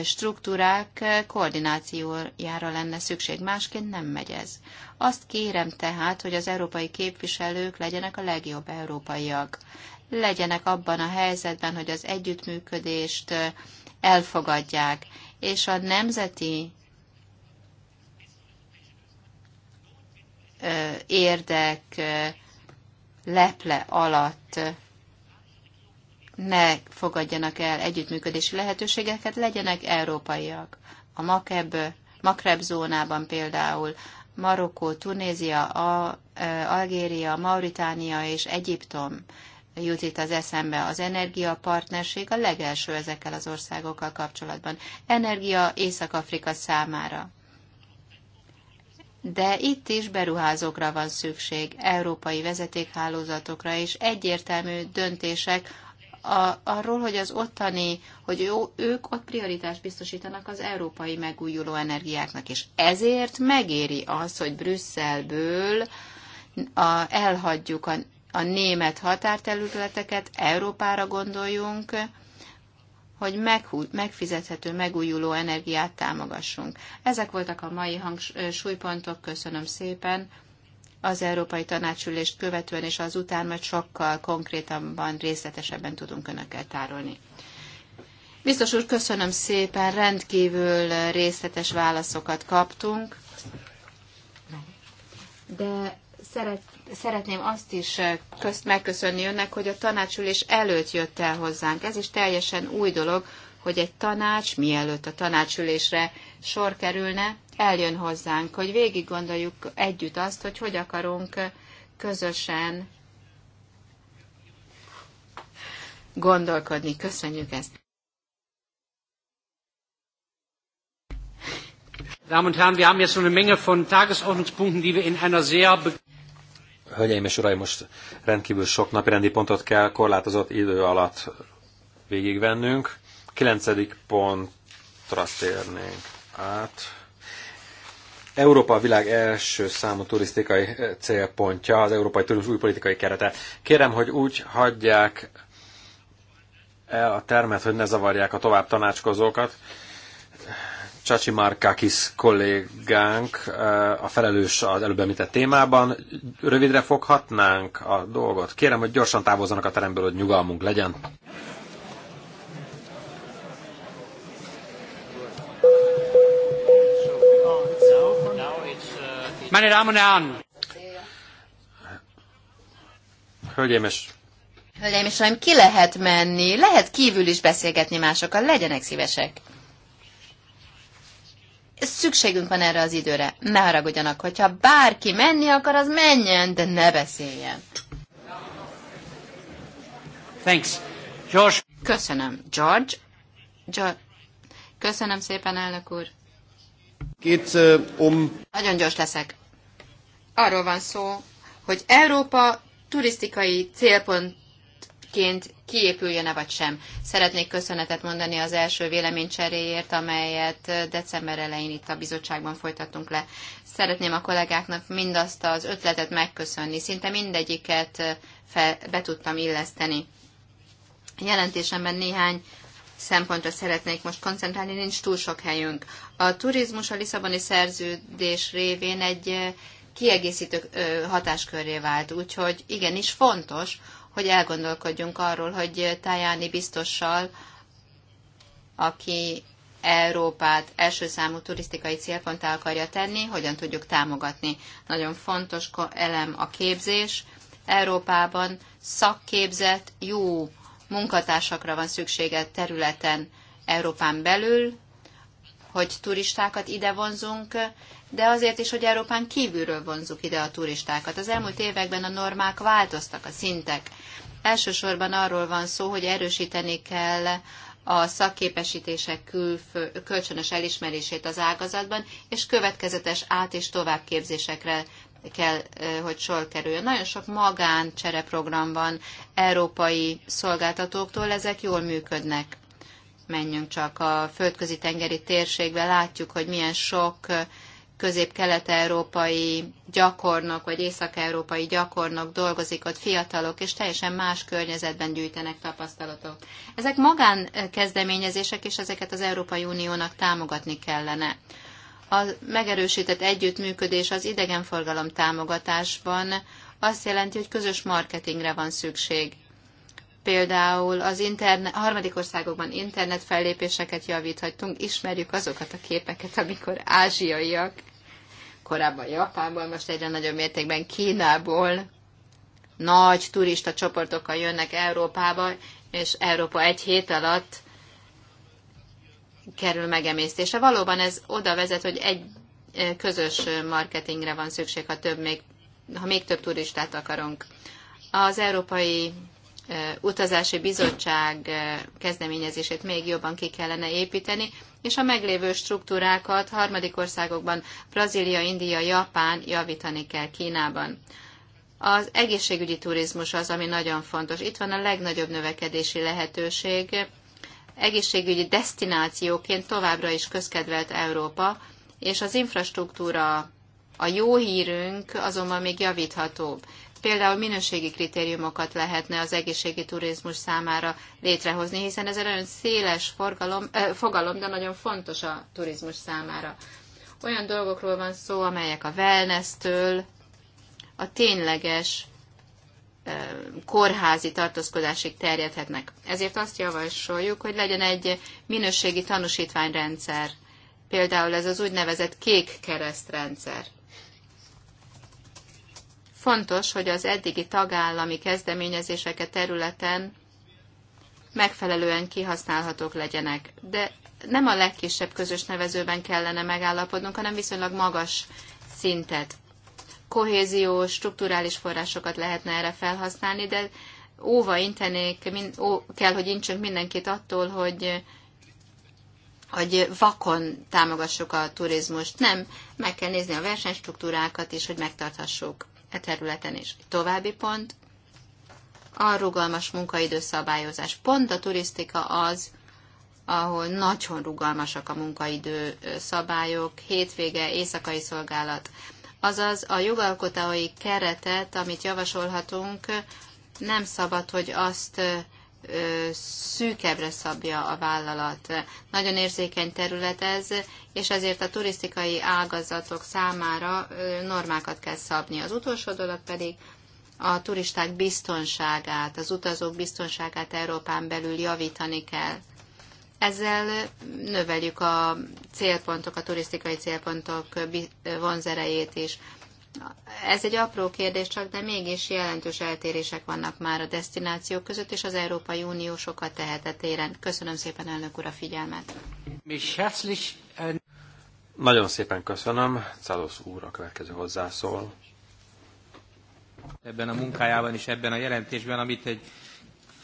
Speaker 7: struktúrák koordinációjára lenne szükség, másként nem megy ez. Azt kérem tehát, hogy az európai képviselők legyenek a legjobb európaiak legyenek abban a helyzetben, hogy az együttműködést elfogadják, és a nemzeti érdek leple alatt ne fogadjanak el együttműködési lehetőségeket, legyenek európaiak. A Makeb, Makreb zónában például Marokkó, Tunézia, Algéria, Mauritánia és Egyiptom jut itt az eszembe az energiapartnerség a legelső ezekkel az országokkal kapcsolatban. Energia Észak-Afrika számára. De itt is beruházókra van szükség, európai vezetékhálózatokra és egyértelmű döntések a, arról, hogy az ottani, hogy jó, ők ott prioritást biztosítanak az európai megújuló energiáknak, és ezért megéri az, hogy Brüsszelből a, elhagyjuk a a német határterületeket, Európára gondoljunk, hogy megfizethető, megújuló energiát támogassunk. Ezek voltak a mai hangsúlypontok. Köszönöm szépen. Az Európai Tanácsülést követően és azután majd sokkal konkrétabban, részletesebben tudunk Önökkel tárolni. Biztos úr, köszönöm szépen, rendkívül részletes válaszokat kaptunk, de szeret, szeretném azt is közt megköszönni önnek, hogy a tanácsülés előtt jött el hozzánk. Ez is teljesen új dolog, hogy egy tanács, mielőtt a tanácsülésre sor kerülne, eljön hozzánk, hogy végig gondoljuk együtt azt, hogy hogy akarunk közösen gondolkodni. Köszönjük ezt!
Speaker 8: Damen und Herren, wir haben jetzt noch eine Menge von Tagesordnungspunkten, die wir in einer sehr
Speaker 3: Hölgyeim és uraim, most rendkívül sok napirendi pontot kell korlátozott idő alatt végigvennünk. Kilencedik pontra térnénk át. Európa a világ első számú turisztikai eh, célpontja, az Európai Turizmus új politikai kerete. Kérem, hogy úgy hagyják el a termet, hogy ne zavarják a tovább tanácskozókat. Csácsi Márkákis kollégánk eh, a felelős az előbb említett témában. Rövidre foghatnánk a dolgot? Kérem, hogy gyorsan távozzanak a teremből, hogy nyugalmunk legyen.
Speaker 1: Meine Damen und Herren!
Speaker 3: Hölgyeim és Hölgyeim
Speaker 7: és ki lehet menni, lehet kívül is beszélgetni másokkal, legyenek szívesek. Szükségünk van erre az időre. Ne haragudjanak, hogyha bárki menni akar, az menjen, de ne beszéljen. Thanks. George. Köszönöm. George? George. Köszönöm szépen, elnök úr.
Speaker 5: Két, uh, um...
Speaker 7: Nagyon gyors leszek. Arról van szó, hogy Európa turisztikai célpont ként kiépüljön-e vagy sem. Szeretnék köszönetet mondani az első véleménycseréért, amelyet december elején itt a bizottságban folytattunk le. Szeretném a kollégáknak mindazt az ötletet megköszönni. Szinte mindegyiket eh, fel, be tudtam illeszteni. Jelentésemben néhány szempontra szeretnék most koncentrálni, nincs túl sok helyünk. A turizmus a Lisszaboni szerződés révén egy eh, kiegészítő eh, hatáskörré vált, úgyhogy igenis fontos, hogy elgondolkodjunk arról, hogy Tajani biztossal, aki Európát első számú turisztikai célponttá akarja tenni, hogyan tudjuk támogatni. Nagyon fontos elem a képzés. Európában szakképzett, jó munkatársakra van szüksége területen Európán belül, hogy turistákat ide vonzunk, de azért is, hogy Európán kívülről vonzuk ide a turistákat. Az elmúlt években a normák változtak, a szintek. Elsősorban arról van szó, hogy erősíteni kell a szakképesítések külfő, kölcsönös elismerését az ágazatban, és következetes át- és továbbképzésekre kell, hogy sor kerüljön. Nagyon sok magán csereprogram van európai szolgáltatóktól, ezek jól működnek menjünk csak a földközi tengeri térségbe, látjuk, hogy milyen sok közép-kelet-európai gyakornok, vagy észak-európai gyakornok dolgozik ott fiatalok, és teljesen más környezetben gyűjtenek tapasztalatok. Ezek magánkezdeményezések, és ezeket az Európai Uniónak támogatni kellene. A megerősített együttműködés az idegenforgalom támogatásban azt jelenti, hogy közös marketingre van szükség például az internet, harmadik országokban internet fellépéseket javíthatunk, ismerjük azokat a képeket, amikor ázsiaiak, korábban Japánból, most egyre nagyobb mértékben Kínából nagy turista csoportokkal jönnek Európába, és Európa egy hét alatt kerül megemésztése. Valóban ez oda vezet, hogy egy közös marketingre van szükség, ha, több még, ha még több turistát akarunk. Az európai utazási bizottság kezdeményezését még jobban ki kellene építeni, és a meglévő struktúrákat harmadik országokban, Brazília, India, Japán javítani kell Kínában. Az egészségügyi turizmus az, ami nagyon fontos. Itt van a legnagyobb növekedési lehetőség. Egészségügyi destinációként továbbra is közkedvelt Európa, és az infrastruktúra, a jó hírünk azonban még javíthatóbb például minőségi kritériumokat lehetne az egészségi turizmus számára létrehozni, hiszen ez egy nagyon széles forgalom, eh, fogalom, de nagyon fontos a turizmus számára. Olyan dolgokról van szó, amelyek a wellness-től a tényleges kórházi tartózkodásig terjedhetnek. Ezért azt javasoljuk, hogy legyen egy minőségi tanúsítványrendszer, például ez az úgynevezett kék keresztrendszer Fontos, hogy az eddigi tagállami kezdeményezéseket területen megfelelően kihasználhatók legyenek. De nem a legkisebb közös nevezőben kellene megállapodnunk, hanem viszonylag magas szintet. Kohéziós, strukturális forrásokat lehetne erre felhasználni, de óva intenék, min, ó, kell, hogy intsünk mindenkit attól, hogy hogy vakon támogassuk a turizmust. Nem, meg kell nézni a versenystruktúrákat is, hogy megtarthassuk e területen is. Egy további pont, a rugalmas munkaidőszabályozás. szabályozás. Pont a turisztika az, ahol nagyon rugalmasak a munkaidő szabályok, hétvége, éjszakai szolgálat. Azaz a jogalkotói keretet, amit javasolhatunk, nem szabad, hogy azt szűkebbre szabja a vállalat. Nagyon érzékeny terület ez, és ezért a turisztikai ágazatok számára normákat kell szabni. Az utolsó dolog pedig a turisták biztonságát, az utazók biztonságát Európán belül javítani kell. Ezzel növeljük a célpontok, a turisztikai célpontok vonzerejét is. Ez egy apró kérdés csak, de mégis jelentős eltérések vannak már a destinációk között, és az Európai Unió sokat tehetett éren. Köszönöm szépen, elnök úr, a figyelmet.
Speaker 8: Eh,
Speaker 3: Nagyon szépen köszönöm. Cálosz úr a következő hozzászól. Ebben a
Speaker 8: munkájában is ebben a jelentésben, amit egy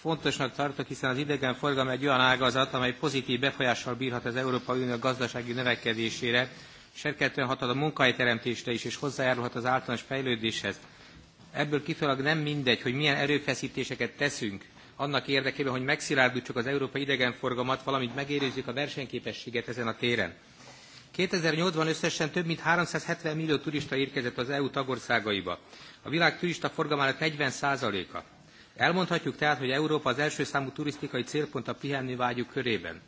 Speaker 8: fontosnak tartok, hiszen az idegenforgalom egy olyan ágazat, amely pozitív befolyással bírhat az Európai Unió gazdasági növekedésére, serkentően hat a munkahelyteremtésre is, és hozzájárulhat az általános fejlődéshez. Ebből kifelag nem mindegy, hogy milyen erőfeszítéseket teszünk annak érdekében, hogy megszilárdítsuk az európai idegenforgalmat, valamint megérőzzük a versenyképességet ezen a téren. 2008-ban összesen több mint 370 millió turista érkezett az EU tagországaiba. A világ turista forgalmának 40%-a. Elmondhatjuk tehát, hogy Európa az első számú turisztikai célpont a pihenni vágyuk körében.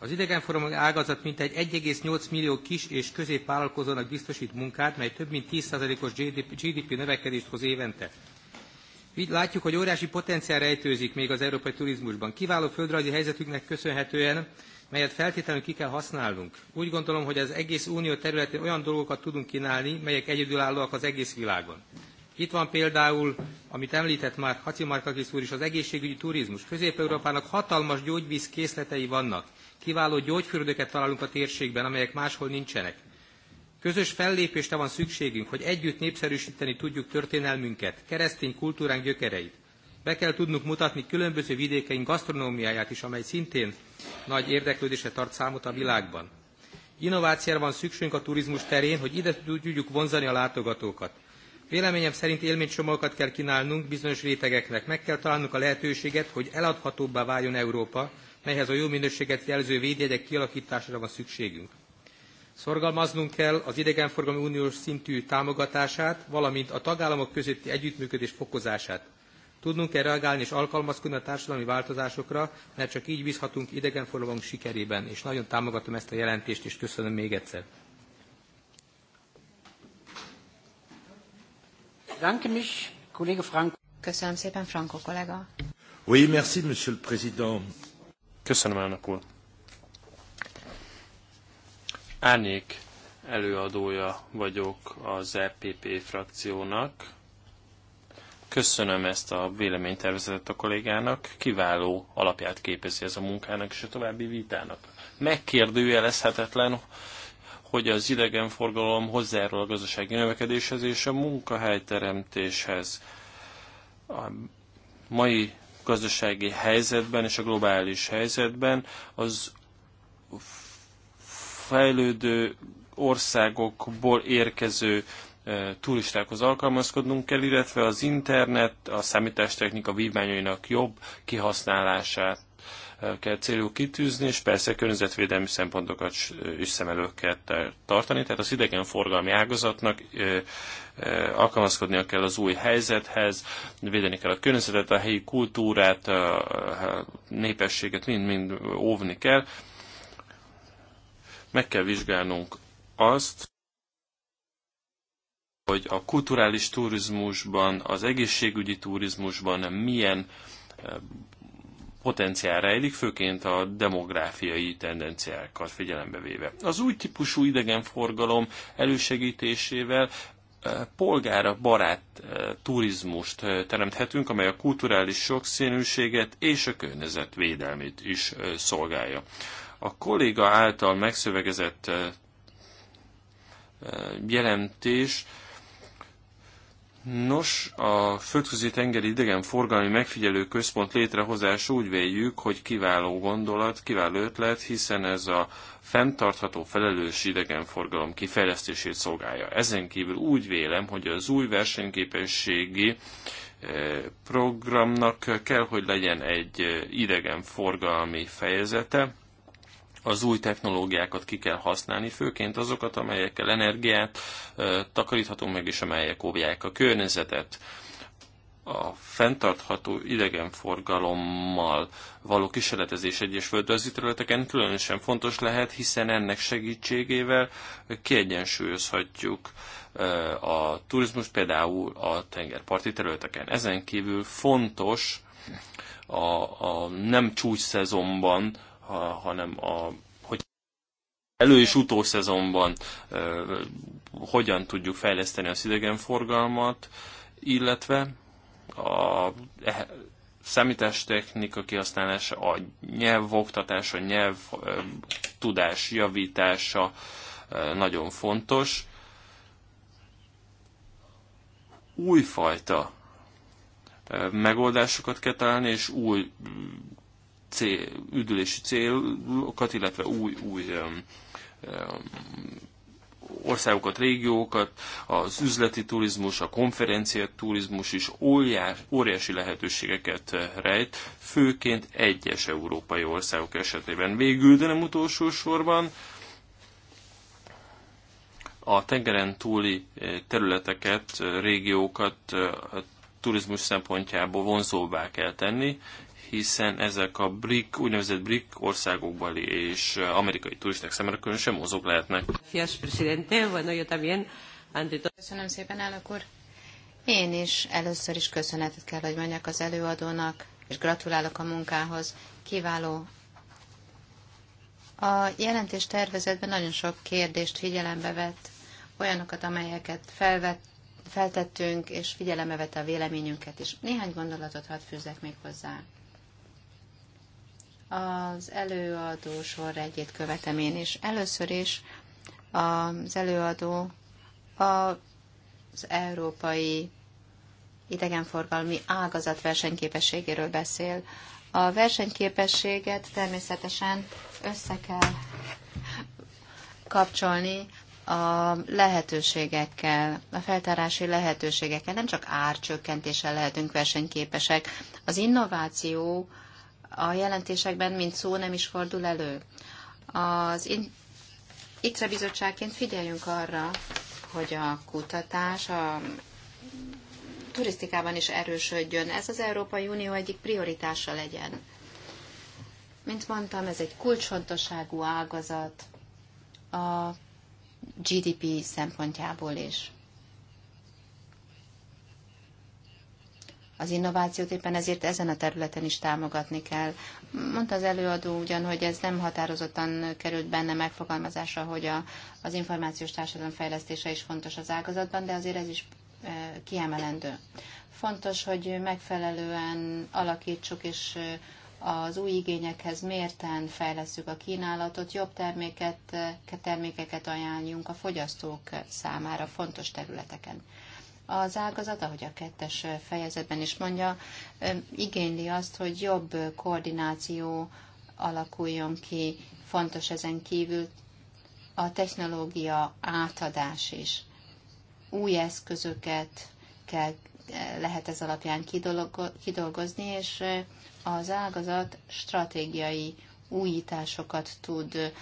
Speaker 8: Az idegenforgalmi ágazat mintegy 1,8 millió kis és középvállalkozónak biztosít munkát, mely több mint 10%-os GDP növekedést hoz évente. Így látjuk, hogy óriási potenciál rejtőzik még az európai turizmusban. Kiváló földrajzi helyzetünknek köszönhetően, melyet feltétlenül ki kell használnunk. Úgy gondolom, hogy az egész unió területén olyan dolgokat tudunk kínálni, melyek egyedülállóak az egész világon. Itt van például, amit említett már Haci Markakis úr is, az egészségügyi turizmus. Közép-Európának hatalmas gyógyvíz készletei vannak kiváló gyógyfürdőket találunk a térségben, amelyek máshol nincsenek. Közös fellépésre van szükségünk, hogy együtt népszerűsíteni tudjuk történelmünket, keresztény kultúránk gyökereit. Be kell tudnunk mutatni különböző vidékeink gasztronómiáját is, amely szintén nagy érdeklődésre tart számot a világban. Innovációra van szükségünk a turizmus terén, hogy ide tudjuk vonzani a látogatókat. Véleményem szerint élménycsomagokat kell kínálnunk bizonyos rétegeknek, meg kell találnunk a lehetőséget, hogy eladhatóbbá váljon Európa, melyhez a jó minőséget jelző védjegyek kialakítására van szükségünk. Szorgalmaznunk kell az idegenforgalmi uniós szintű támogatását, valamint a tagállamok közötti együttműködés fokozását. Tudnunk kell reagálni és alkalmazkodni a társadalmi változásokra, mert csak így bízhatunk idegenforgalmunk sikerében, és nagyon támogatom ezt a jelentést, és köszönöm még egyszer.
Speaker 7: Köszönöm szépen, Franco kollega.
Speaker 4: Oui, merci, monsieur le président. Köszönöm, elnök úr. Árnyék előadója vagyok az EPP frakciónak. Köszönöm ezt a véleménytervezetet a kollégának. Kiváló alapját képezi ez a munkának és a további vitának. Megkérdőjelezhetetlen, hogy az idegenforgalom hozzájárul a gazdasági növekedéshez és a munkahelyteremtéshez. A mai gazdasági helyzetben és a globális helyzetben az fejlődő országokból érkező e, turistákhoz alkalmazkodnunk kell, illetve az internet, a számítástechnika vívmányainak jobb kihasználását kell célul kitűzni, és persze környezetvédelmi szempontokat is szem elő kell tartani, tehát az idegenforgalmi ágazatnak alkalmazkodnia kell az új helyzethez, védeni kell a környezetet, a helyi kultúrát, a népességet, mind-mind óvni kell. Meg kell vizsgálnunk azt, hogy a kulturális turizmusban, az egészségügyi turizmusban milyen potenciál rejlik, főként a demográfiai tendenciákat figyelembe véve. Az új típusú idegenforgalom elősegítésével eh, polgára barát eh, turizmust eh, teremthetünk, amely a kulturális sokszínűséget és a környezet védelmét is szolgálja. A kolléga által megszövegezett jelentés Nos, a Földközi Tengeri Idegenforgalmi Megfigyelő Központ létrehozás úgy véljük, hogy kiváló gondolat, kiváló ötlet, hiszen ez a fenntartható felelős idegenforgalom kifejlesztését szolgálja. Ezen kívül úgy vélem, hogy az új versenyképességi eh, programnak kell, hogy legyen egy eh, idegenforgalmi fejezete, az új technológiákat ki kell használni, főként azokat, amelyekkel energiát takaríthatunk meg, és amelyek óvják a környezetet. A fenntartható idegenforgalommal való kísérletezés egyes földrajzi területeken különösen fontos lehet, hiszen ennek segítségével kiegyensúlyozhatjuk a turizmus például a tengerparti területeken. Ezen kívül fontos a, a nem csúcs szezonban ha, hanem a hogy elő- és utószezonban e, hogyan tudjuk fejleszteni az idegenforgalmat, illetve a e, számítástechnika kihasználása, a nyelvoktatás, a nyelv e, tudás javítása e, nagyon fontos. Újfajta megoldásokat kell találni, és új cél, üdülési célokat, illetve új, új um, um, országokat, régiókat, az üzleti turizmus, a konferencia turizmus is óriás, óriási lehetőségeket eh, rejt, főként egyes európai országok esetében. Végül, de nem utolsó sorban, a tengeren túli eh, területeket, eh, régiókat turizmus szempontjából vonzóvá kell tenni, hiszen ezek a BRIC, úgynevezett BRIC országokbeli és amerikai turisták számára különösen mozog lehetnek.
Speaker 7: Köszönöm szépen, elnök úr. Én is először is köszönetet kell, hogy mondjak az előadónak, és gratulálok a munkához. Kiváló. A jelentés tervezetben nagyon sok kérdést figyelembe vett, olyanokat, amelyeket felvett, feltettünk, és figyelembe vette a véleményünket is. Néhány gondolatot hadd fűzzek még hozzá. Az előadó egyét követem én is. Először is az előadó az európai idegenforgalmi ágazat versenyképességéről beszél. A versenyképességet természetesen össze kell kapcsolni a lehetőségekkel, a feltárási lehetőségekkel. Nem csak árcsökkentéssel lehetünk versenyképesek. Az innováció a jelentésekben, mint szó nem is fordul elő. Az ITRE bizottságként figyeljünk arra, hogy a kutatás a turisztikában is erősödjön. Ez az Európai Unió egyik prioritása legyen. Mint mondtam, ez egy kulcsfontosságú ágazat a GDP szempontjából is. az innovációt éppen ezért ezen a területen is támogatni kell. Mondta az előadó ugyan, hogy ez nem határozottan került benne megfogalmazásra, hogy a, az információs társadalom fejlesztése is fontos az ágazatban, de azért ez is e, kiemelendő. Fontos, hogy megfelelően alakítsuk és eh, az új igényekhez mérten fejleszünk a kínálatot, jobb terméket, eh, termékeket ajánljunk a fogyasztók számára fontos területeken. Az ágazat, ahogy a kettes fejezetben is mondja, igényli azt, hogy jobb koordináció alakuljon ki, fontos ezen kívül a technológia átadás is. Új eszközöket kell, lehet ez alapján kidolgozni, és az ágazat stratégiai újításokat tud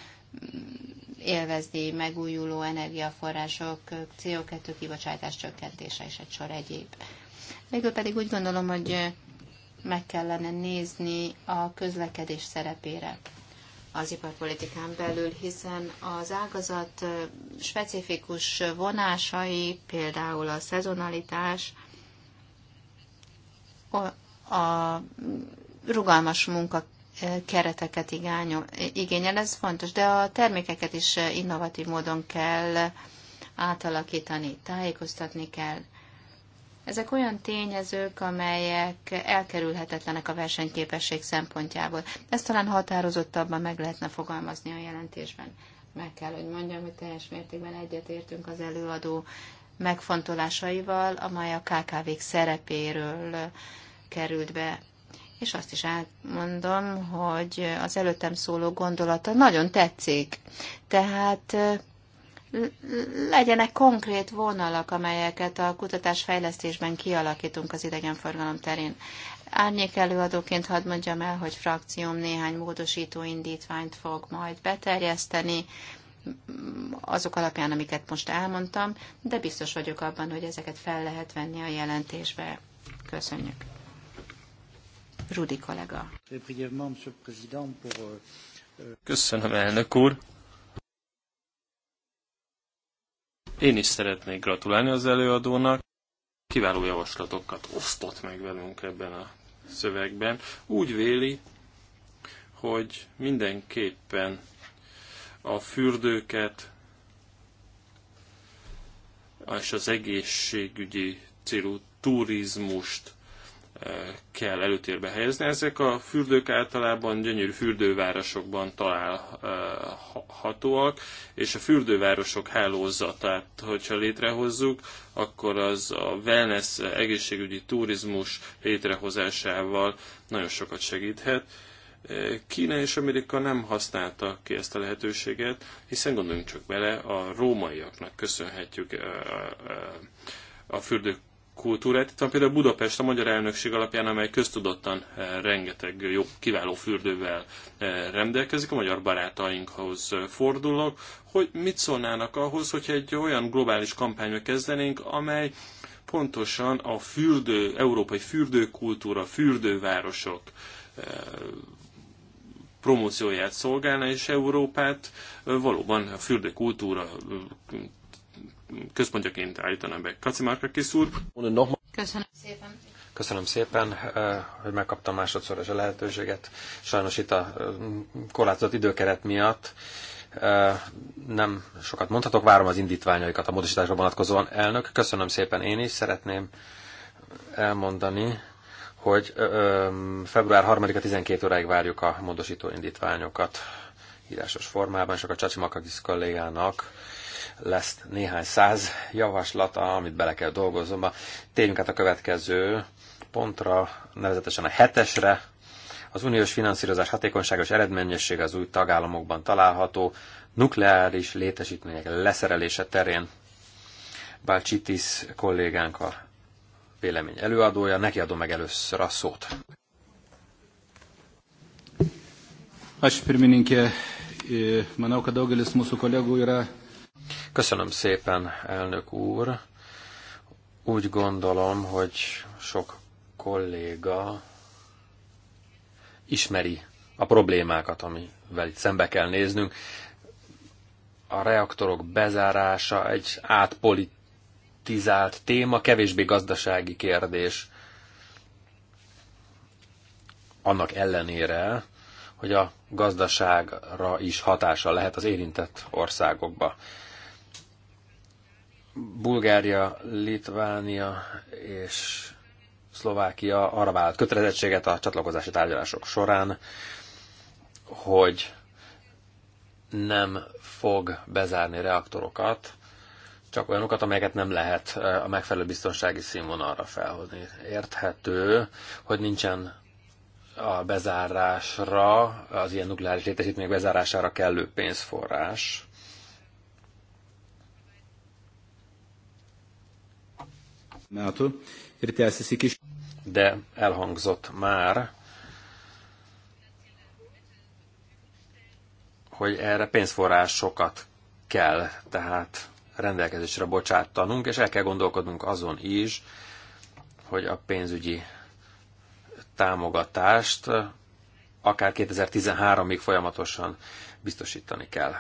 Speaker 7: élvezni megújuló energiaforrások, CO2 kibocsátás csökkentése és egy sor egyéb. Végül pedig úgy gondolom, hogy meg kellene nézni a közlekedés szerepére az iparpolitikán belül, hiszen az ágazat specifikus vonásai, például a szezonalitás, a rugalmas munka kereteket igányol, igényel, ez fontos, de a termékeket is innovatív módon kell átalakítani, tájékoztatni kell. Ezek olyan tényezők, amelyek elkerülhetetlenek a versenyképesség szempontjából. Ezt talán határozottabban meg lehetne fogalmazni a jelentésben. Meg kell, hogy mondjam, hogy teljes mértékben egyetértünk az előadó megfontolásaival, amely a KKV-k szerepéről került be és azt is elmondom, hogy az előttem szóló gondolata nagyon tetszik. Tehát legyenek konkrét vonalak, amelyeket a kutatásfejlesztésben kialakítunk az idegenforgalom terén. Árnyék előadóként hadd mondjam el, hogy frakcióm néhány módosító indítványt fog majd beterjeszteni, azok alapján, amiket most elmondtam, de biztos vagyok abban, hogy ezeket fel lehet venni a jelentésbe. Köszönjük. Rudi kollega.
Speaker 4: Köszönöm, elnök úr. Én is szeretnék gratulálni az előadónak. Kiváló javaslatokat osztott meg velünk ebben a szövegben. Úgy véli, hogy mindenképpen a fürdőket és az egészségügyi célú turizmust kell előtérbe helyezni. Ezek a fürdők általában gyönyörű fürdővárosokban találhatóak, és a fürdővárosok hálózatát, hogyha létrehozzuk, akkor az a wellness egészségügyi turizmus létrehozásával nagyon sokat segíthet. Kína és Amerika nem használta ki ezt a lehetőséget, hiszen gondoljunk csak bele, a rómaiaknak köszönhetjük a fürdők kultúrát. Itt van például Budapest a magyar elnökség alapján, amely köztudottan eh, rengeteg jó, kiváló fürdővel eh, rendelkezik. A magyar barátainkhoz eh, fordulok, hogy mit szólnának ahhoz, hogyha egy olyan globális kampányba kezdenénk, amely pontosan a fürdő, európai fürdőkultúra, fürdővárosok promócióját szolgálna, és Európát valóban a fürdőkultúra
Speaker 3: központjaként állítanám be. Kacimárka úr.
Speaker 7: Köszönöm szépen.
Speaker 3: Köszönöm szépen, eh, hogy megkaptam másodszor a lehetőséget. Sajnos itt a eh, korlátozott időkeret miatt eh, nem sokat mondhatok, várom az indítványaikat a módosításra vonatkozóan. Elnök, köszönöm szépen én is, szeretném elmondani, hogy február 3-a 12 óráig várjuk a módosító indítványokat írásos formában, és akkor Makagisz kollégának lesz néhány száz javaslata, amit bele kell dolgoznom. Térjünk át a következő pontra, nevezetesen a hetesre. Az uniós finanszírozás hatékonyságos eredményessége az új tagállamokban található nukleáris létesítmények leszerelése terén. Balcsitis kollégánk a vélemény előadója, neki adom meg először a szót.
Speaker 5: Aš pirmininkė, e, manau, kad daugelis mūsų kolegų yra
Speaker 3: Köszönöm szépen, elnök úr. Úgy gondolom, hogy sok kolléga ismeri a problémákat, amivel itt szembe kell néznünk. A reaktorok bezárása egy átpolitizált téma, kevésbé gazdasági kérdés. Annak ellenére, hogy a gazdaságra is hatása lehet az érintett országokba. Bulgária, Litvánia és Szlovákia arra vállalt kötelezettséget a csatlakozási tárgyalások során, hogy nem fog bezárni reaktorokat, csak olyanokat, amelyeket nem lehet a megfelelő biztonsági színvonalra felhozni. Érthető, hogy nincsen a bezárásra, az ilyen nukleáris létesítmények bezárására kellő pénzforrás, De elhangzott már, hogy erre pénzforrásokat kell tehát rendelkezésre bocsátanunk, és el kell gondolkodnunk azon is, hogy a pénzügyi támogatást akár 2013-ig folyamatosan biztosítani kell.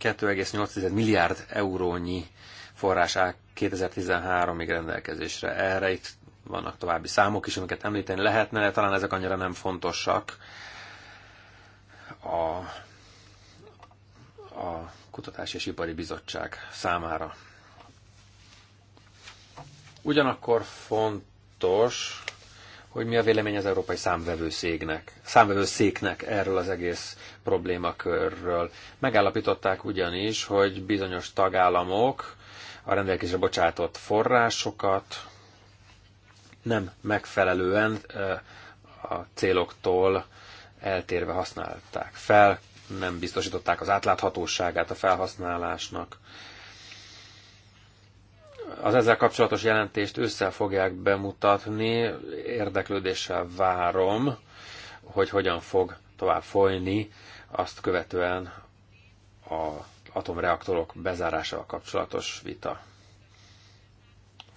Speaker 3: 2,8 milliárd eurónyi forrás áll 2013-ig rendelkezésre. Erre itt vannak további számok is, amiket említeni lehetne, de talán ezek annyira nem fontosak. A, a Kutatási és Ipari Bizottság számára. Ugyanakkor fontos, hogy mi a vélemény az Európai Számvevőszéknek, számvevőszéknek erről az egész problémakörről. Megállapították ugyanis, hogy bizonyos tagállamok a rendelkezésre bocsátott forrásokat nem megfelelően a céloktól eltérve használták fel, nem biztosították az átláthatóságát a felhasználásnak. Az ezzel kapcsolatos jelentést össze fogják bemutatni, érdeklődéssel várom, hogy hogyan fog tovább folyni azt követően a atomreaktorok bezárásával kapcsolatos vita.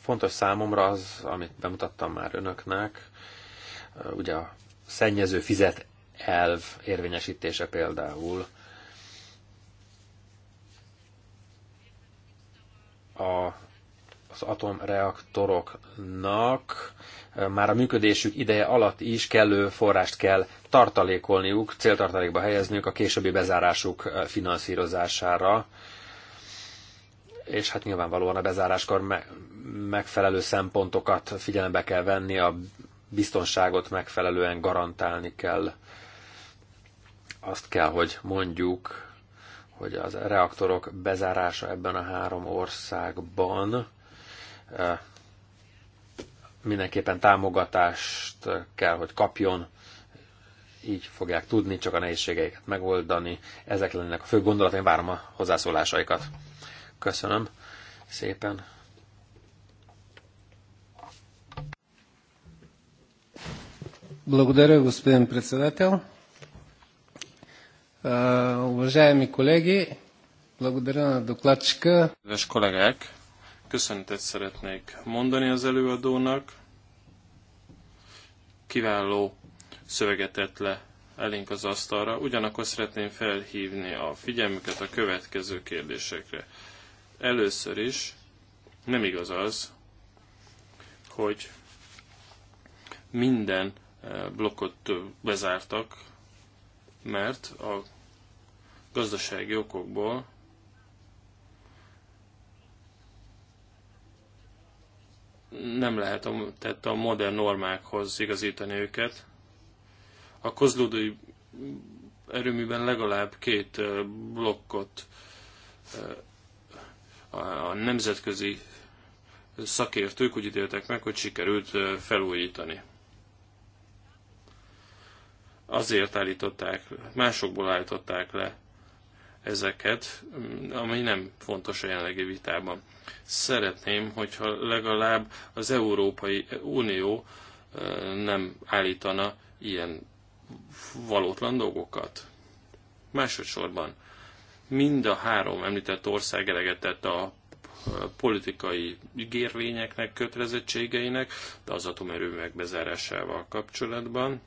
Speaker 3: Fontos számomra az, amit bemutattam már önöknek, ugye a szennyező fizet elv érvényesítése például, a az atomreaktoroknak már a működésük ideje alatt is kellő forrást kell tartalékolniuk, céltartalékba helyezniük a későbbi bezárásuk finanszírozására. És hát nyilvánvalóan a bezáráskor megfelelő szempontokat figyelembe kell venni, a biztonságot megfelelően garantálni kell. Azt kell, hogy mondjuk, hogy az reaktorok bezárása ebben a három országban mindenképpen támogatást kell, hogy kapjon, így fogják tudni csak a nehézségeiket megoldani. Ezek lennének a fő gondolat, én várom a hozzászólásaikat. Köszönöm szépen.
Speaker 5: Благодаря, господин председател. Уважаеми колеги, благодаря на докладчика.
Speaker 4: Ваш колегак, köszöntet szeretnék mondani az előadónak. Kiváló szöveget tett le elénk az asztalra, ugyanakkor szeretném felhívni a figyelmüket a következő kérdésekre. Először is nem igaz az, hogy minden eh, blokkot bezártak, mert a gazdasági okokból nem lehet a, tehát a modern normákhoz igazítani őket. A kozlódói erőműben legalább két blokkot a nemzetközi szakértők úgy ítéltek meg, hogy sikerült felújítani. Azért állították, másokból állították le ezeket, ami nem fontos a jelenlegi vitában. Szeretném, hogyha legalább az Európai Unió nem állítana ilyen valótlan dolgokat. Másodszorban mind a három említett ország eleget tett a politikai gérvényeknek kötelezettségeinek, de az atomerőművek bezárásával kapcsolatban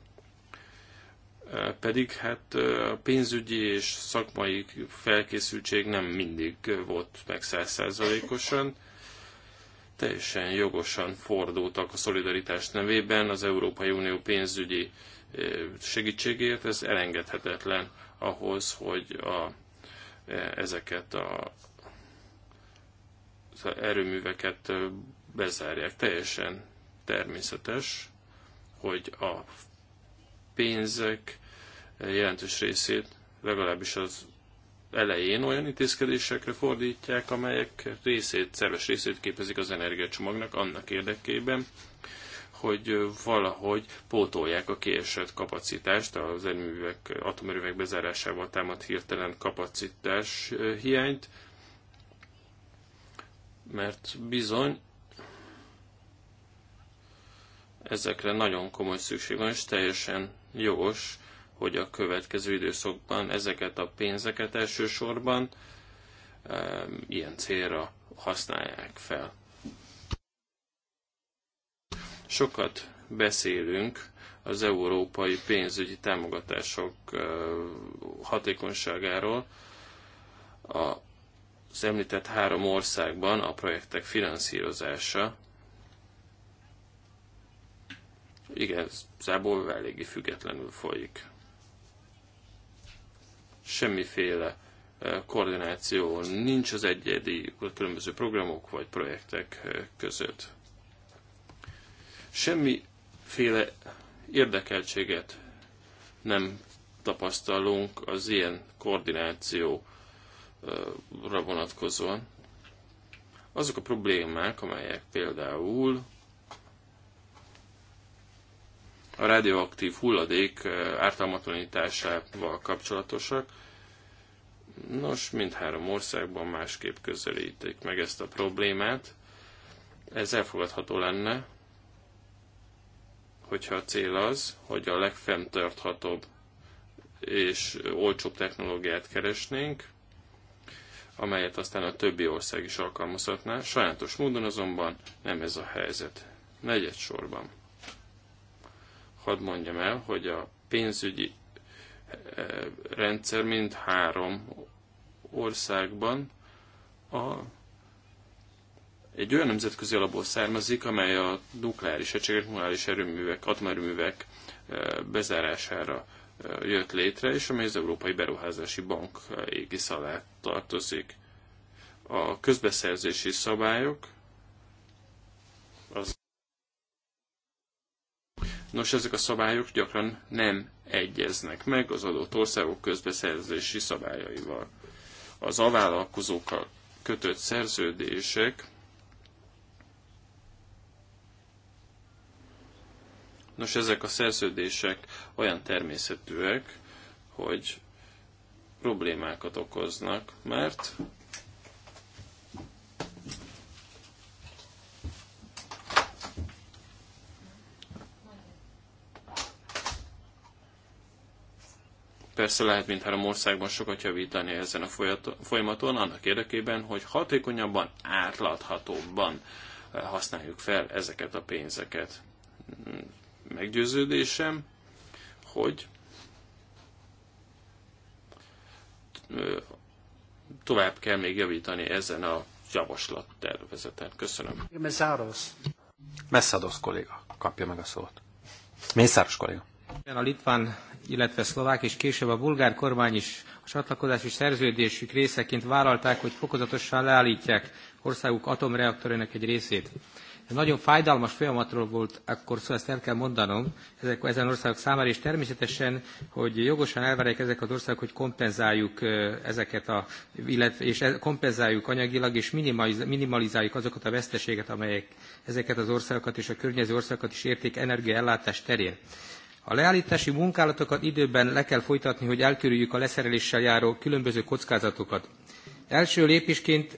Speaker 4: pedig hát a pénzügyi és szakmai felkészültség nem mindig volt meg százszerzalékosan. Teljesen jogosan fordultak a szolidaritás nevében az Európai Unió pénzügyi segítségért. Ez elengedhetetlen ahhoz, hogy a, ezeket a, az erőműveket bezárják. Teljesen természetes, hogy a pénzek eh, jelentős részét legalábbis az elején olyan intézkedésekre fordítják, amelyek részét, szerves részét képezik az energiacsomagnak annak érdekében, hogy eh, valahogy pótolják a kiesett kapacitást, az erőművek, atomerővek bezárásával támadt hirtelen kapacitás eh, hiányt, mert bizony ezekre nagyon komoly szükség van, és teljesen jogos, hogy a következő időszakban ezeket a pénzeket elsősorban ilyen célra használják fel. Sokat beszélünk az európai pénzügyi támogatások hatékonyságáról. Az említett három országban a projektek finanszírozása igazából eléggé függetlenül folyik. Semmiféle eh, koordináció nincs az egyedi különböző programok vagy projektek eh, között. Semmiféle érdekeltséget nem tapasztalunk az ilyen koordinációra vonatkozóan. Azok a problémák, amelyek például a radioaktív hulladék ártalmatlanításával kapcsolatosak. Nos, mindhárom országban másképp közelítik meg ezt a problémát. Ez elfogadható lenne, hogyha a cél az, hogy a legfenntarthatóbb és olcsóbb technológiát keresnénk, amelyet aztán a többi ország is alkalmazhatná. Sajátos módon azonban nem ez a helyzet. Negyed sorban hadd mondjam el, hogy a pénzügyi eh, rendszer mind három országban a, egy olyan nemzetközi alapból származik, amely a nukleáris egységek, nukleáris erőművek, atomerőművek eh, bezárására eh, jött létre, és amely az Európai Beruházási Bank égisz alá tartozik. A közbeszerzési szabályok az Nos, ezek a szabályok gyakran nem egyeznek meg az adott országok közbeszerzési szabályaival. Az avállalkozókkal kötött szerződések Nos, ezek a szerződések olyan természetűek, hogy problémákat okoznak, mert Persze lehet mindhárom országban sokat javítani ezen a folyamaton, annak érdekében, hogy hatékonyabban, átláthatóbban eh, használjuk fel ezeket a pénzeket. Mm, meggyőződésem, hogy eh, tovább kell még javítani ezen a
Speaker 3: javaslat tervezeten. Köszönöm. Messzáros. kolléga kapja meg a szót. Mészáros kolléga.
Speaker 8: A litván, illetve szlovák és később a bulgár kormány is a csatlakozási szerződésük részeként vállalták, hogy fokozatosan leállítják országuk atomreaktorainak egy részét. Ez nagyon fájdalmas folyamatról volt akkor szó, szóval ezt el kell mondanom ezek, ezen országok számára, és természetesen, hogy jogosan elvárják ezek az országok, hogy kompenzáljuk ezeket a, illetve, és e, kompenzáljuk anyagilag, és minimalizáljuk azokat a veszteséget, amelyek ezeket az országokat és a környező országokat is érték energiaellátás terén. A leállítási munkálatokat időben le kell folytatni, hogy elkerüljük a leszereléssel járó különböző kockázatokat. Első lépésként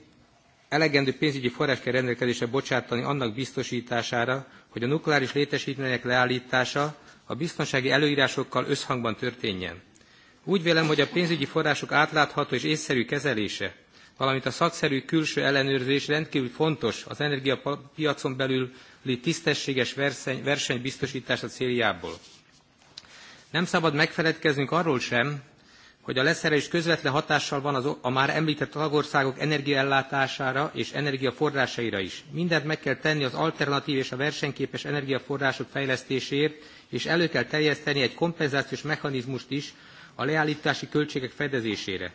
Speaker 8: elegendő pénzügyi forrás kell rendelkezésre bocsátani annak biztosítására, hogy a nukleáris létesítmények leállítása a biztonsági előírásokkal összhangban történjen. Úgy vélem, hogy a pénzügyi források átlátható és észszerű kezelése, valamint a szakszerű külső ellenőrzés rendkívül fontos az energiapiacon belüli tisztességes verseny, versenybiztosítása céljából. Nem szabad megfeledkeznünk arról sem, hogy a leszerelés közvetlen hatással van az, a már említett tagországok energiaellátására és energiaforrásaira is. Mindent meg kell tenni az alternatív és a versenyképes energiaforrások fejlesztéséért, és elő kell terjeszteni egy kompenzációs mechanizmust is a leállítási költségek fedezésére.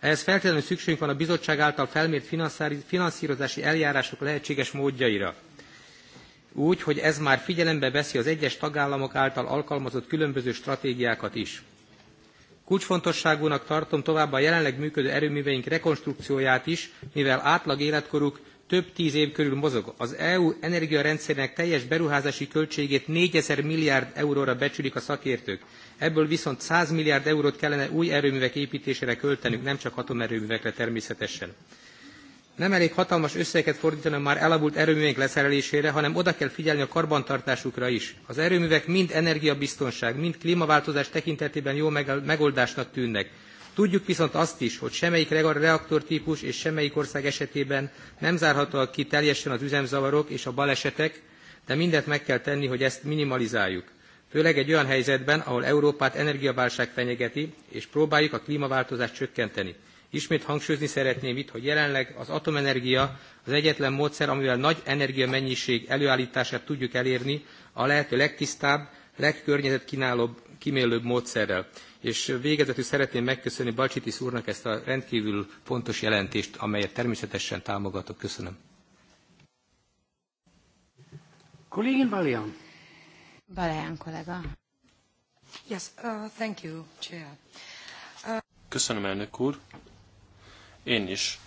Speaker 8: Ehhez feltétlenül szükségünk van a bizottság által felmért finanszírozási eljárások lehetséges módjaira úgy, hogy ez már figyelembe veszi az egyes tagállamok által alkalmazott különböző stratégiákat is. Kulcsfontosságúnak tartom továbbá a jelenleg működő erőműveink rekonstrukcióját is, mivel átlag életkoruk több tíz év körül mozog. Az EU energiarendszerének teljes beruházási költségét 4000 milliárd euróra becsülik a szakértők. Ebből viszont 100 milliárd eurót kellene új erőművek építésére költenünk, nem csak atomerőművekre természetesen. Nem elég hatalmas összeget fordítani a már elavult erőművek leszerelésére, hanem oda kell figyelni a karbantartásukra is. Az erőművek mind energiabiztonság, mind klímaváltozás tekintetében jó megoldásnak tűnnek. Tudjuk viszont azt is, hogy semmelyik reaktortípus és semmelyik ország esetében nem zárhatóak ki teljesen az üzemzavarok és a balesetek, de mindent meg kell tenni, hogy ezt minimalizáljuk. Főleg egy olyan helyzetben, ahol Európát energiaválság fenyegeti, és próbáljuk a klímaváltozást csökkenteni. Ismét hangsúlyozni szeretném itt, hogy jelenleg az atomenergia az egyetlen módszer, amivel nagy energiamennyiség előállítását tudjuk elérni a lehető legtisztább, legkörnyezetkínálóbb, kimélőbb módszerrel. És végezetül szeretném megköszönni Balcsitis úrnak ezt a rendkívül fontos jelentést, amelyet természetesen támogatok. Köszönöm.
Speaker 2: Kollégin Balian.
Speaker 1: Balian kollega. Yes, uh, thank you, Chair. Uh,
Speaker 4: Köszönöm, elnök úr. Én is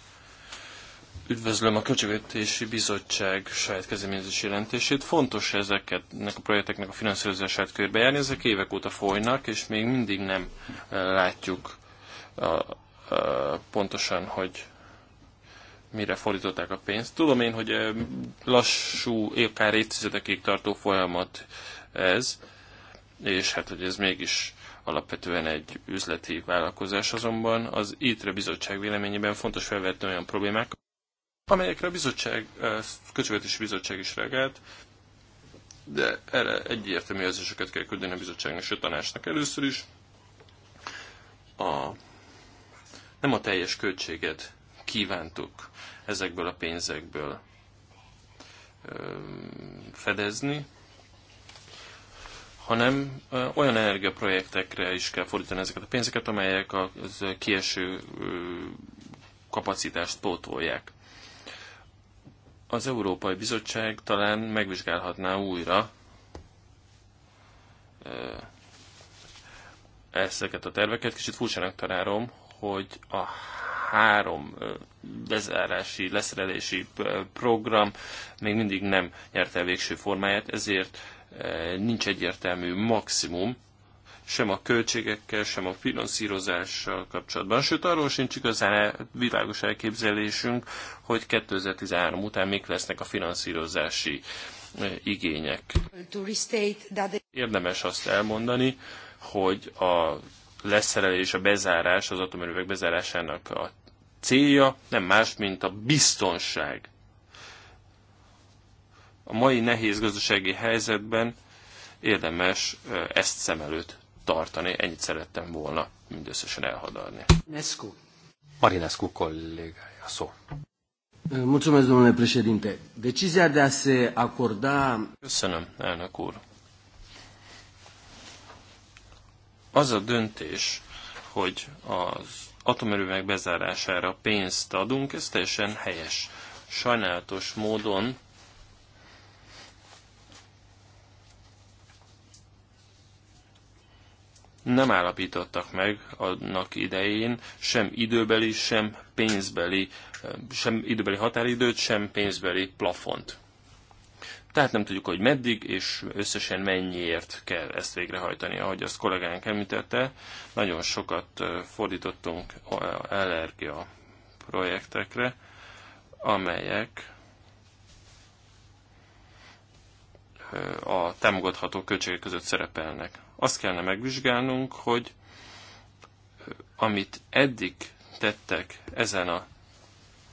Speaker 4: üdvözlöm a Költségvetési Bizottság saját kezdeményezés jelentését. Fontos ezeket, ennek a projekteknek a finanszírozását körbejárni. Ezek évek óta folynak, és még mindig nem eh, látjuk a, eh, a, eh, pontosan, hogy mire fordították a pénzt. Tudom én, hogy lassú, akár évtizedekig tartó folyamat ez, és hát, hogy ez mégis alapvetően egy üzleti vállalkozás, azonban az ITRE bizottság véleményében fontos felvetni olyan problémák, amelyekre a bizottság, a Költségvetési Bizottság is reagált, de erre egyértelmű jelzéseket kell küldeni a bizottságnak és a tanácsnak először is. A, nem a teljes költséget kívántuk ezekből a pénzekből fedezni, hanem olyan energiaprojektekre is kell fordítani ezeket a pénzeket, amelyek a kieső kapacitást pótolják. Az Európai Bizottság talán megvizsgálhatná újra ezeket a terveket. Kicsit furcsának találom, hogy a három bezárási, leszerelési program még mindig nem nyerte el végső formáját, ezért Eh, nincs egyértelmű maximum, sem a költségekkel, sem a finanszírozással kapcsolatban. Sőt, arról sincs igazán e- világos elképzelésünk, hogy 2013 után mik lesznek a finanszírozási eh, igények. Érdemes azt elmondani, hogy a leszerelés, a bezárás, az atomerővek bezárásának a célja nem más, mint a biztonság a mai nehéz gazdasági helyzetben érdemes ezt szem előtt tartani. Ennyit szerettem volna mindösszesen elhadarni.
Speaker 3: Nescu. Marinescu kollégája szó. Mulțumesc, domnule președinte. Decizia de a se acorda... Köszönöm, elnök
Speaker 4: úr. Az a döntés, hogy az atomerőmek bezárására pénzt adunk, ez teljesen helyes. Sajnálatos módon nem állapítottak meg annak idején sem időbeli, sem pénzbeli, sem időbeli határidőt, sem pénzbeli plafont. Tehát nem tudjuk, hogy meddig és összesen mennyiért kell ezt végrehajtani. Ahogy azt kollégánk említette, nagyon sokat fordítottunk allergia projektekre, amelyek a támogatható költségek között szerepelnek. Azt kellene megvizsgálnunk, hogy eh, amit eddig tettek ezen a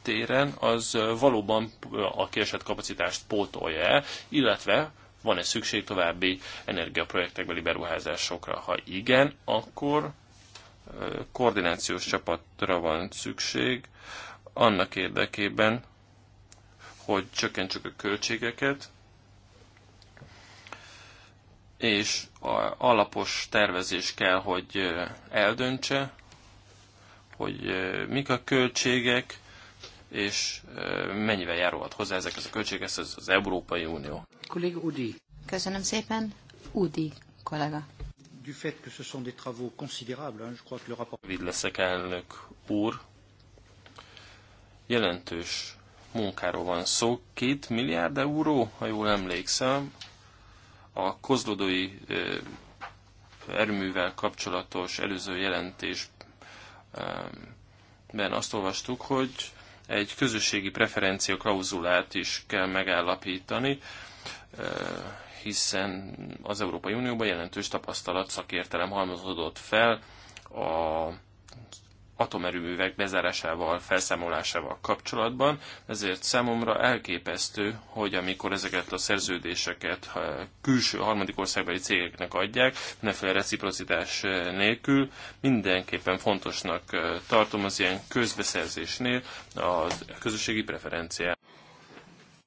Speaker 4: téren, az eh, valóban eh, a kiesett kapacitást pótolja -e, illetve van-e szükség további energiaprojektekbeli beruházásokra? Ha igen, akkor koordinációs csapatra van szükség annak érdekében, hogy csökkentsük a költségeket, és a alapos tervezés kell, hogy eldöntse, hogy mik a költségek, és mennyivel járulhat hozzá ezek a költségek, ez az Európai Unió.
Speaker 7: Kolléga Udi. Köszönöm szépen, Udi kollega. Du fait que ce sont des travaux considérables, hein, je crois que le rapport...
Speaker 4: leszek, elnök úr. Jelentős munkáról van szó, két milliárd euró, ha jól emlékszem, a kozlodói erőművel kapcsolatos előző jelentésben azt olvastuk, hogy egy közösségi preferencia klauzulát is kell megállapítani, hiszen az Európai Unióban jelentős tapasztalat, szakértelem halmozódott fel a atomerőművek bezárásával, felszámolásával kapcsolatban, ezért számomra elképesztő, hogy amikor ezeket a szerződéseket eh, külső harmadik országbeli cégeknek adják, mindenféle reciprocitás eh, nélkül, mindenképpen fontosnak eh, tartom az ilyen közbeszerzésnél a közösségi
Speaker 5: preferenciát.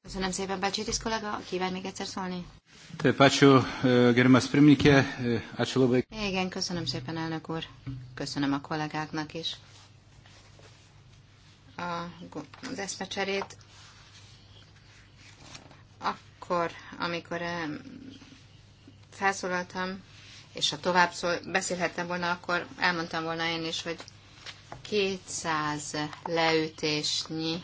Speaker 7: Köszönöm szépen, Bácsitis kollega, kíván még egyszer szólni?
Speaker 5: Taip, ačiū, e, gerimas pirmininkė, e, ačiū labai.
Speaker 7: Igen, köszönöm szépen, elnök úr. Köszönöm a kollégáknak is a, az eszmecserét. Akkor, amikor e, felszólaltam, és ha tovább szól, beszélhettem volna, akkor elmondtam volna én is, hogy 200 leütésnyi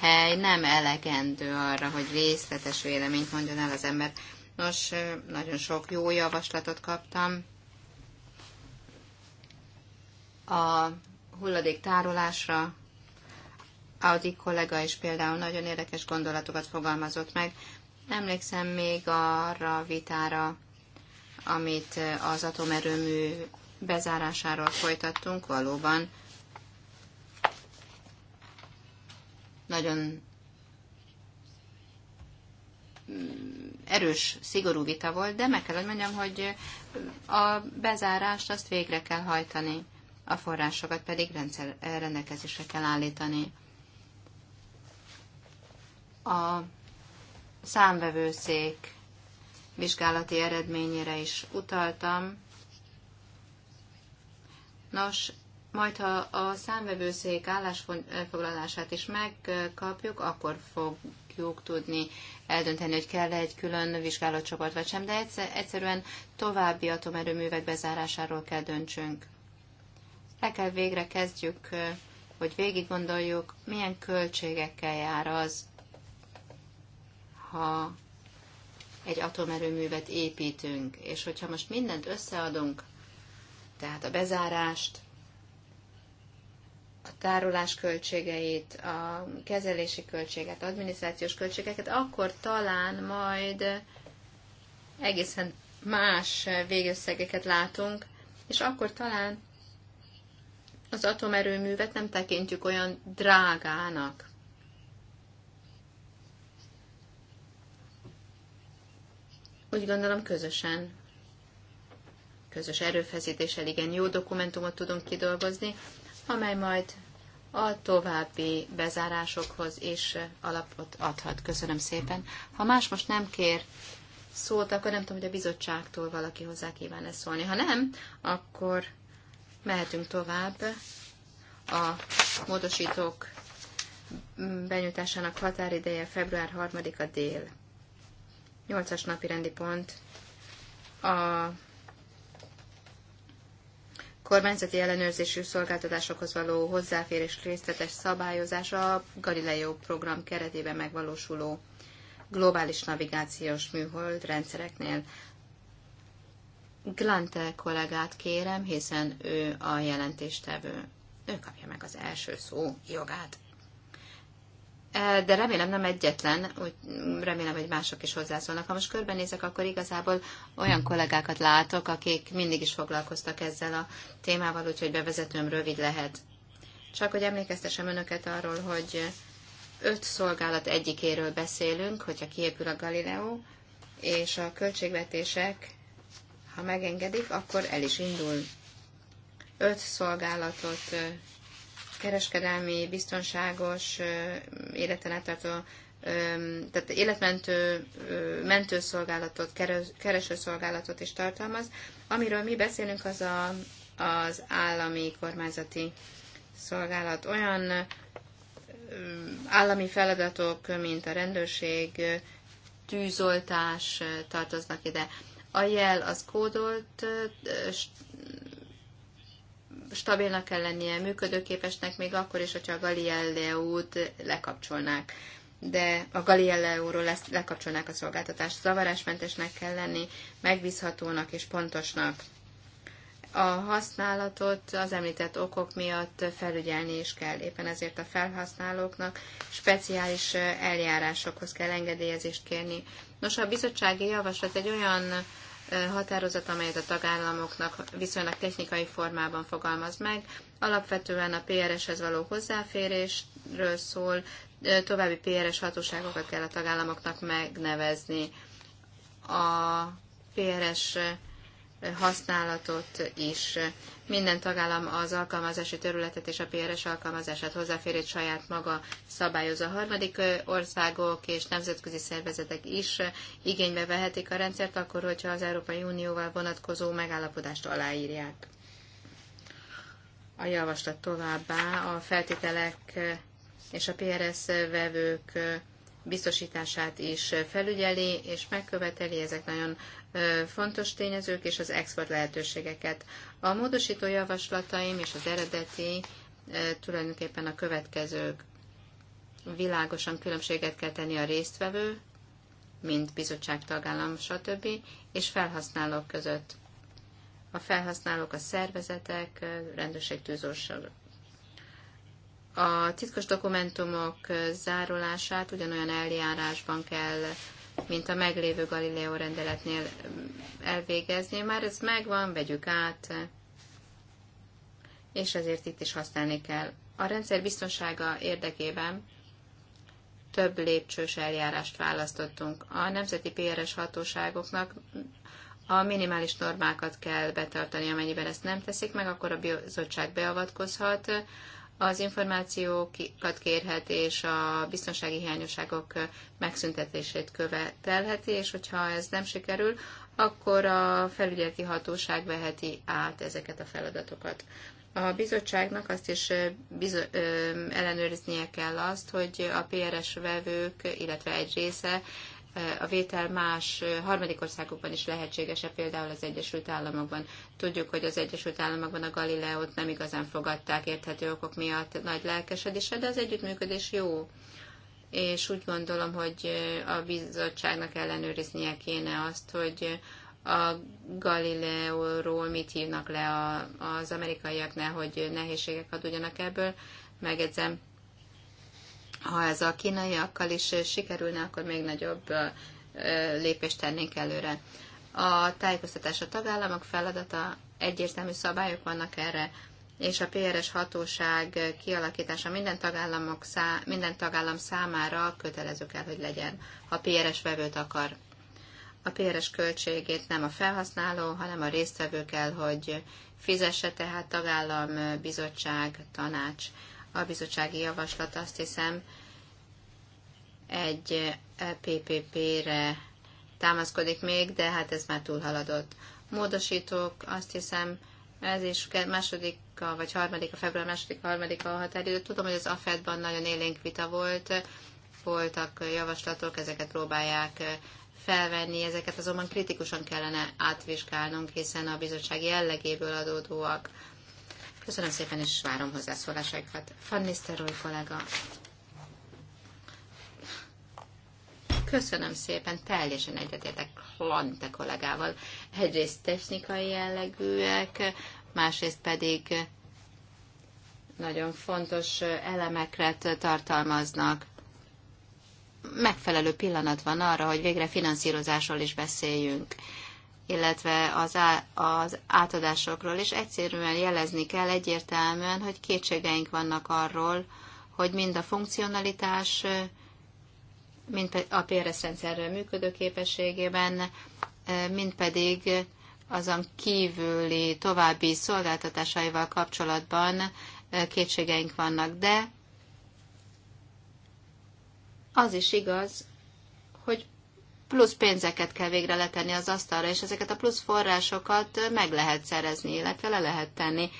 Speaker 7: hely nem elegendő arra, hogy részletes véleményt mondjon el az ember. Nos, nagyon sok jó javaslatot kaptam. A hulladék tárolásra Audi kollega is például nagyon érdekes gondolatokat fogalmazott meg. Emlékszem még arra a vitára, amit az atomerőmű bezárásáról folytattunk, valóban nagyon Mm, erős, szigorú vita volt, de meg kell, hogy mondjam, hogy a bezárást azt végre kell hajtani, a forrásokat pedig rendszer, rendelkezésre kell állítani. A számvevőszék vizsgálati eredményére is utaltam. Nos, majd ha a számvevőszék állásfoglalását is megkapjuk, akkor fog, fogjuk tudni eldönteni, hogy kell-e egy külön vizsgálatcsoport vagy sem, de egyszer, egyszerűen további atomerőművek bezárásáról kell döntsünk. Le kell végre kezdjük, hogy végig gondoljuk, milyen költségekkel jár az, ha egy atomerőművet építünk, és hogyha most mindent összeadunk, tehát a bezárást, a tárolás költségeit, a kezelési költséget, adminisztrációs költségeket, akkor talán majd egészen más végösszegeket látunk, és akkor talán az atomerőművet nem tekintjük olyan drágának. Úgy gondolom közösen, közös erőfeszítéssel igen jó dokumentumot tudunk kidolgozni, amely majd a további bezárásokhoz is alapot adhat. Köszönöm szépen. Ha más most nem kér szót, akkor nem tudom, hogy a bizottságtól valaki hozzá kíván-e szólni. Ha nem, akkor mehetünk tovább a módosítók benyújtásának határideje február 3-a dél. 8-as napi rendi pont a kormányzati ellenőrzésű szolgáltatásokhoz való hozzáférés részletes szabályozása a Galileo program keretében megvalósuló globális navigációs műhold rendszereknél. Glante kollégát kérem, hiszen ő a jelentéstevő. Ő kapja meg az első szó jogát de remélem nem egyetlen, úgy remélem, hogy mások is hozzászólnak. Ha most körbenézek, akkor igazából olyan kollégákat látok, akik mindig is foglalkoztak ezzel a témával, úgyhogy bevezetőm rövid lehet. Csak hogy emlékeztessem önöket arról, hogy öt szolgálat egyikéről beszélünk, hogyha kiépül a Galileo, és a költségvetések, ha megengedik, akkor el is indul. Öt szolgálatot kereskedelmi, biztonságos, életen átartó, tehát életmentő mentőszolgálatot, keresőszolgálatot is tartalmaz. Amiről mi beszélünk, az a, az állami kormányzati szolgálat. Olyan állami feladatok, mint a rendőrség, tűzoltás tartoznak ide. A jel az kódolt stabilnak kell lennie, működőképesnek, még akkor is, hogyha a Galileo-t lekapcsolnák. De a Galileo-ról lekapcsolnák a szolgáltatást. Zavarásmentesnek kell lenni, megbízhatónak és pontosnak. A használatot az említett okok miatt felügyelni is kell. Éppen ezért a felhasználóknak speciális eljárásokhoz kell engedélyezést kérni. Nos, a bizottsági javaslat egy olyan határozat, amelyet a tagállamoknak viszonylag technikai formában fogalmaz meg. Alapvetően a PRS-hez való hozzáférésről szól, további PRS hatóságokat kell a tagállamoknak megnevezni. A PRS használatot is minden tagállam az alkalmazási területet és a PRS alkalmazását hozzáférét saját maga szabályozza. A harmadik országok és nemzetközi szervezetek is igénybe vehetik a rendszert akkor, hogyha az Európai Unióval vonatkozó megállapodást aláírják. A javaslat továbbá a feltételek és a PRS vevők biztosítását is felügyeli, és megköveteli, ezek nagyon fontos tényezők és az export lehetőségeket. A módosító javaslataim és az eredeti tulajdonképpen a következők. Világosan különbséget kell tenni a résztvevő, mint bizottság tagállam, stb. és felhasználók között. A felhasználók a szervezetek, rendőrség, tűzorság. A titkos dokumentumok zárulását ugyanolyan eljárásban kell mint a meglévő Galileo rendeletnél um, elvégezni. Már ez megvan, vegyük át, és ezért itt is használni kell. A rendszer biztonsága érdekében több lépcsős eljárást választottunk. A nemzeti PRS hatóságoknak a minimális normákat kell betartani, amennyiben ezt nem teszik meg, akkor a bizottság beavatkozhat, az információkat kérhet, és a biztonsági hiányosságok megszüntetését követelheti, és hogyha ez nem sikerül, akkor a felügyeleti hatóság veheti át ezeket a feladatokat. A bizottságnak azt is bizo- ellenőriznie kell azt, hogy a PRS vevők, illetve egy része a vétel más harmadik országokban is lehetséges-e, például az Egyesült Államokban. Tudjuk, hogy az Egyesült Államokban a Galileót nem igazán fogadták érthető okok miatt nagy lelkesedése, de az együttműködés jó. És úgy gondolom, hogy a bizottságnak ellenőriznie kéne azt, hogy a Galileóról mit hívnak le a, az amerikaiaknál hogy nehézségek adódjanak ebből. Megedzem, ha ez a kínaiakkal is sikerülne, akkor még nagyobb lépést tennénk előre. A tájékoztatás a tagállamok feladata, egyértelmű szabályok vannak erre, és a PRS hatóság kialakítása minden, tagállamok szá, minden tagállam számára kötelező kell, hogy legyen, ha PRS vevőt akar. A PRS költségét nem a felhasználó, hanem a résztvevő kell, hogy fizesse, tehát tagállam, bizottság, tanács. A bizottsági javaslat azt hiszem egy PPP-re támaszkodik még, de hát ez már túlhaladott. Módosítók azt hiszem ez is második, vagy harmadik a február második, harmadik a határidő. Tudom, hogy az AFED-ban nagyon élénk vita volt, voltak javaslatok, ezeket próbálják felvenni, ezeket azonban kritikusan kellene átvizsgálnunk, hiszen a bizottság jellegéből adódóak Köszönöm szépen, és várom hozzászólásaikat. Van Nisztelrooy kollega. Köszönöm szépen, teljesen egyetértek Lante kollégával. Egyrészt technikai jellegűek, másrészt pedig nagyon fontos elemekre tartalmaznak. Megfelelő pillanat van arra, hogy végre finanszírozásról is beszéljünk illetve az, á, az átadásokról, és egyszerűen jelezni kell egyértelműen, hogy kétségeink vannak arról, hogy mind a funkcionalitás, mind a PRS működő képességében, mind pedig azon kívüli további szolgáltatásaival kapcsolatban kétségeink vannak. De az is igaz, hogy plusz pénzeket kell végre letenni az asztalra, és ezeket a plusz forrásokat meg lehet szerezni, illetve le lehet tenni.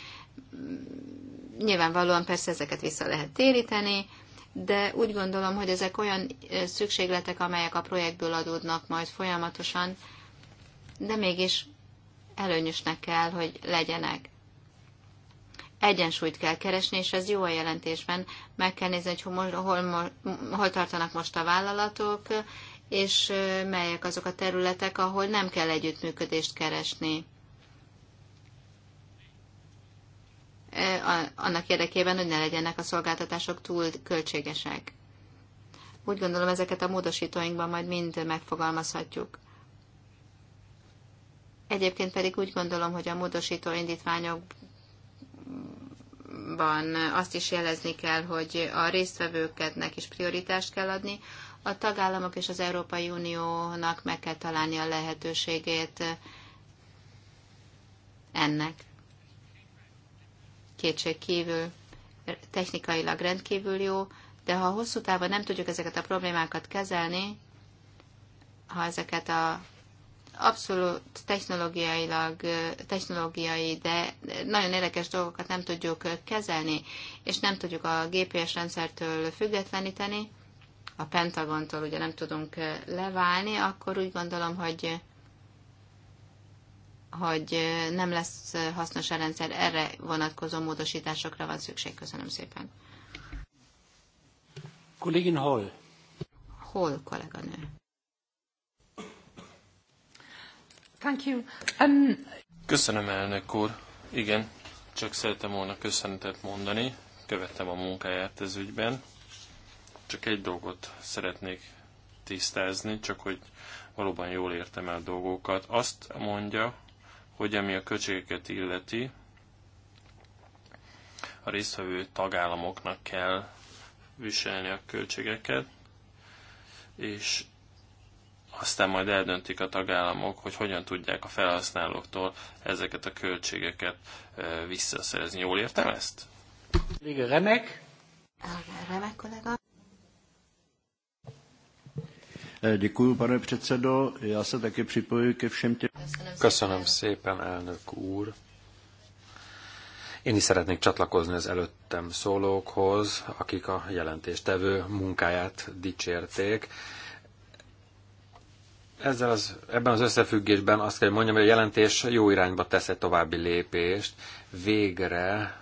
Speaker 7: Nyilvánvalóan persze ezeket vissza lehet téríteni, de úgy gondolom, hogy ezek olyan szükségletek, amelyek a projektből adódnak majd folyamatosan, de mégis előnyösnek kell, hogy legyenek. Egyensúlyt kell keresni, és ez jó a jelentésben. Meg kell nézni, hogy hol, hol, hol tartanak most a vállalatok, és melyek azok a területek, ahol nem kell együttműködést keresni. Annak érdekében, hogy ne legyenek a szolgáltatások túl költségesek. Úgy gondolom, ezeket a módosítóinkban majd mind megfogalmazhatjuk. Egyébként pedig úgy gondolom, hogy a módosító indítványokban azt is jelezni kell, hogy a résztvevőknek is prioritást kell adni, a tagállamok és az Európai Uniónak meg kell találni a lehetőségét ennek. Kétség kívül technikailag rendkívül jó, de ha hosszú távon nem tudjuk ezeket a problémákat kezelni, ha ezeket a abszolút technológiailag, technológiai, de nagyon érdekes dolgokat nem tudjuk kezelni, és nem tudjuk a GPS rendszertől függetleníteni, a Pentagontól ugye nem tudunk leválni, akkor úgy gondolom, hogy hogy nem lesz hasznos a rendszer, erre vonatkozó módosításokra van szükség. Köszönöm szépen.
Speaker 1: Kollégin Hall.
Speaker 7: Hall kolléganő.
Speaker 1: Thank you. Um...
Speaker 4: Köszönöm, elnök úr. Igen, csak szerettem volna köszönetet mondani. Követtem a munkáját ez ügyben. Csak egy dolgot szeretnék tisztázni, csak hogy valóban jól értem el dolgokat. Azt mondja, hogy ami a költségeket illeti, a résztvevő tagállamoknak kell viselni a költségeket, és aztán majd eldöntik a tagállamok, hogy hogyan tudják a felhasználóktól ezeket a költségeket visszaszerezni. Jól értem
Speaker 5: ezt?
Speaker 2: Remek.
Speaker 7: Remek kollega.
Speaker 5: Eh, Děkuji, pane předsedo. Já se také připojuji ke všem těm...
Speaker 3: Köszönöm szépen, elnök úr. Én is szeretnék csatlakozni az előttem szólókhoz, akik a jelentéstevő munkáját dicsérték. Ezzel az, ebben az összefüggésben azt kell mondjam, hogy a jelentés jó irányba tesz egy további lépést. Végre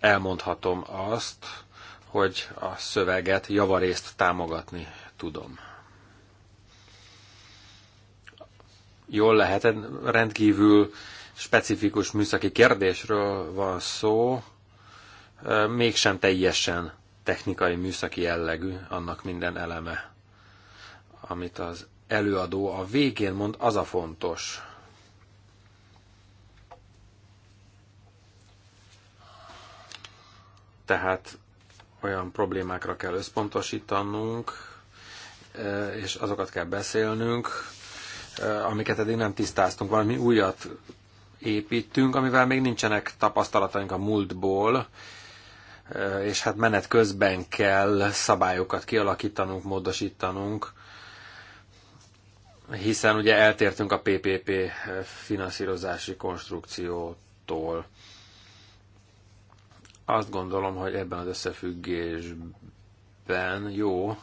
Speaker 3: elmondhatom azt, hogy a szöveget javarészt támogatni tudom. Jól lehet, rendkívül specifikus műszaki kérdésről van szó, mégsem teljesen technikai műszaki jellegű annak minden eleme, amit az előadó a végén mond, az a fontos. Tehát olyan problémákra kell összpontosítanunk, e, és azokat kell beszélnünk, e, amiket eddig nem tisztáztunk. Valami újat építünk, amivel még nincsenek tapasztalataink a múltból, e, és hát menet közben kell szabályokat kialakítanunk, módosítanunk, hiszen ugye eltértünk a PPP finanszírozási konstrukciótól. Azt gondolom, hogy ebben az összefüggésben jó,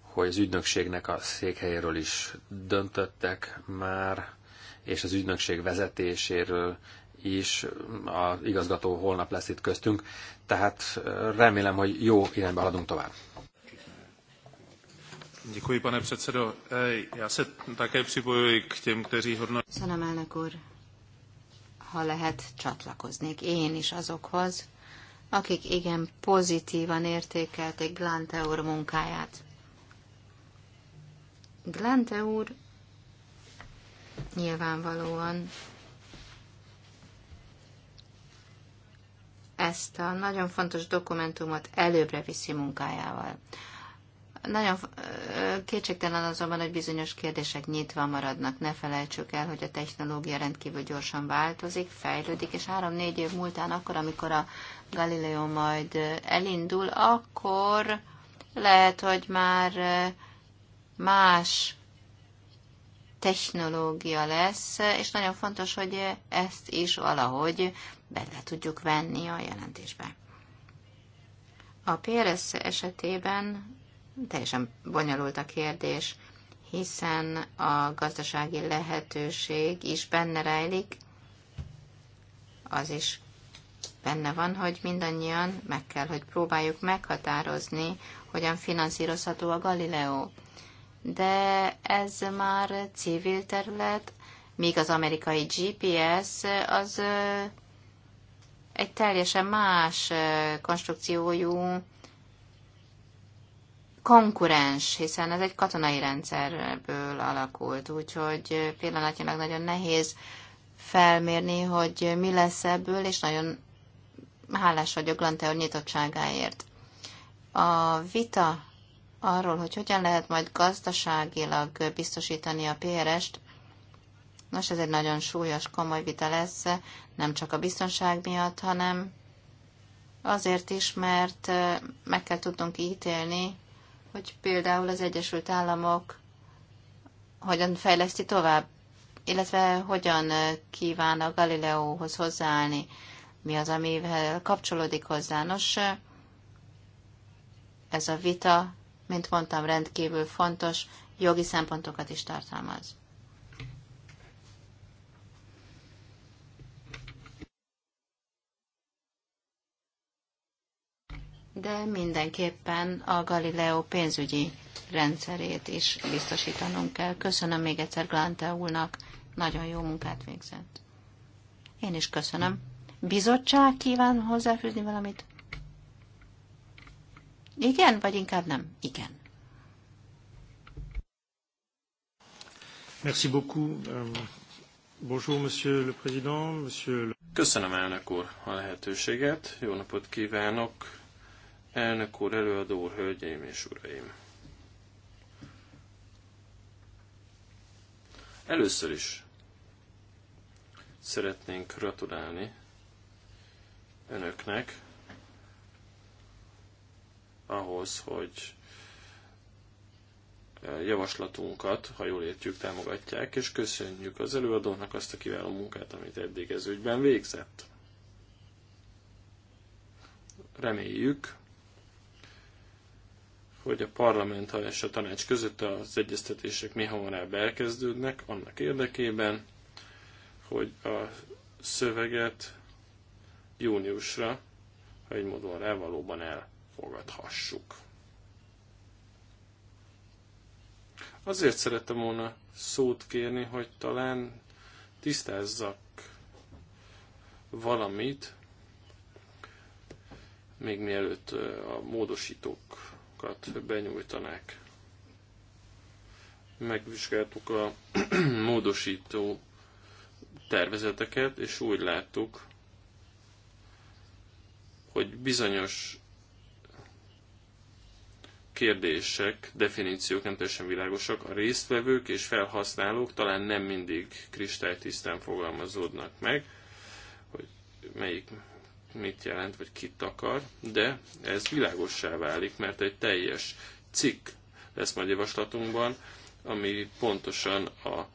Speaker 3: hogy az ügynökségnek a székhelyéről is döntöttek már, és az ügynökség vezetéséről is a igazgató holnap lesz itt köztünk, tehát remélem, hogy jó irányba
Speaker 6: haladunk tovább. Děkuji, pane předsedo. E, já se také připojuji k těm, kteří hodnotí. Köszönöm, elnök úr
Speaker 7: ha lehet, csatlakoznék én is azokhoz, akik igen pozitívan értékelték Glante úr munkáját. Glante úr nyilvánvalóan ezt a nagyon fontos dokumentumot előbbre viszi munkájával. Nagyon kétségtelen azonban, hogy bizonyos kérdések nyitva maradnak. Ne felejtsük el, hogy a technológia rendkívül gyorsan változik, fejlődik, és három-négy év múltán, akkor, amikor a Galileo majd elindul, akkor lehet, hogy már más technológia lesz, és nagyon fontos, hogy ezt is valahogy bele tudjuk venni a jelentésbe. A PRS esetében teljesen bonyolult a kérdés, hiszen a gazdasági lehetőség is benne rejlik, az is benne van, hogy mindannyian meg kell, hogy próbáljuk meghatározni, hogyan finanszírozható a Galileo. De ez már civil terület, míg az amerikai GPS az egy teljesen más konstrukciójú konkurens, hiszen ez egy katonai rendszerből alakult, úgyhogy pillanatnyilag nagyon nehéz felmérni, hogy mi lesz ebből, és nagyon hálás vagyok Lanteur nyitottságáért. A vita arról, hogy hogyan lehet majd gazdaságilag biztosítani a PRS-t, nos, ez egy nagyon súlyos, komoly vita lesz, nem csak a biztonság miatt, hanem azért is, mert eh, meg kell tudnunk ítélni, hogy például az Egyesült Államok hogyan fejleszti tovább, illetve hogyan kíván a Galileóhoz hozzáállni, mi az, amivel kapcsolódik hozzá. Nos, ez a vita, mint mondtam, rendkívül fontos, jogi szempontokat is tartalmaz. de mindenképpen a Galileo pénzügyi rendszerét is biztosítanunk kell. Köszönöm még egyszer Glante úrnak, nagyon jó munkát végzett. Én is köszönöm. Bizottság kíván hozzáfűzni valamit? Igen, vagy inkább nem? Igen.
Speaker 4: Merci beaucoup. Euh, bonjour, monsieur le président, monsieur le... Köszönöm elnök úr a lehetőséget. Jó napot kívánok Elnök úr, előadó úr, hölgyeim és uraim! Először is szeretnénk gratulálni önöknek ahhoz, hogy javaslatunkat, ha jól értjük, támogatják, és köszönjük az előadónak azt a kiváló munkát, amit eddig ez ügyben végzett. Reméljük, hogy a parlament és a tanács között az egyeztetések mi hamarabb elkezdődnek annak érdekében, hogy a szöveget júniusra, ha egy módon rá valóban elfogadhassuk. Azért szerettem volna szót kérni, hogy talán tisztázzak valamit, még mielőtt a módosítók javaslatokat benyújtanák. Megvizsgáltuk a módosító tervezeteket, és úgy láttuk, hogy bizonyos kérdések, definíciók nem teljesen világosak, a résztvevők és felhasználók talán nem mindig kristálytisztán fogalmazódnak meg, hogy melyik mit jelent, vagy kit akar, de ez világossá válik, mert egy teljes cikk lesz majd javaslatunkban, ami pontosan a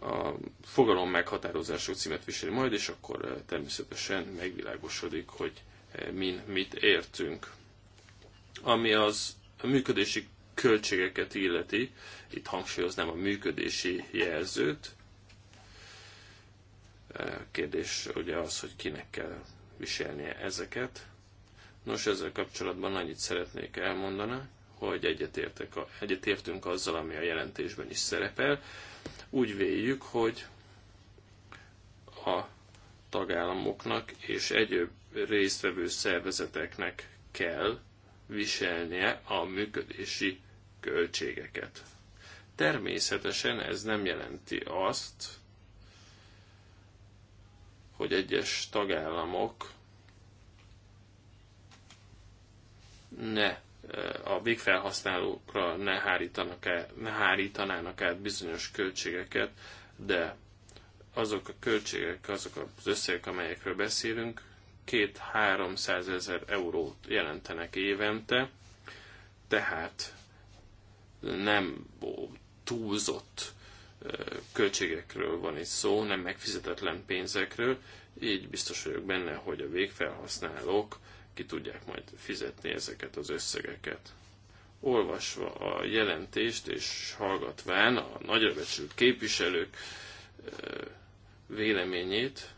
Speaker 4: a fogalom meghatározások címet viseli majd, és akkor eh, természetesen megvilágosodik, hogy eh, min mit értünk. Ami az a működési költségeket illeti, itt hangsúlyoznám a működési jelzőt, Kérdés ugye az, hogy kinek kell viselnie ezeket. Nos, ezzel kapcsolatban annyit szeretnék elmondani, hogy egyetértek, egyetértünk azzal, ami a jelentésben is szerepel. Úgy véljük, hogy a tagállamoknak és egyéb résztvevő szervezeteknek kell viselnie a működési költségeket. Természetesen ez nem jelenti azt, hogy egyes tagállamok ne eh, a végfelhasználókra ne, hárítanak el, ne hárítanának át bizonyos költségeket, de azok a költségek, azok az összegek, amelyekről beszélünk, két 300 ezer eurót jelentenek évente, tehát nem túlzott költségekről van itt szó, nem megfizetetlen pénzekről, így biztos vagyok benne, hogy a végfelhasználók ki tudják majd fizetni ezeket az összegeket. Olvasva a jelentést és hallgatván a nagyrebecsült képviselők véleményét,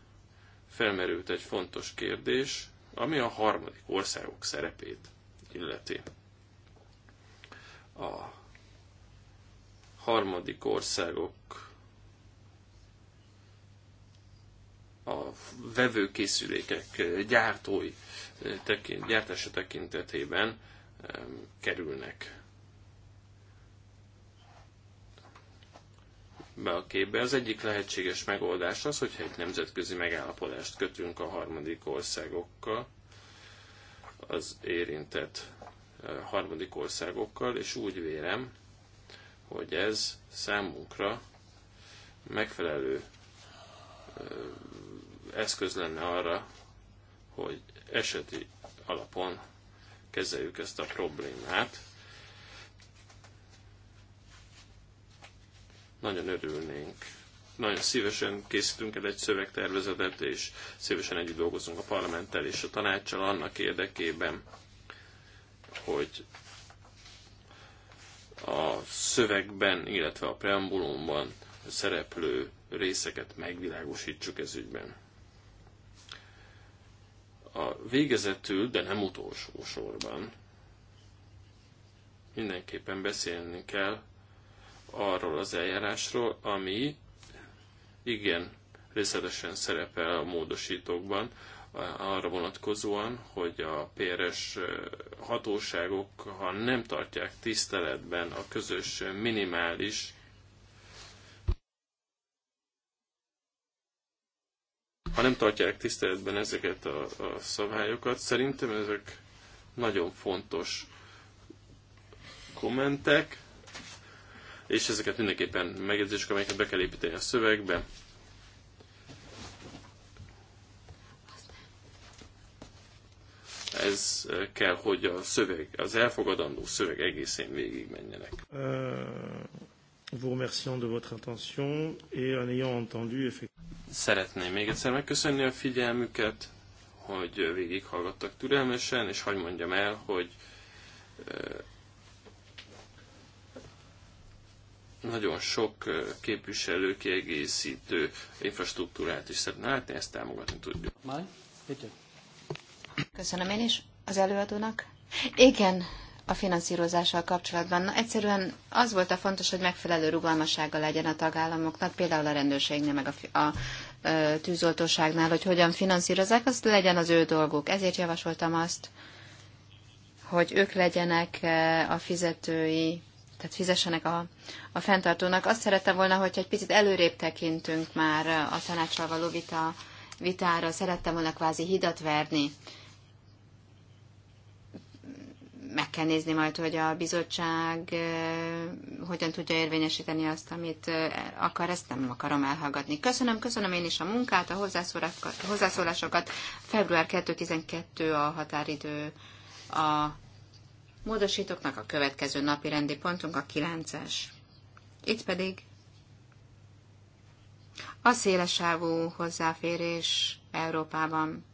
Speaker 4: felmerült egy fontos kérdés, ami a harmadik országok szerepét illeti. A harmadik országok a vevőkészülékek gyártói tekint, gyártása tekintetében kerülnek be a képbe. Az egyik lehetséges megoldás az, hogyha egy nemzetközi megállapodást kötünk a harmadik országokkal, az érintett eh, harmadik országokkal, és úgy vélem, hogy ez számunkra megfelelő eszköz lenne arra, hogy eseti alapon kezeljük ezt a problémát. Nagyon örülnénk. Nagyon szívesen készítünk el egy szövegtervezetet, és szívesen együtt dolgozunk a parlamenttel és a tanácssal annak érdekében, hogy a szövegben, illetve a preambulumban szereplő részeket megvilágosítsuk ez ügyben. A végezetül, de nem utolsó sorban, mindenképpen beszélni kell arról az eljárásról, ami igen részletesen szerepel a módosítókban, arra vonatkozóan, hogy a PRS hatóságok, ha nem tartják tiszteletben a közös minimális ha nem tartják tiszteletben ezeket a, a szabályokat, szerintem ezek nagyon fontos kommentek, és ezeket mindenképpen megjegyzések, amelyeket be kell építeni a szövegbe. ez kell, hogy a szöveg, az elfogadandó szöveg egészén végig menjenek. Euh, Szeretném még egyszer megköszönni a figyelmüket, hogy végighallgattak türelmesen, és hagyd mondjam el, hogy nagyon sok képviselő kiegészítő infrastruktúrát is szeretne látni, ezt támogatni
Speaker 6: tudjuk. Már? Bitte.
Speaker 7: Köszönöm én is az előadónak. Igen, a finanszírozással kapcsolatban. Na, egyszerűen az volt a fontos, hogy megfelelő rugalmassága legyen a tagállamoknak, például a rendőrségnél, meg a, a, a tűzoltóságnál, hogy hogyan finanszírozzák, az legyen az ő dolguk. Ezért javasoltam azt, hogy ők legyenek a fizetői, tehát fizessenek a, a fenntartónak. Azt szerettem volna, hogy egy picit előrébb tekintünk már a tanácssal való vita, vitára, szerettem volna kvázi hidat verni meg kell nézni majd, hogy a bizottság hogyan tudja érvényesíteni azt, amit akar, ezt nem akarom elhallgatni. Köszönöm, köszönöm én is a munkát, a hozzászólásokat. Február 2.12 a határidő a módosítóknak a következő napi rendi pontunk a 9-es. Itt pedig a szélesávú hozzáférés Európában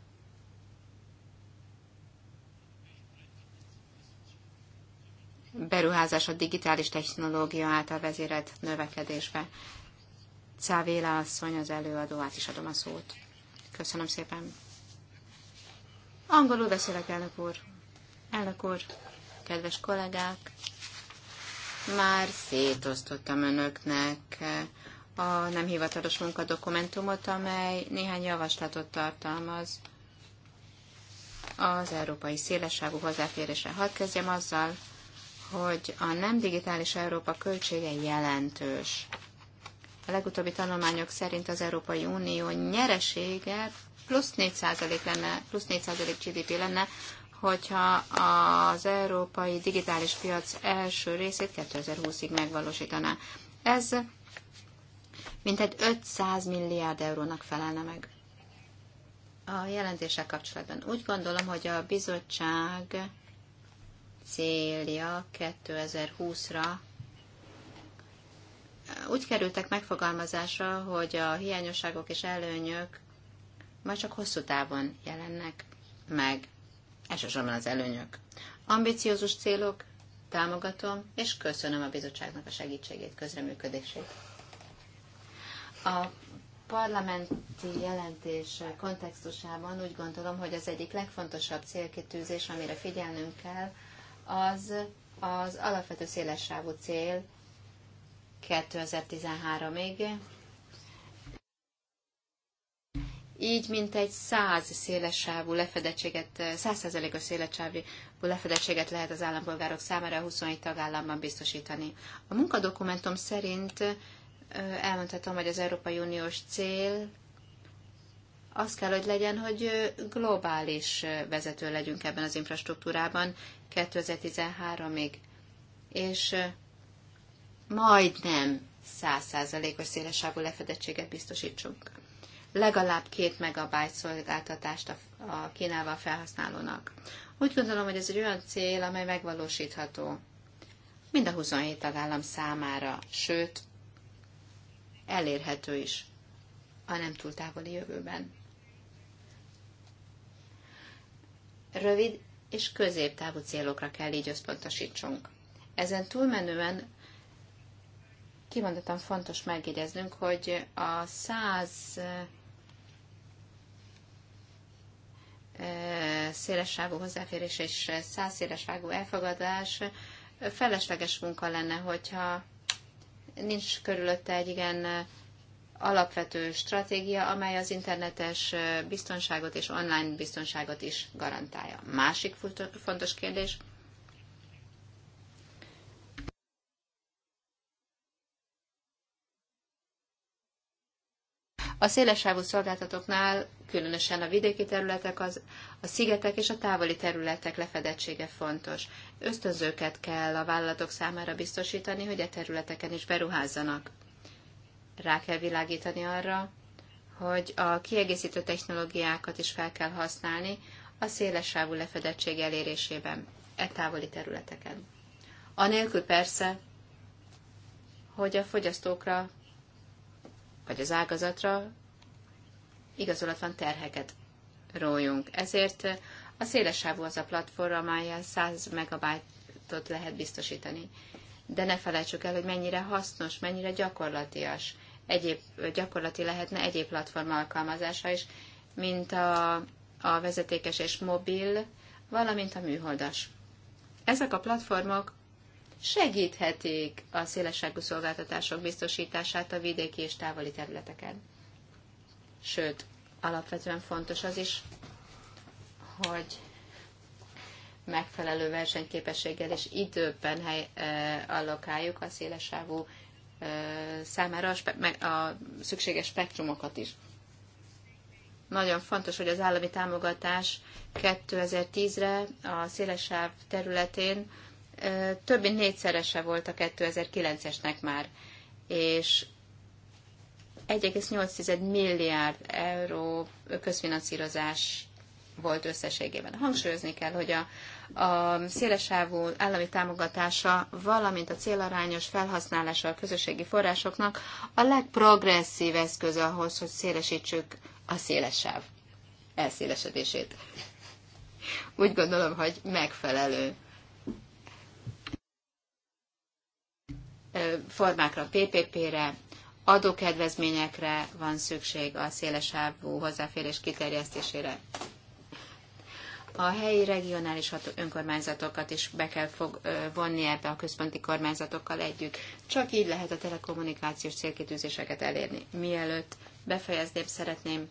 Speaker 7: beruházás a digitális technológia által vezérelt növekedésbe. Cávéla asszony, az előadó, át is adom a szót. Köszönöm szépen. Angolul beszélek, elnök úr. Elnök úr, kedves kollégák, már szétosztottam önöknek a nem hivatalos munkadokumentumot, amely néhány javaslatot tartalmaz az európai szélesságú hozzáférésre. Hadd kezdjem azzal, hogy a nem digitális Európa költsége jelentős. A legutóbbi tanulmányok szerint az Európai Unió nyeresége plusz 4% lenne, plusz 4% GDP lenne, hogyha az európai digitális piac első részét 2020-ig megvalósítaná. Ez mintegy 500 milliárd eurónak felelne meg. A jelentéssel kapcsolatban úgy gondolom, hogy a bizottság célja 2020-ra úgy kerültek megfogalmazásra, hogy a hiányosságok és előnyök majd csak hosszú távon jelennek meg. Elsősorban az előnyök. Ambiciózus célok, támogatom, és köszönöm a bizottságnak a segítségét, közreműködését. A parlamenti jelentés kontextusában úgy gondolom, hogy az egyik legfontosabb célkitűzés, amire figyelnünk kell, az az alapvető szélessávú cél 2013-ig. Így mint egy 100 szélessávú lefedettséget, 100%-os szélessávú lefedettséget lehet az állampolgárok számára a 27 tagállamban biztosítani. A munkadokumentum szerint elmondhatom, hogy az Európai Uniós cél az kell, hogy legyen, hogy globális vezető legyünk ebben az infrastruktúrában, 2013-ig, és majdnem 100%-os szélesávú lefedettséget biztosítsunk. Legalább két megabájt szolgáltatást a Kínával felhasználónak. Úgy gondolom, hogy ez egy olyan cél, amely megvalósítható mind a 27 tagállam számára, sőt, elérhető is a nem túl távoli jövőben. Rövid és középtávú célokra kell így összpontosítsunk. Ezen túlmenően kimondottan fontos megjegyeznünk, hogy a 100 eh, szélesságú hozzáférés és 100 szélesságú elfogadás felesleges munka lenne, hogyha nincs körülötte egy igen alapvető stratégia, amely az internetes biztonságot és online biztonságot is garantálja. Másik fontos kérdés, A szélesávú szolgáltatóknál, különösen a vidéki területek, az, a szigetek és a távoli területek lefedettsége fontos. Ösztönzőket kell a vállalatok számára biztosítani, hogy a e területeken is beruházzanak rá kell világítani arra, hogy a kiegészítő technológiákat is fel kell használni a szélesávú lefedettség elérésében, e távoli területeken. Anélkül persze, hogy a fogyasztókra vagy az ágazatra igazolatlan terheket rójunk. Ezért a szélesávú az a platform, amelyen 100 megabájtot lehet biztosítani. De ne felejtsük el, hogy mennyire hasznos, mennyire gyakorlatias egyéb gyakorlati lehetne egyéb platform alkalmazása is, mint a, a vezetékes és mobil, valamint a műholdas. Ezek a platformok segíthetik a szélességű szolgáltatások biztosítását a vidéki és távoli területeken. Sőt, alapvetően fontos az is, hogy megfelelő versenyképességgel és időben hely, eh, allokáljuk a szélesávú számára a szükséges spektrumokat is. Nagyon fontos, hogy az állami támogatás 2010-re a szélesáv területén több mint négyszerese volt a 2009-esnek már, és 1,8 milliárd euró közfinanszírozás volt összességében. Hangsúlyozni kell, hogy a, a szélesávú állami támogatása, valamint a célarányos felhasználása a közösségi forrásoknak a legprogresszív eszköz ahhoz, hogy szélesítsük a szélesáv elszélesedését. Úgy gondolom, hogy megfelelő formákra, PPP-re, adókedvezményekre van szükség a szélesávú hozzáférés kiterjesztésére a helyi regionális önkormányzatokat is be kell fog, vonni ebbe a központi kormányzatokkal együtt. Csak így lehet a telekommunikációs célkitűzéseket elérni. Mielőtt befejezném, szeretném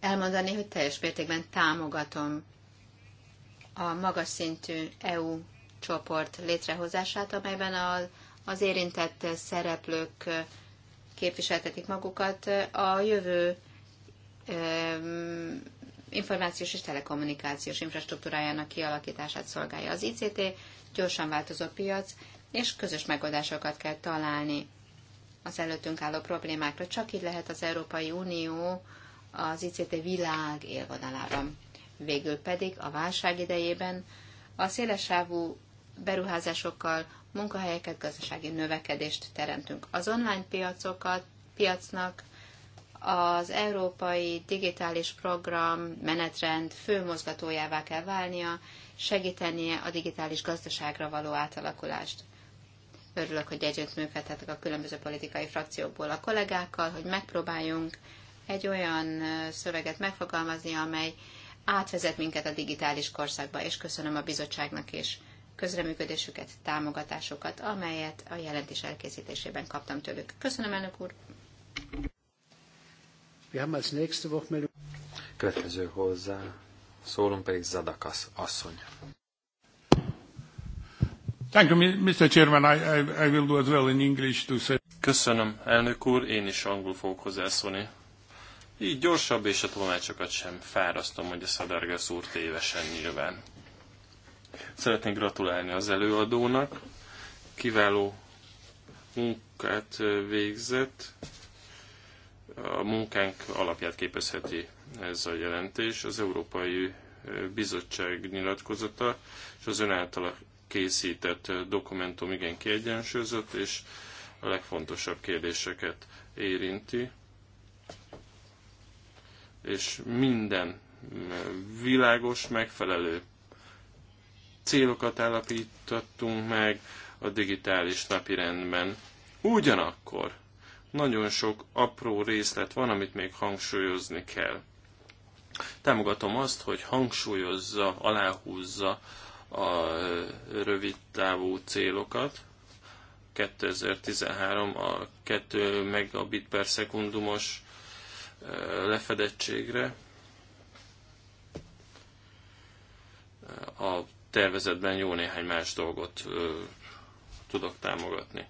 Speaker 7: elmondani, hogy teljes mértékben támogatom a magas szintű EU csoport létrehozását, amelyben a, az érintett szereplők képviseltetik magukat a jövő információs és telekommunikációs infrastruktúrájának kialakítását szolgálja az ICT, gyorsan változó piac, és közös megoldásokat kell találni az előttünk álló problémákra. Csak így lehet az Európai Unió az ICT világ élvonalában. Végül pedig a válság idejében a szélesávú beruházásokkal munkahelyeket, gazdasági növekedést teremtünk. Az online piacokat, piacnak az Európai Digitális Program menetrend mozgatójává kell válnia, segítenie a digitális gazdaságra való átalakulást. Örülök, hogy együttműködhetek a különböző politikai frakciókból a kollégákkal, hogy megpróbáljunk egy olyan szöveget megfogalmazni, amely átvezet minket a digitális korszakba, és köszönöm a bizottságnak is közreműködésüket, támogatásokat, amelyet a jelentés elkészítésében kaptam tőlük. Köszönöm, elnök úr!
Speaker 3: Következő hozzá szólunk pedig Zadakasz asszony.
Speaker 2: Thank
Speaker 6: you, Mr. Chairman. I, I, I will do as well in English to say. Köszönöm, elnök úr, én is
Speaker 4: angol fogok hozzászólni. Így gyorsabb, és a tolmácsokat sem fárasztom, hogy a Szadergesz úr tévesen nyilván. Szeretnék gratulálni az előadónak. Kiváló munkát végzett a munkánk alapját képezheti ez a jelentés. Az Európai Bizottság nyilatkozata és az ön által készített dokumentum igen kiegyensúlyozott, és a legfontosabb kérdéseket érinti. És minden világos, megfelelő célokat állapítottunk meg a digitális napirendben. Ugyanakkor nagyon sok apró részlet van, amit még hangsúlyozni kell. Támogatom azt, hogy hangsúlyozza, aláhúzza a e, rövid távú célokat. 2013 a 2 megabit per szekundumos e, lefedettségre. A tervezetben jó néhány más dolgot e, tudok támogatni.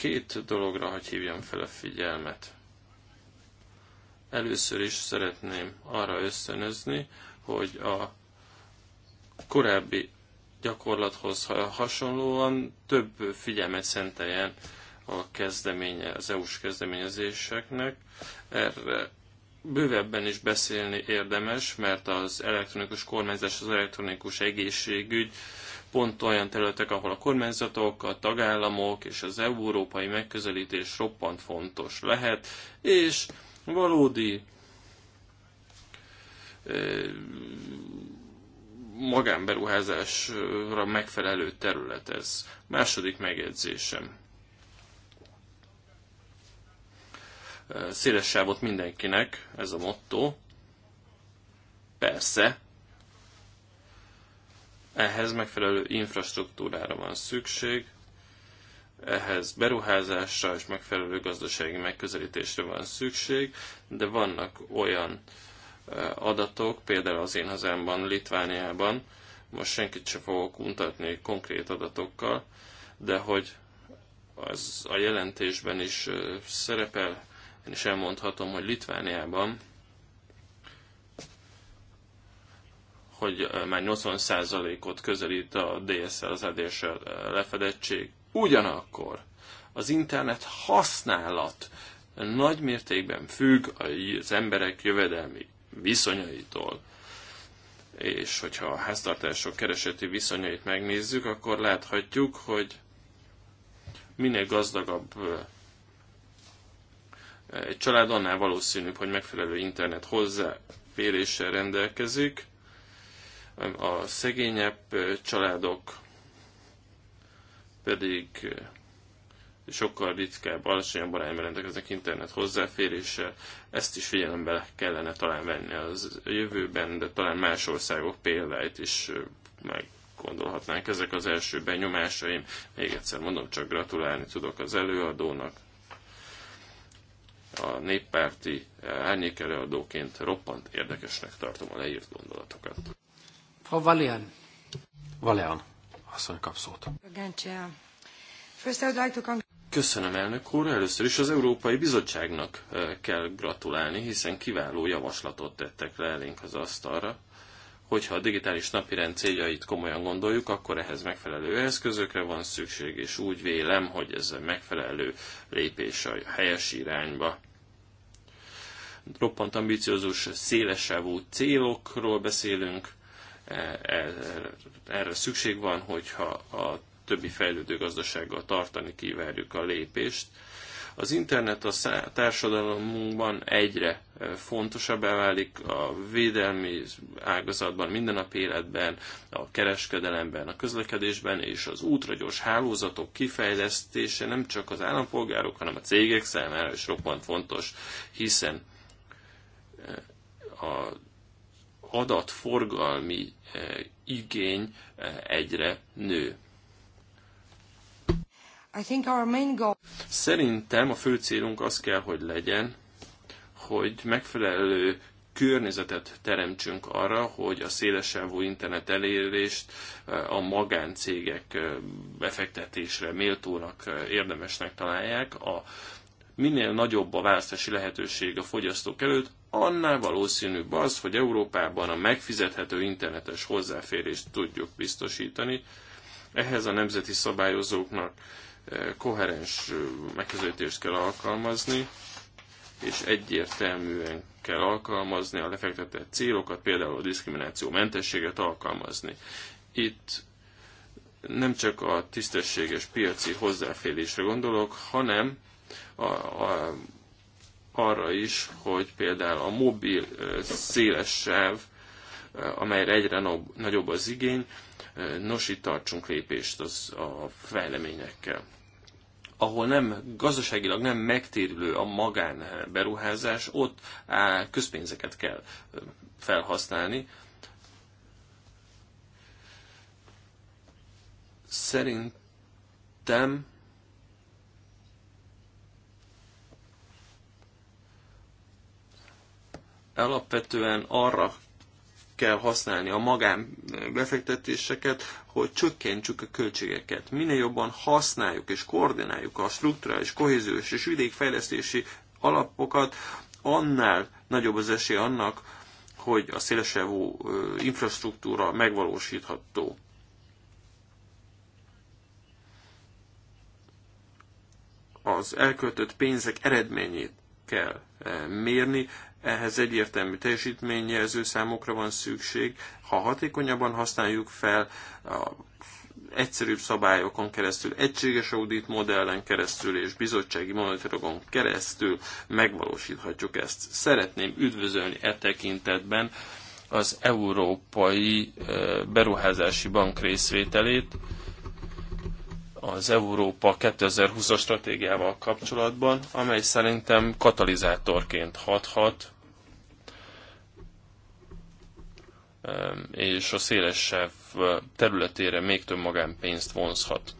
Speaker 4: Két dologra hogy hívjam fel a figyelmet. Először is szeretném arra ösztönözni, hogy a korábbi gyakorlathoz hasonlóan több figyelmet szenteljen a kezdeménye, az EU-s kezdeményezéseknek. Erre bővebben is beszélni érdemes, mert az elektronikus kormányzás, az elektronikus egészségügy pont olyan területek, ahol a kormányzatok, a tagállamok és az európai megközelítés roppant fontos lehet, és valódi magánberuházásra megfelelő terület ez. Második megjegyzésem. Széles sávot mindenkinek, ez a motto. Persze, ehhez megfelelő infrastruktúrára van szükség, ehhez beruházásra és megfelelő gazdasági megközelítésre van szükség, de vannak olyan adatok, például az én hazámban, Litvániában, most senkit sem fogok mutatni konkrét adatokkal, de hogy az a jelentésben is szerepel, én is elmondhatom, hogy Litvániában hogy már 80%-ot közelít a DSL, az ADSL e lefedettség. Ugyanakkor az internet használat nagy mértékben függ az emberek jövedelmi viszonyaitól. És hogyha a háztartások kereseti viszonyait megnézzük, akkor láthatjuk, hogy minél gazdagabb egy család, annál valószínűbb, hogy megfelelő internet hozzáféréssel rendelkezik, a szegényebb családok pedig sokkal ritkább, alacsonyabb arányban rendelkeznek internet hozzáféréssel. Ezt is figyelembe kellene talán venni az jövőben, de talán más országok példáit is meggondolhatnánk. Ezek az első benyomásaim. Még egyszer mondom, csak gratulálni tudok az előadónak. A néppárti árnyékelőadóként roppant érdekesnek tartom a leírt gondolatokat.
Speaker 2: Frau Valéan.
Speaker 4: Valéan, asszony kap szót. Köszönöm, elnök úr. Először is az Európai Bizottságnak eh, kell gratulálni, hiszen kiváló javaslatot tettek le elénk az asztalra. Hogyha a digitális napirend céljait komolyan gondoljuk, akkor ehhez megfelelő eszközökre van szükség, és úgy vélem, hogy ez a megfelelő lépés a helyes irányba roppant ambiciózus, szélesávú célokról beszélünk, E, e, erre szükség van, hogyha a többi fejlődő gazdasággal tartani kívánjuk a lépést. Az internet a társadalomunkban egyre e, fontosabbá válik a védelmi ágazatban, mindennapi életben, a kereskedelemben, a közlekedésben, és az gyors hálózatok kifejlesztése nem csak az állampolgárok, hanem a cégek számára is roppant fontos, hiszen a adatforgalmi eh, igény eh, egyre nő. Szerintem a fő célunk az kell, hogy legyen, hogy megfelelő környezetet teremtsünk arra, hogy a szélesávú internet elérést eh, a magáncégek befektetésre méltónak, érdemesnek találják. A minél nagyobb a választási lehetőség a fogyasztók előtt, annál valószínűbb az, hogy Európában a megfizethető internetes hozzáférést tudjuk biztosítani. Ehhez a nemzeti szabályozóknak eh, koherens eh, megközelítést kell alkalmazni, és egyértelműen kell alkalmazni a lefektetett célokat, például a diszkrimináció mentességet alkalmazni. Itt nem csak a tisztességes piaci hozzáférésre gondolok, hanem a, a arra is, hogy például a mobil széles sáv, amelyre egyre nagyobb az igény, nos itt tartsunk lépést az, a fejleményekkel. Ahol nem gazdaságilag nem megtérülő a magán beruházás, ott közpénzeket kell felhasználni. Szerintem alapvetően arra kell használni a magánbefektetéseket, hogy csökkentsük a költségeket. Minél jobban használjuk és koordináljuk a strukturális, kohéziós és vidékfejlesztési alapokat, annál nagyobb az esély annak, hogy a szélesevú infrastruktúra megvalósítható. Az elköltött pénzek eredményét kell eh, mérni, ehhez egyértelmű teljesítményjelző számokra van szükség. Ha hatékonyabban használjuk fel, egyszerűbb szabályokon keresztül, egységes audit modellen keresztül és bizottsági monitorogon keresztül megvalósíthatjuk ezt. Szeretném üdvözölni e tekintetben az Európai eh, Beruházási Bank részvételét, az Európa 2020-as stratégiával kapcsolatban, amely szerintem katalizátorként hathat, és a szélesebb területére még több magánpénzt vonzhat.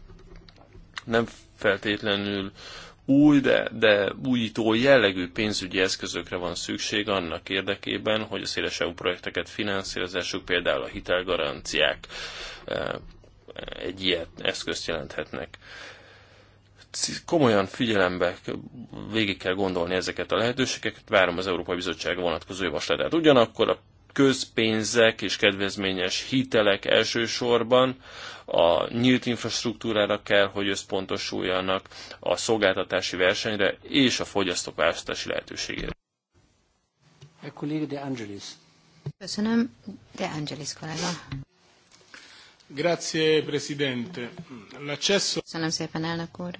Speaker 4: Nem feltétlenül új, de, de újító jellegű pénzügyi eszközökre van szükség annak érdekében, hogy a szélesebb projekteket finanszírozásuk, például a hitelgaranciák egy ilyet eszközt jelenthetnek. Komolyan figyelembe végig kell gondolni ezeket a lehetőségeket, várom az Európai Bizottság vonatkozó javaslatát. Ugyanakkor a közpénzek és kedvezményes hitelek elsősorban a nyílt infrastruktúrára kell, hogy összpontosuljanak a szolgáltatási versenyre és a fogyasztók választási lehetőségére.
Speaker 3: kolléga De Angelis.
Speaker 7: Köszönöm, De Angelis kollega.
Speaker 6: Grazie, Presidente.
Speaker 7: L'accesso... Köszönöm szépen, elnök úr.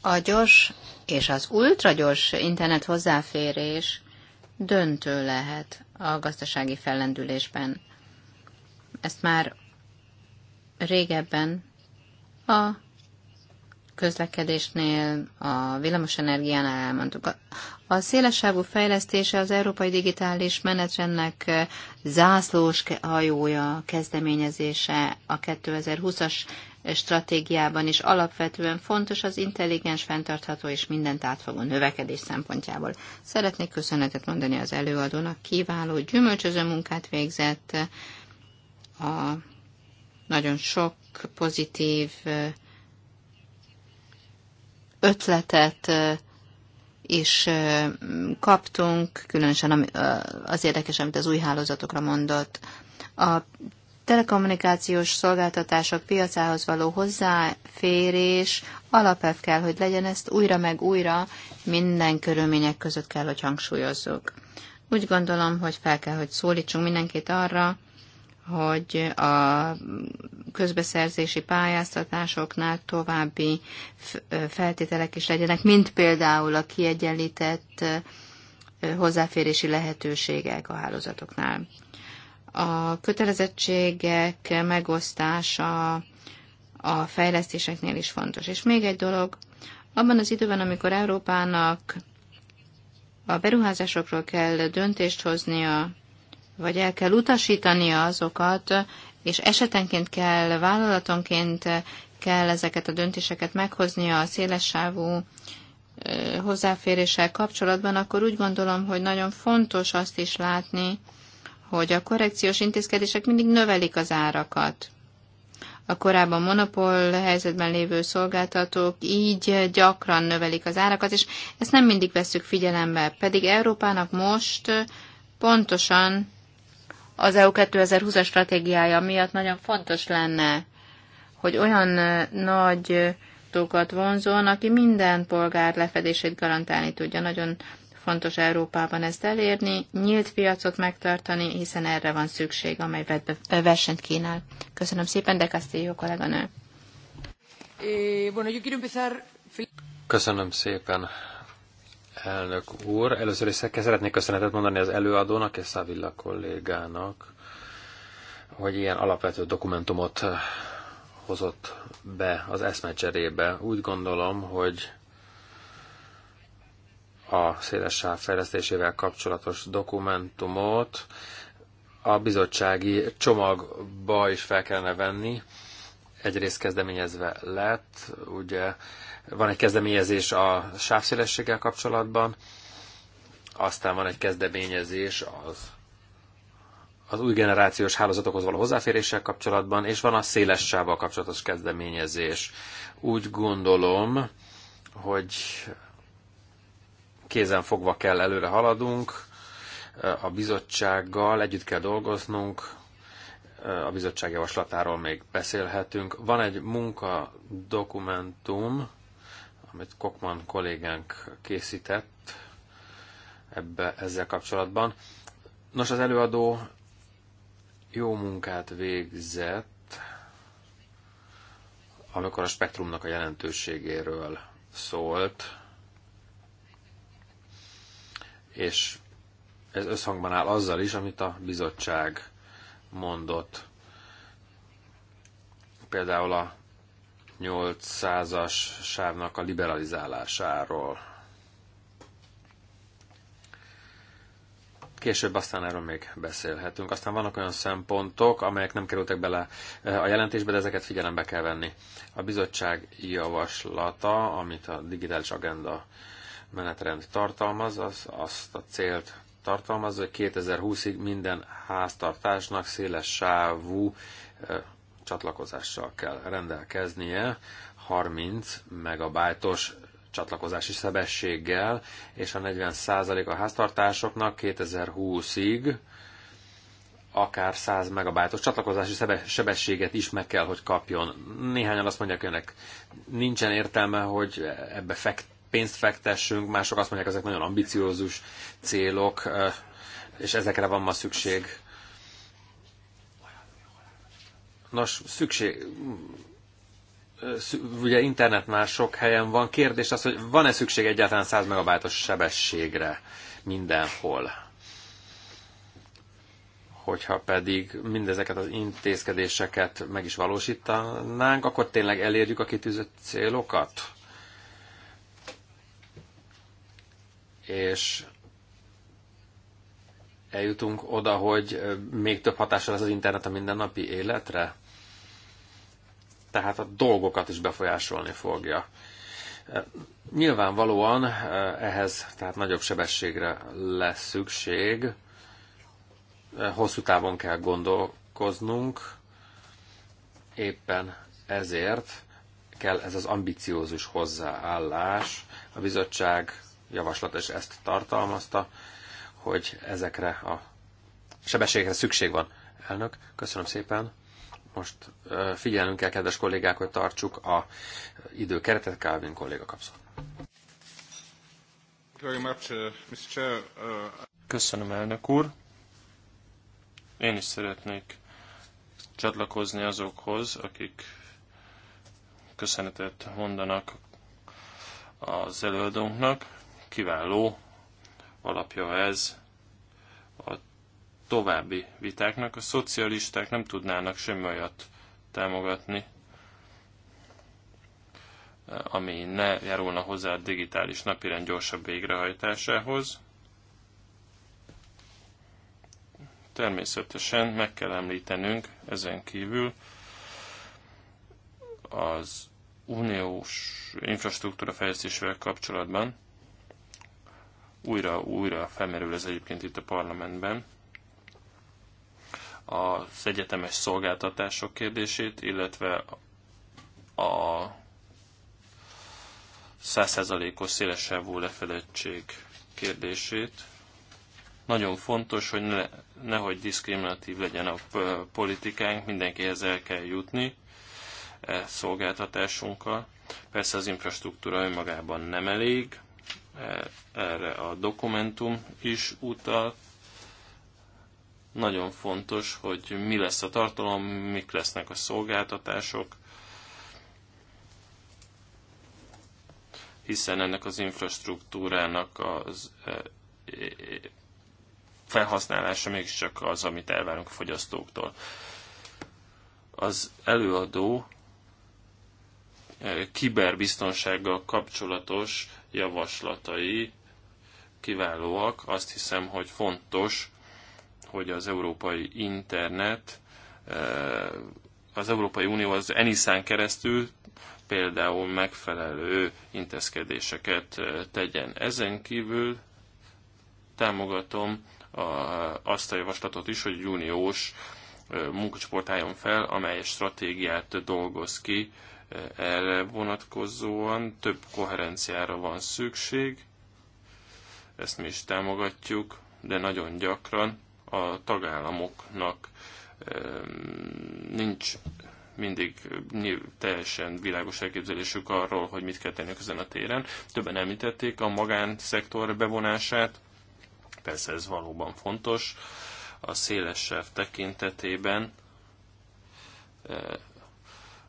Speaker 7: A gyors és az ultragyors internet hozzáférés döntő lehet a gazdasági fellendülésben. Ezt már régebben a közlekedésnél, a villamosenergiánál elmondtuk. A szélesávú fejlesztése az Európai Digitális Menetrendnek eh, zászlós hajója, kezdeményezése a 2020-as stratégiában is alapvetően fontos az intelligens, fenntartható és mindent átfogó növekedés szempontjából. Szeretnék köszönetet mondani az előadónak, kiváló gyümölcsöző munkát végzett, a nagyon sok pozitív eh, ötletet eh, is kaptunk, különösen az érdekes, amit az új hálózatokra mondott. A telekommunikációs szolgáltatások piacához való hozzáférés alapelv kell, hogy legyen ezt újra meg újra, minden körülmények között kell, hogy hangsúlyozzuk. Úgy gondolom, hogy fel kell, hogy szólítsunk mindenkit arra, hogy a közbeszerzési pályáztatásoknál további feltételek is legyenek, mint például a kiegyenlített hozzáférési lehetőségek a hálózatoknál. A kötelezettségek megosztása a fejlesztéseknél is fontos. És még egy dolog, abban az időben, amikor Európának a beruházásokról kell döntést hoznia, vagy el kell utasítania azokat, és esetenként kell, vállalatonként kell ezeket a döntéseket meghoznia a szélessávú hozzáféréssel kapcsolatban, akkor úgy gondolom, hogy nagyon fontos azt is látni, hogy a korrekciós intézkedések mindig növelik az árakat. A korábban monopól helyzetben lévő szolgáltatók így gyakran növelik az árakat, és ezt nem mindig veszük figyelembe, pedig Európának most pontosan az EU 2020-as stratégiája miatt nagyon fontos lenne, hogy olyan nagy dolgokat vonzon, aki minden polgár lefedését garantálni tudja. Nagyon fontos Európában ezt elérni, nyílt piacot megtartani, hiszen erre van szükség, amely versenyt kínál. Köszönöm szépen, de Castillo kolléganő.
Speaker 1: Eh,
Speaker 3: Köszönöm szépen elnök úr. Először is szeretnék köszönetet mondani az előadónak és Szávilla kollégának, hogy ilyen alapvető dokumentumot eh, hozott be az eszmecserébe. Úgy gondolom, hogy a széles sáv fejlesztésével kapcsolatos dokumentumot a bizottsági csomagba is fel kellene venni. Egyrészt kezdeményezve lett, ugye van egy kezdeményezés a sávszélességgel kapcsolatban, aztán van egy kezdeményezés az az új generációs hálózatokhoz való hozzáféréssel kapcsolatban, és van a széles sávval kapcsolatos kezdeményezés. Úgy gondolom, hogy kézen fogva kell előre haladunk, a bizottsággal együtt kell dolgoznunk, a bizottság javaslatáról még beszélhetünk. Van egy munkadokumentum, amit Kokman kollégánk készített ebbe, ezzel kapcsolatban. Nos, az előadó jó munkát végzett, amikor a spektrumnak a jelentőségéről szólt, és ez összhangban áll azzal is, amit a bizottság mondott. Például a 800-as sávnak a liberalizálásáról. Később aztán erről még beszélhetünk. Aztán vannak olyan szempontok, amelyek nem kerültek bele eh, a jelentésbe, de ezeket figyelembe kell venni. A bizottság javaslata, amit a digitális agenda menetrend tartalmaz, az azt a célt tartalmazza, hogy 2020-ig minden háztartásnak széles sávú eh, csatlakozással kell rendelkeznie, 30 megabájtos csatlakozási sebességgel, és a 40% a háztartásoknak 2020-ig akár 100 megabájtos csatlakozási sebességet is meg kell, hogy kapjon. Néhányan azt mondják hogy ennek nincsen értelme, hogy ebbe fekt, pénzt fektessünk, mások azt mondják, ezek nagyon ambiciózus célok, és ezekre van ma szükség. Nos, szükség, ugye internet már sok helyen van. Kérdés az, hogy van-e szükség egyáltalán 100 megabájtos sebességre mindenhol? Hogyha pedig mindezeket az intézkedéseket meg is valósítanánk, akkor tényleg elérjük a kitűzött célokat? És eljutunk oda, hogy még több hatással lesz az internet a mindennapi életre? Tehát a dolgokat is befolyásolni fogja. Nyilvánvalóan ehhez tehát nagyobb sebességre lesz szükség, hosszú távon kell gondolkoznunk, éppen ezért kell ez az ambiciózus hozzáállás. A bizottság javaslat és ezt tartalmazta, hogy ezekre a sebességekre szükség van. Elnök, köszönöm szépen. Most figyelnünk kell, kedves kollégák, hogy tartsuk a időkeretet. Calvin kolléga kapszol.
Speaker 6: Uh, uh,
Speaker 4: köszönöm, elnök úr. Én is szeretnék csatlakozni azokhoz, akik köszönetet mondanak az előadónknak. Kiváló alapja ez a további vitáknak. A szocialisták nem tudnának semmi olyat támogatni, ami ne járulna hozzá a digitális napirend gyorsabb végrehajtásához. Természetesen meg kell említenünk ezen kívül az uniós infrastruktúra fejlesztésével kapcsolatban újra-újra felmerül ez egyébként itt a parlamentben, az egyetemes szolgáltatások kérdését, illetve a százszerzalékos szélesávú lefedettség kérdését. Nagyon fontos, hogy ne, nehogy diszkriminatív legyen a politikánk, mindenkihez el kell jutni e szolgáltatásunkkal. Persze az infrastruktúra önmagában nem elég, E, erre a dokumentum is utal. Nagyon fontos, hogy mi lesz a tartalom, mik lesznek a szolgáltatások, hiszen ennek az infrastruktúrának az e, e, felhasználása mégiscsak az, amit elvárunk a fogyasztóktól. Az előadó kiberbiztonsággal kapcsolatos javaslatai kiválóak. Azt hiszem, hogy fontos, hogy az európai internet, eh, az Európai Unió az Enisán keresztül például megfelelő intézkedéseket eh, tegyen. Ezen kívül támogatom a, azt a javaslatot is, hogy uniós eh, munkacsoport álljon fel, amely stratégiát dolgoz ki erre vonatkozóan több koherenciára van szükség, ezt mi is támogatjuk, de nagyon gyakran a tagállamoknak nincs mindig teljesen világos elképzelésük arról, hogy mit kell tenniük ezen a téren. Többen említették a magánszektor bevonását, persze ez valóban fontos, a széles tekintetében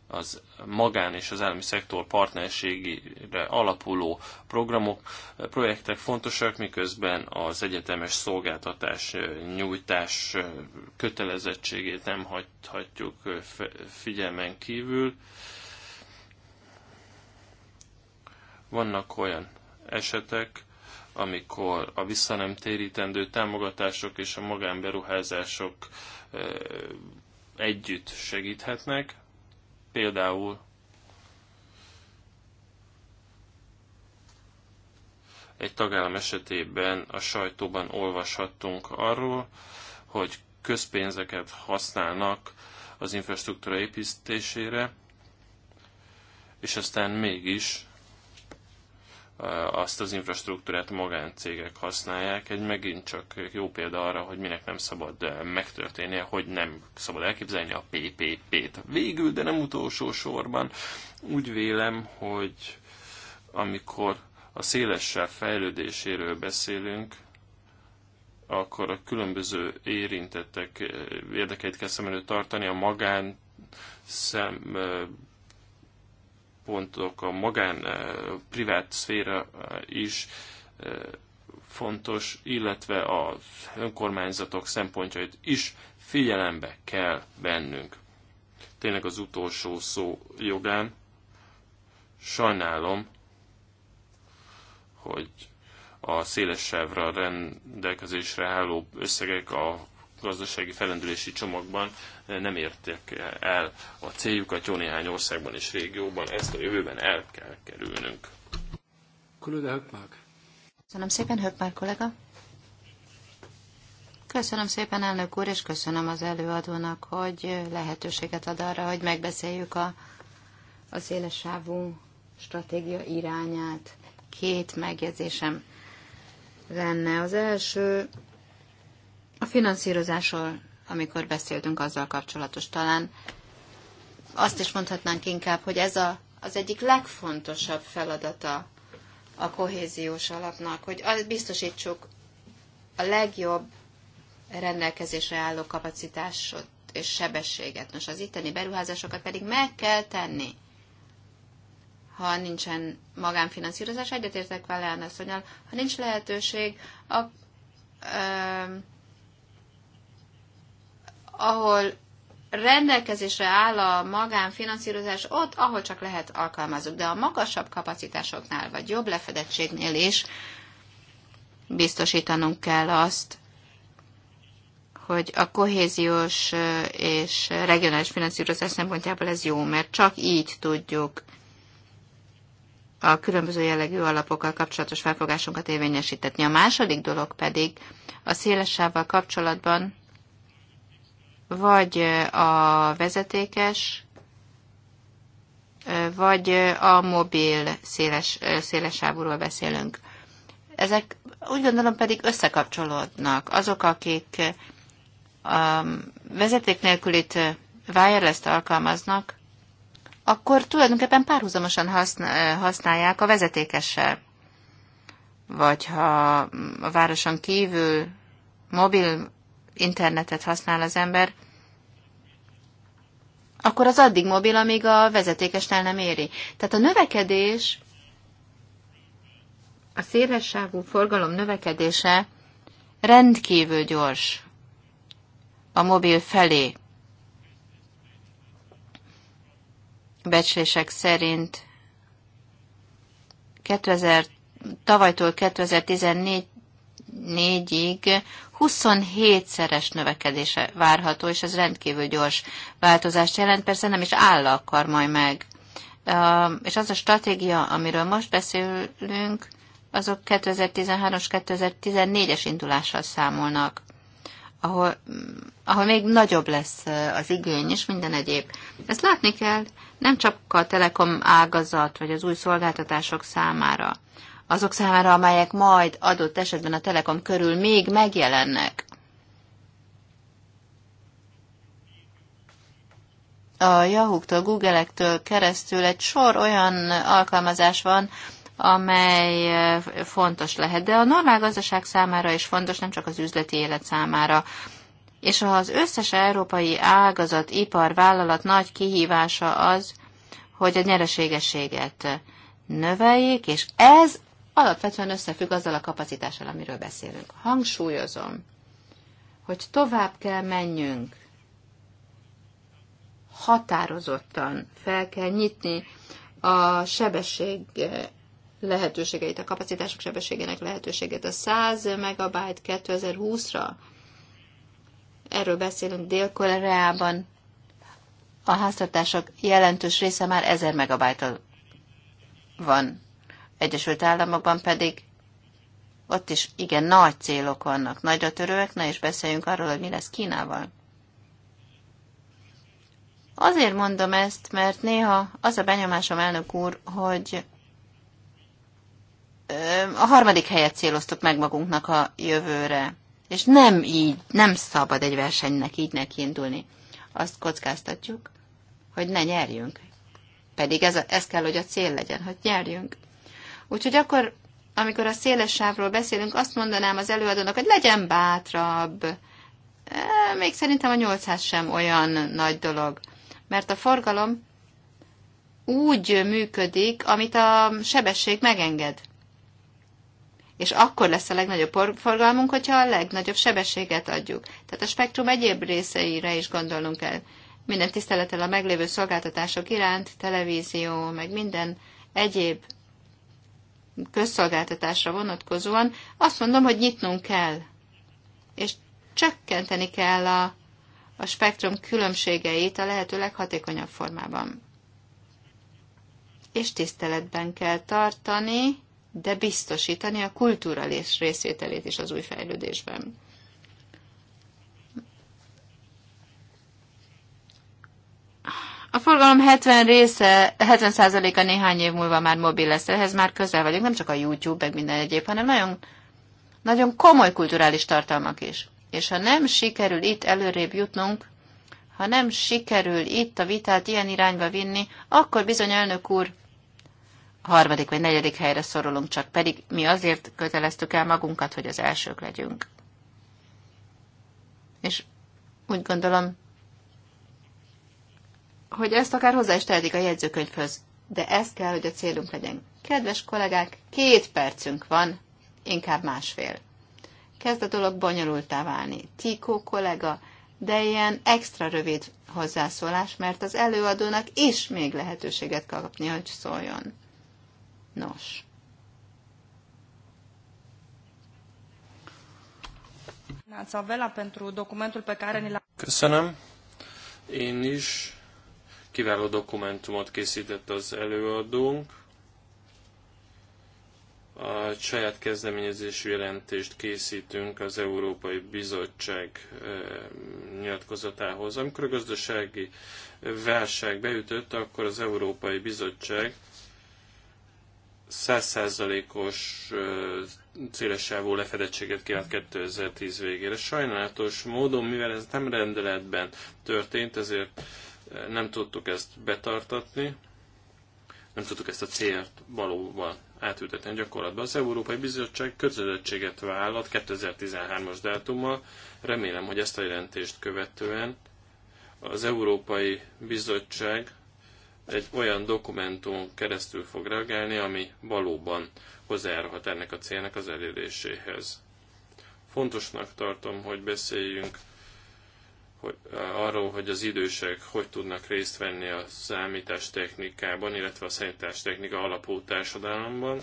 Speaker 4: az magán és az állami szektor partnerségére alapuló programok, projektek fontosak, miközben az egyetemes szolgáltatás nyújtás kötelezettségét nem hagyhatjuk figyelmen kívül. Vannak olyan esetek, amikor a visszanemtérítendő támogatások és a magánberuházások eh, együtt segíthetnek, például egy tagállam esetében a sajtóban olvashattunk arról, hogy közpénzeket használnak az infrastruktúra építésére, és aztán mégis Eh, azt az infrastruktúrát magáncégek használják. Egy megint csak jó példa arra, hogy minek nem szabad eh, megtörténnie, hogy nem szabad elképzelni a PPP-t. Végül, de nem utolsó sorban úgy vélem, hogy amikor a szélessel fejlődéséről beszélünk, akkor a különböző érintettek eh, érdekeit kell szem előtt tartani, a magán szem szempontok, a magán a eh, privát szféra eh, is eh, fontos, illetve a önkormányzatok szempontjait is figyelembe kell vennünk. Tényleg az utolsó szó jogán sajnálom, hogy a széles sávra rendelkezésre álló összegek a gazdasági felendülési csomagban eh, nem érték el a céljukat jó néhány országban és régióban. Ezt a jövőben el kell kerülnünk.
Speaker 7: Kollega Hökmark. Köszönöm szépen, Hökmark kollega. Köszönöm szépen, elnök úr, és köszönöm az előadónak, hogy lehetőséget ad arra, hogy megbeszéljük a, a szélesávú stratégia irányát. Két megjegyzésem lenne. Az első finanszírozásról, amikor beszéltünk azzal kapcsolatos talán, azt is mondhatnánk inkább, hogy ez a, az egyik legfontosabb feladata a kohéziós alapnak, hogy biztosítsuk a legjobb rendelkezésre álló kapacitásot és sebességet. Nos, az itteni beruházásokat pedig meg kell tenni. Ha nincsen magánfinanszírozás, egyetértek vele asszonyal, ha nincs lehetőség, a, ö, ahol rendelkezésre áll a magánfinanszírozás, ott, ahol csak lehet alkalmazunk. De a magasabb kapacitásoknál, vagy jobb lefedettségnél is biztosítanunk kell azt, hogy a kohéziós és regionális finanszírozás szempontjából ez jó, mert csak így tudjuk a különböző jellegű alapokkal kapcsolatos felfogásunkat érvényesíteni. A második dolog pedig a szélessávval kapcsolatban vagy a vezetékes, vagy a mobil széles, szélesávúról beszélünk. Ezek úgy gondolom pedig összekapcsolódnak. Azok, akik a um, vezeték itt wireless alkalmaznak, akkor tulajdonképpen párhuzamosan használják a vezetékessel. Vagy ha a városon kívül mobil internetet használ az ember, akkor az addig mobil, amíg a vezetékes el nem éri. Tehát a növekedés, a széles forgalom növekedése rendkívül gyors a mobil felé. Becslések szerint 2000, tavalytól 2014-ig 27-szeres növekedése várható, és ez rendkívül gyors változást jelent, persze nem is áll akar majd meg. És az a stratégia, amiről most beszélünk, azok 2013 2014-es indulással számolnak, ahol, ahol még nagyobb lesz az igény és minden egyéb. Ezt látni kell nem csak a telekom ágazat vagy az új szolgáltatások számára, azok számára, amelyek majd adott esetben a Telekom körül még megjelennek. A Yahoo-tól, Google-ektől keresztül egy sor olyan alkalmazás van, amely eh, fontos lehet, de a normál gazdaság számára is fontos, nem csak az üzleti élet számára. És az összes európai ágazat, ipar, vállalat nagy kihívása az, hogy a nyereségességet növeljék, és ez alapvetően összefügg azzal a kapacitással, amiről beszélünk. Hangsúlyozom, hogy tovább kell menjünk, határozottan fel kell nyitni a sebesség lehetőségeit, a kapacitások sebességének lehetőségét. A 100 megabyte 2020-ra, erről beszélünk Dél-Koreában, a háztartások jelentős része már 1000 megabyte van Egyesült Államokban pedig ott is igen nagy célok vannak, nagyra törőek, na és beszéljünk arról, hogy mi lesz Kínával. Azért mondom ezt, mert néha az a benyomásom, elnök úr, hogy a harmadik helyet céloztuk meg magunknak a jövőre. És nem így, nem szabad egy versenynek így nekiindulni. Azt kockáztatjuk, hogy ne nyerjünk. Pedig ez, a, ez kell, hogy a cél legyen, hogy nyerjünk. Úgyhogy akkor, amikor a széles sávról beszélünk, azt mondanám az előadónak, hogy legyen bátrabb. E, még szerintem a 800 sem olyan nagy dolog. Mert a forgalom úgy működik, amit a sebesség megenged. És akkor lesz a legnagyobb forgalmunk, hogyha a legnagyobb sebességet adjuk. Tehát a spektrum egyéb részeire is gondolnunk kell. Minden tisztelettel a meglévő szolgáltatások iránt, televízió, meg minden egyéb közszolgáltatásra vonatkozóan, azt mondom, hogy nyitnunk kell, és csökkenteni kell a, a spektrum különbségeit a lehető leghatékonyabb formában. És tiszteletben kell tartani, de biztosítani a kultúra részvételét is az új fejlődésben. A forgalom 70 része, 70%-a néhány év múlva már mobil lesz, ehhez már közel vagyunk, nem csak a YouTube, meg minden egyéb, hanem nagyon, nagyon komoly kulturális tartalmak is. És ha nem sikerül itt előrébb jutnunk, ha nem sikerül itt a vitát ilyen irányba vinni, akkor bizony elnök úr, a harmadik vagy negyedik helyre szorulunk csak, pedig mi azért köteleztük el magunkat, hogy az elsők legyünk. És úgy gondolom, hogy ezt akár hozzá is tehetik a jegyzőkönyvhöz. De ez kell, hogy a célunk legyen. Kedves kollégák, két percünk van, inkább másfél. Kezd a dolog bonyolultá válni. Tíkó kollega, de ilyen extra rövid hozzászólás, mert az előadónak is még lehetőséget kapni, hogy szóljon. Nos.
Speaker 4: Köszönöm. Én is Kiváló dokumentumot készített az előadónk. A saját kezdeményezésű jelentést készítünk az Európai Bizottság eh, nyilatkozatához. Amikor a gazdasági válság beütött, akkor az Európai Bizottság százszázalékos eh, célesávú lefedettséget kívánt 2010 végére. Sajnálatos módon, mivel ez nem rendeletben történt, ezért nem tudtuk ezt betartatni, nem tudtuk ezt a célt valóban átültetni gyakorlatban. Az Európai Bizottság kötelezettséget vállalt 2013-as dátummal. Remélem, hogy ezt a jelentést követően az Európai Bizottság egy olyan dokumentum keresztül fog reagálni, ami valóban hozzájárulhat ennek a célnak az eléréséhez. Fontosnak tartom, hogy beszéljünk hogy, eh, arról, hogy az idősek hogy tudnak részt venni a számítástechnikában, illetve a számítástechnika alapú társadalomban,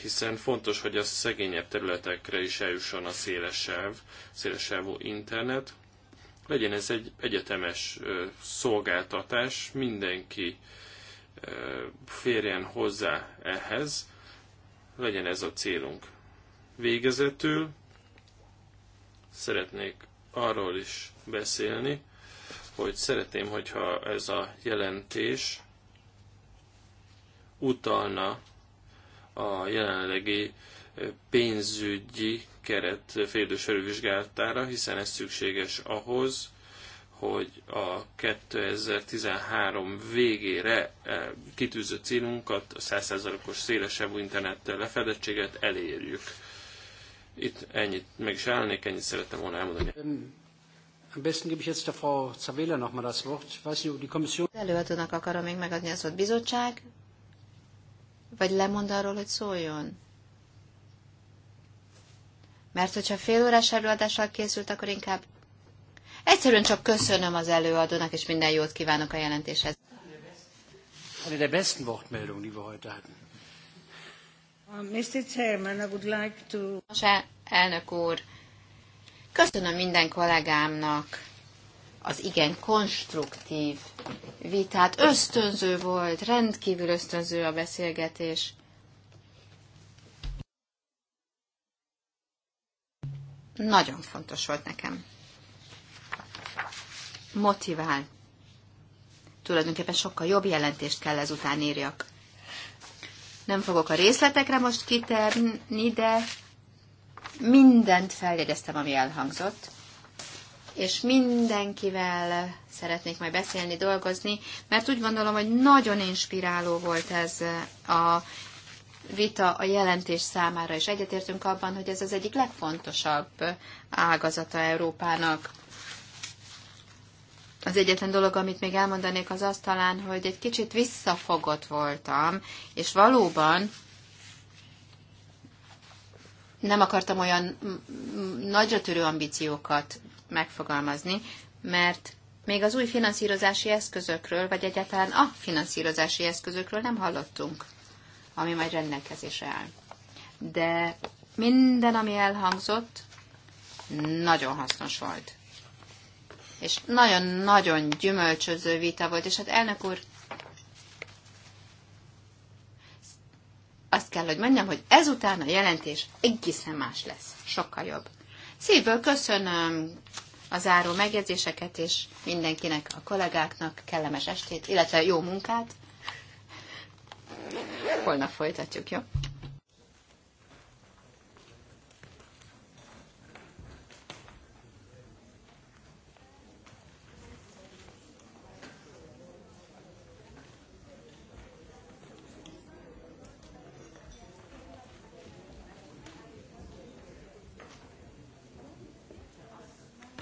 Speaker 4: hiszen fontos, hogy a szegényebb területekre is eljusson a szélesebb, sáv, internet. Legyen ez egy egyetemes eh, szolgáltatás, mindenki eh, férjen hozzá ehhez, legyen ez a célunk. Végezetül szeretnék arról is beszélni, hogy szeretném, hogyha ez a jelentés utalna a jelenlegi eh, pénzügyi keret félidős felülvizsgálatára, hiszen ez szükséges ahhoz, hogy a 2013 végére eh, kitűzött célunkat, a 100%-os szélesebb internettel lefedettséget elérjük. Itt ennyit meg is állnék, ennyit szerettem
Speaker 7: volna
Speaker 2: elmondani. Ähm, am besten gebe ich jetzt der Frau Zavela nochmal das Wort. Ich weiß nicht, ob die Kommission...
Speaker 7: Előadónak akarom még megadni az ott bizottság, vagy lemond arról, hogy szóljon? Mert hogyha fél órás előadással készült, akkor inkább egyszerűen csak köszönöm az előadónak, és minden jót kívánok a jelentéshez.
Speaker 3: Eine der besten Wortmeldungen, die wir heute hatten.
Speaker 7: Um, elnök úr, köszönöm minden kollégámnak az igen konstruktív vitát. Ösztönző volt, rendkívül ösztönző a beszélgetés. Nagyon fontos volt nekem. Motivál. Tulajdonképpen sokkal jobb jelentést kell ezután írjak. Nem fogok a részletekre most kiterni, de mindent feljegyeztem, ami elhangzott, és mindenkivel szeretnék majd beszélni, dolgozni, mert úgy gondolom, hogy nagyon inspiráló volt ez a vita a jelentés számára, és egyetértünk abban, hogy ez az egyik legfontosabb ágazata Európának. Az egyetlen dolog, amit még elmondanék, az az talán, hogy egy kicsit visszafogott voltam, és valóban nem akartam olyan nagyra törő ambíciókat megfogalmazni, mert még az új finanszírozási eszközökről, vagy egyáltalán a finanszírozási eszközökről nem hallottunk, ami majd rendelkezésre áll. De minden, ami elhangzott, nagyon hasznos volt és nagyon-nagyon gyümölcsöző vita volt, és hát elnök úr, azt kell, hogy mondjam, hogy ezután a jelentés egészen más lesz, sokkal jobb. Szívből köszönöm a záró megjegyzéseket, és mindenkinek, a kollégáknak kellemes estét, illetve jó munkát. Holnap folytatjuk, jó?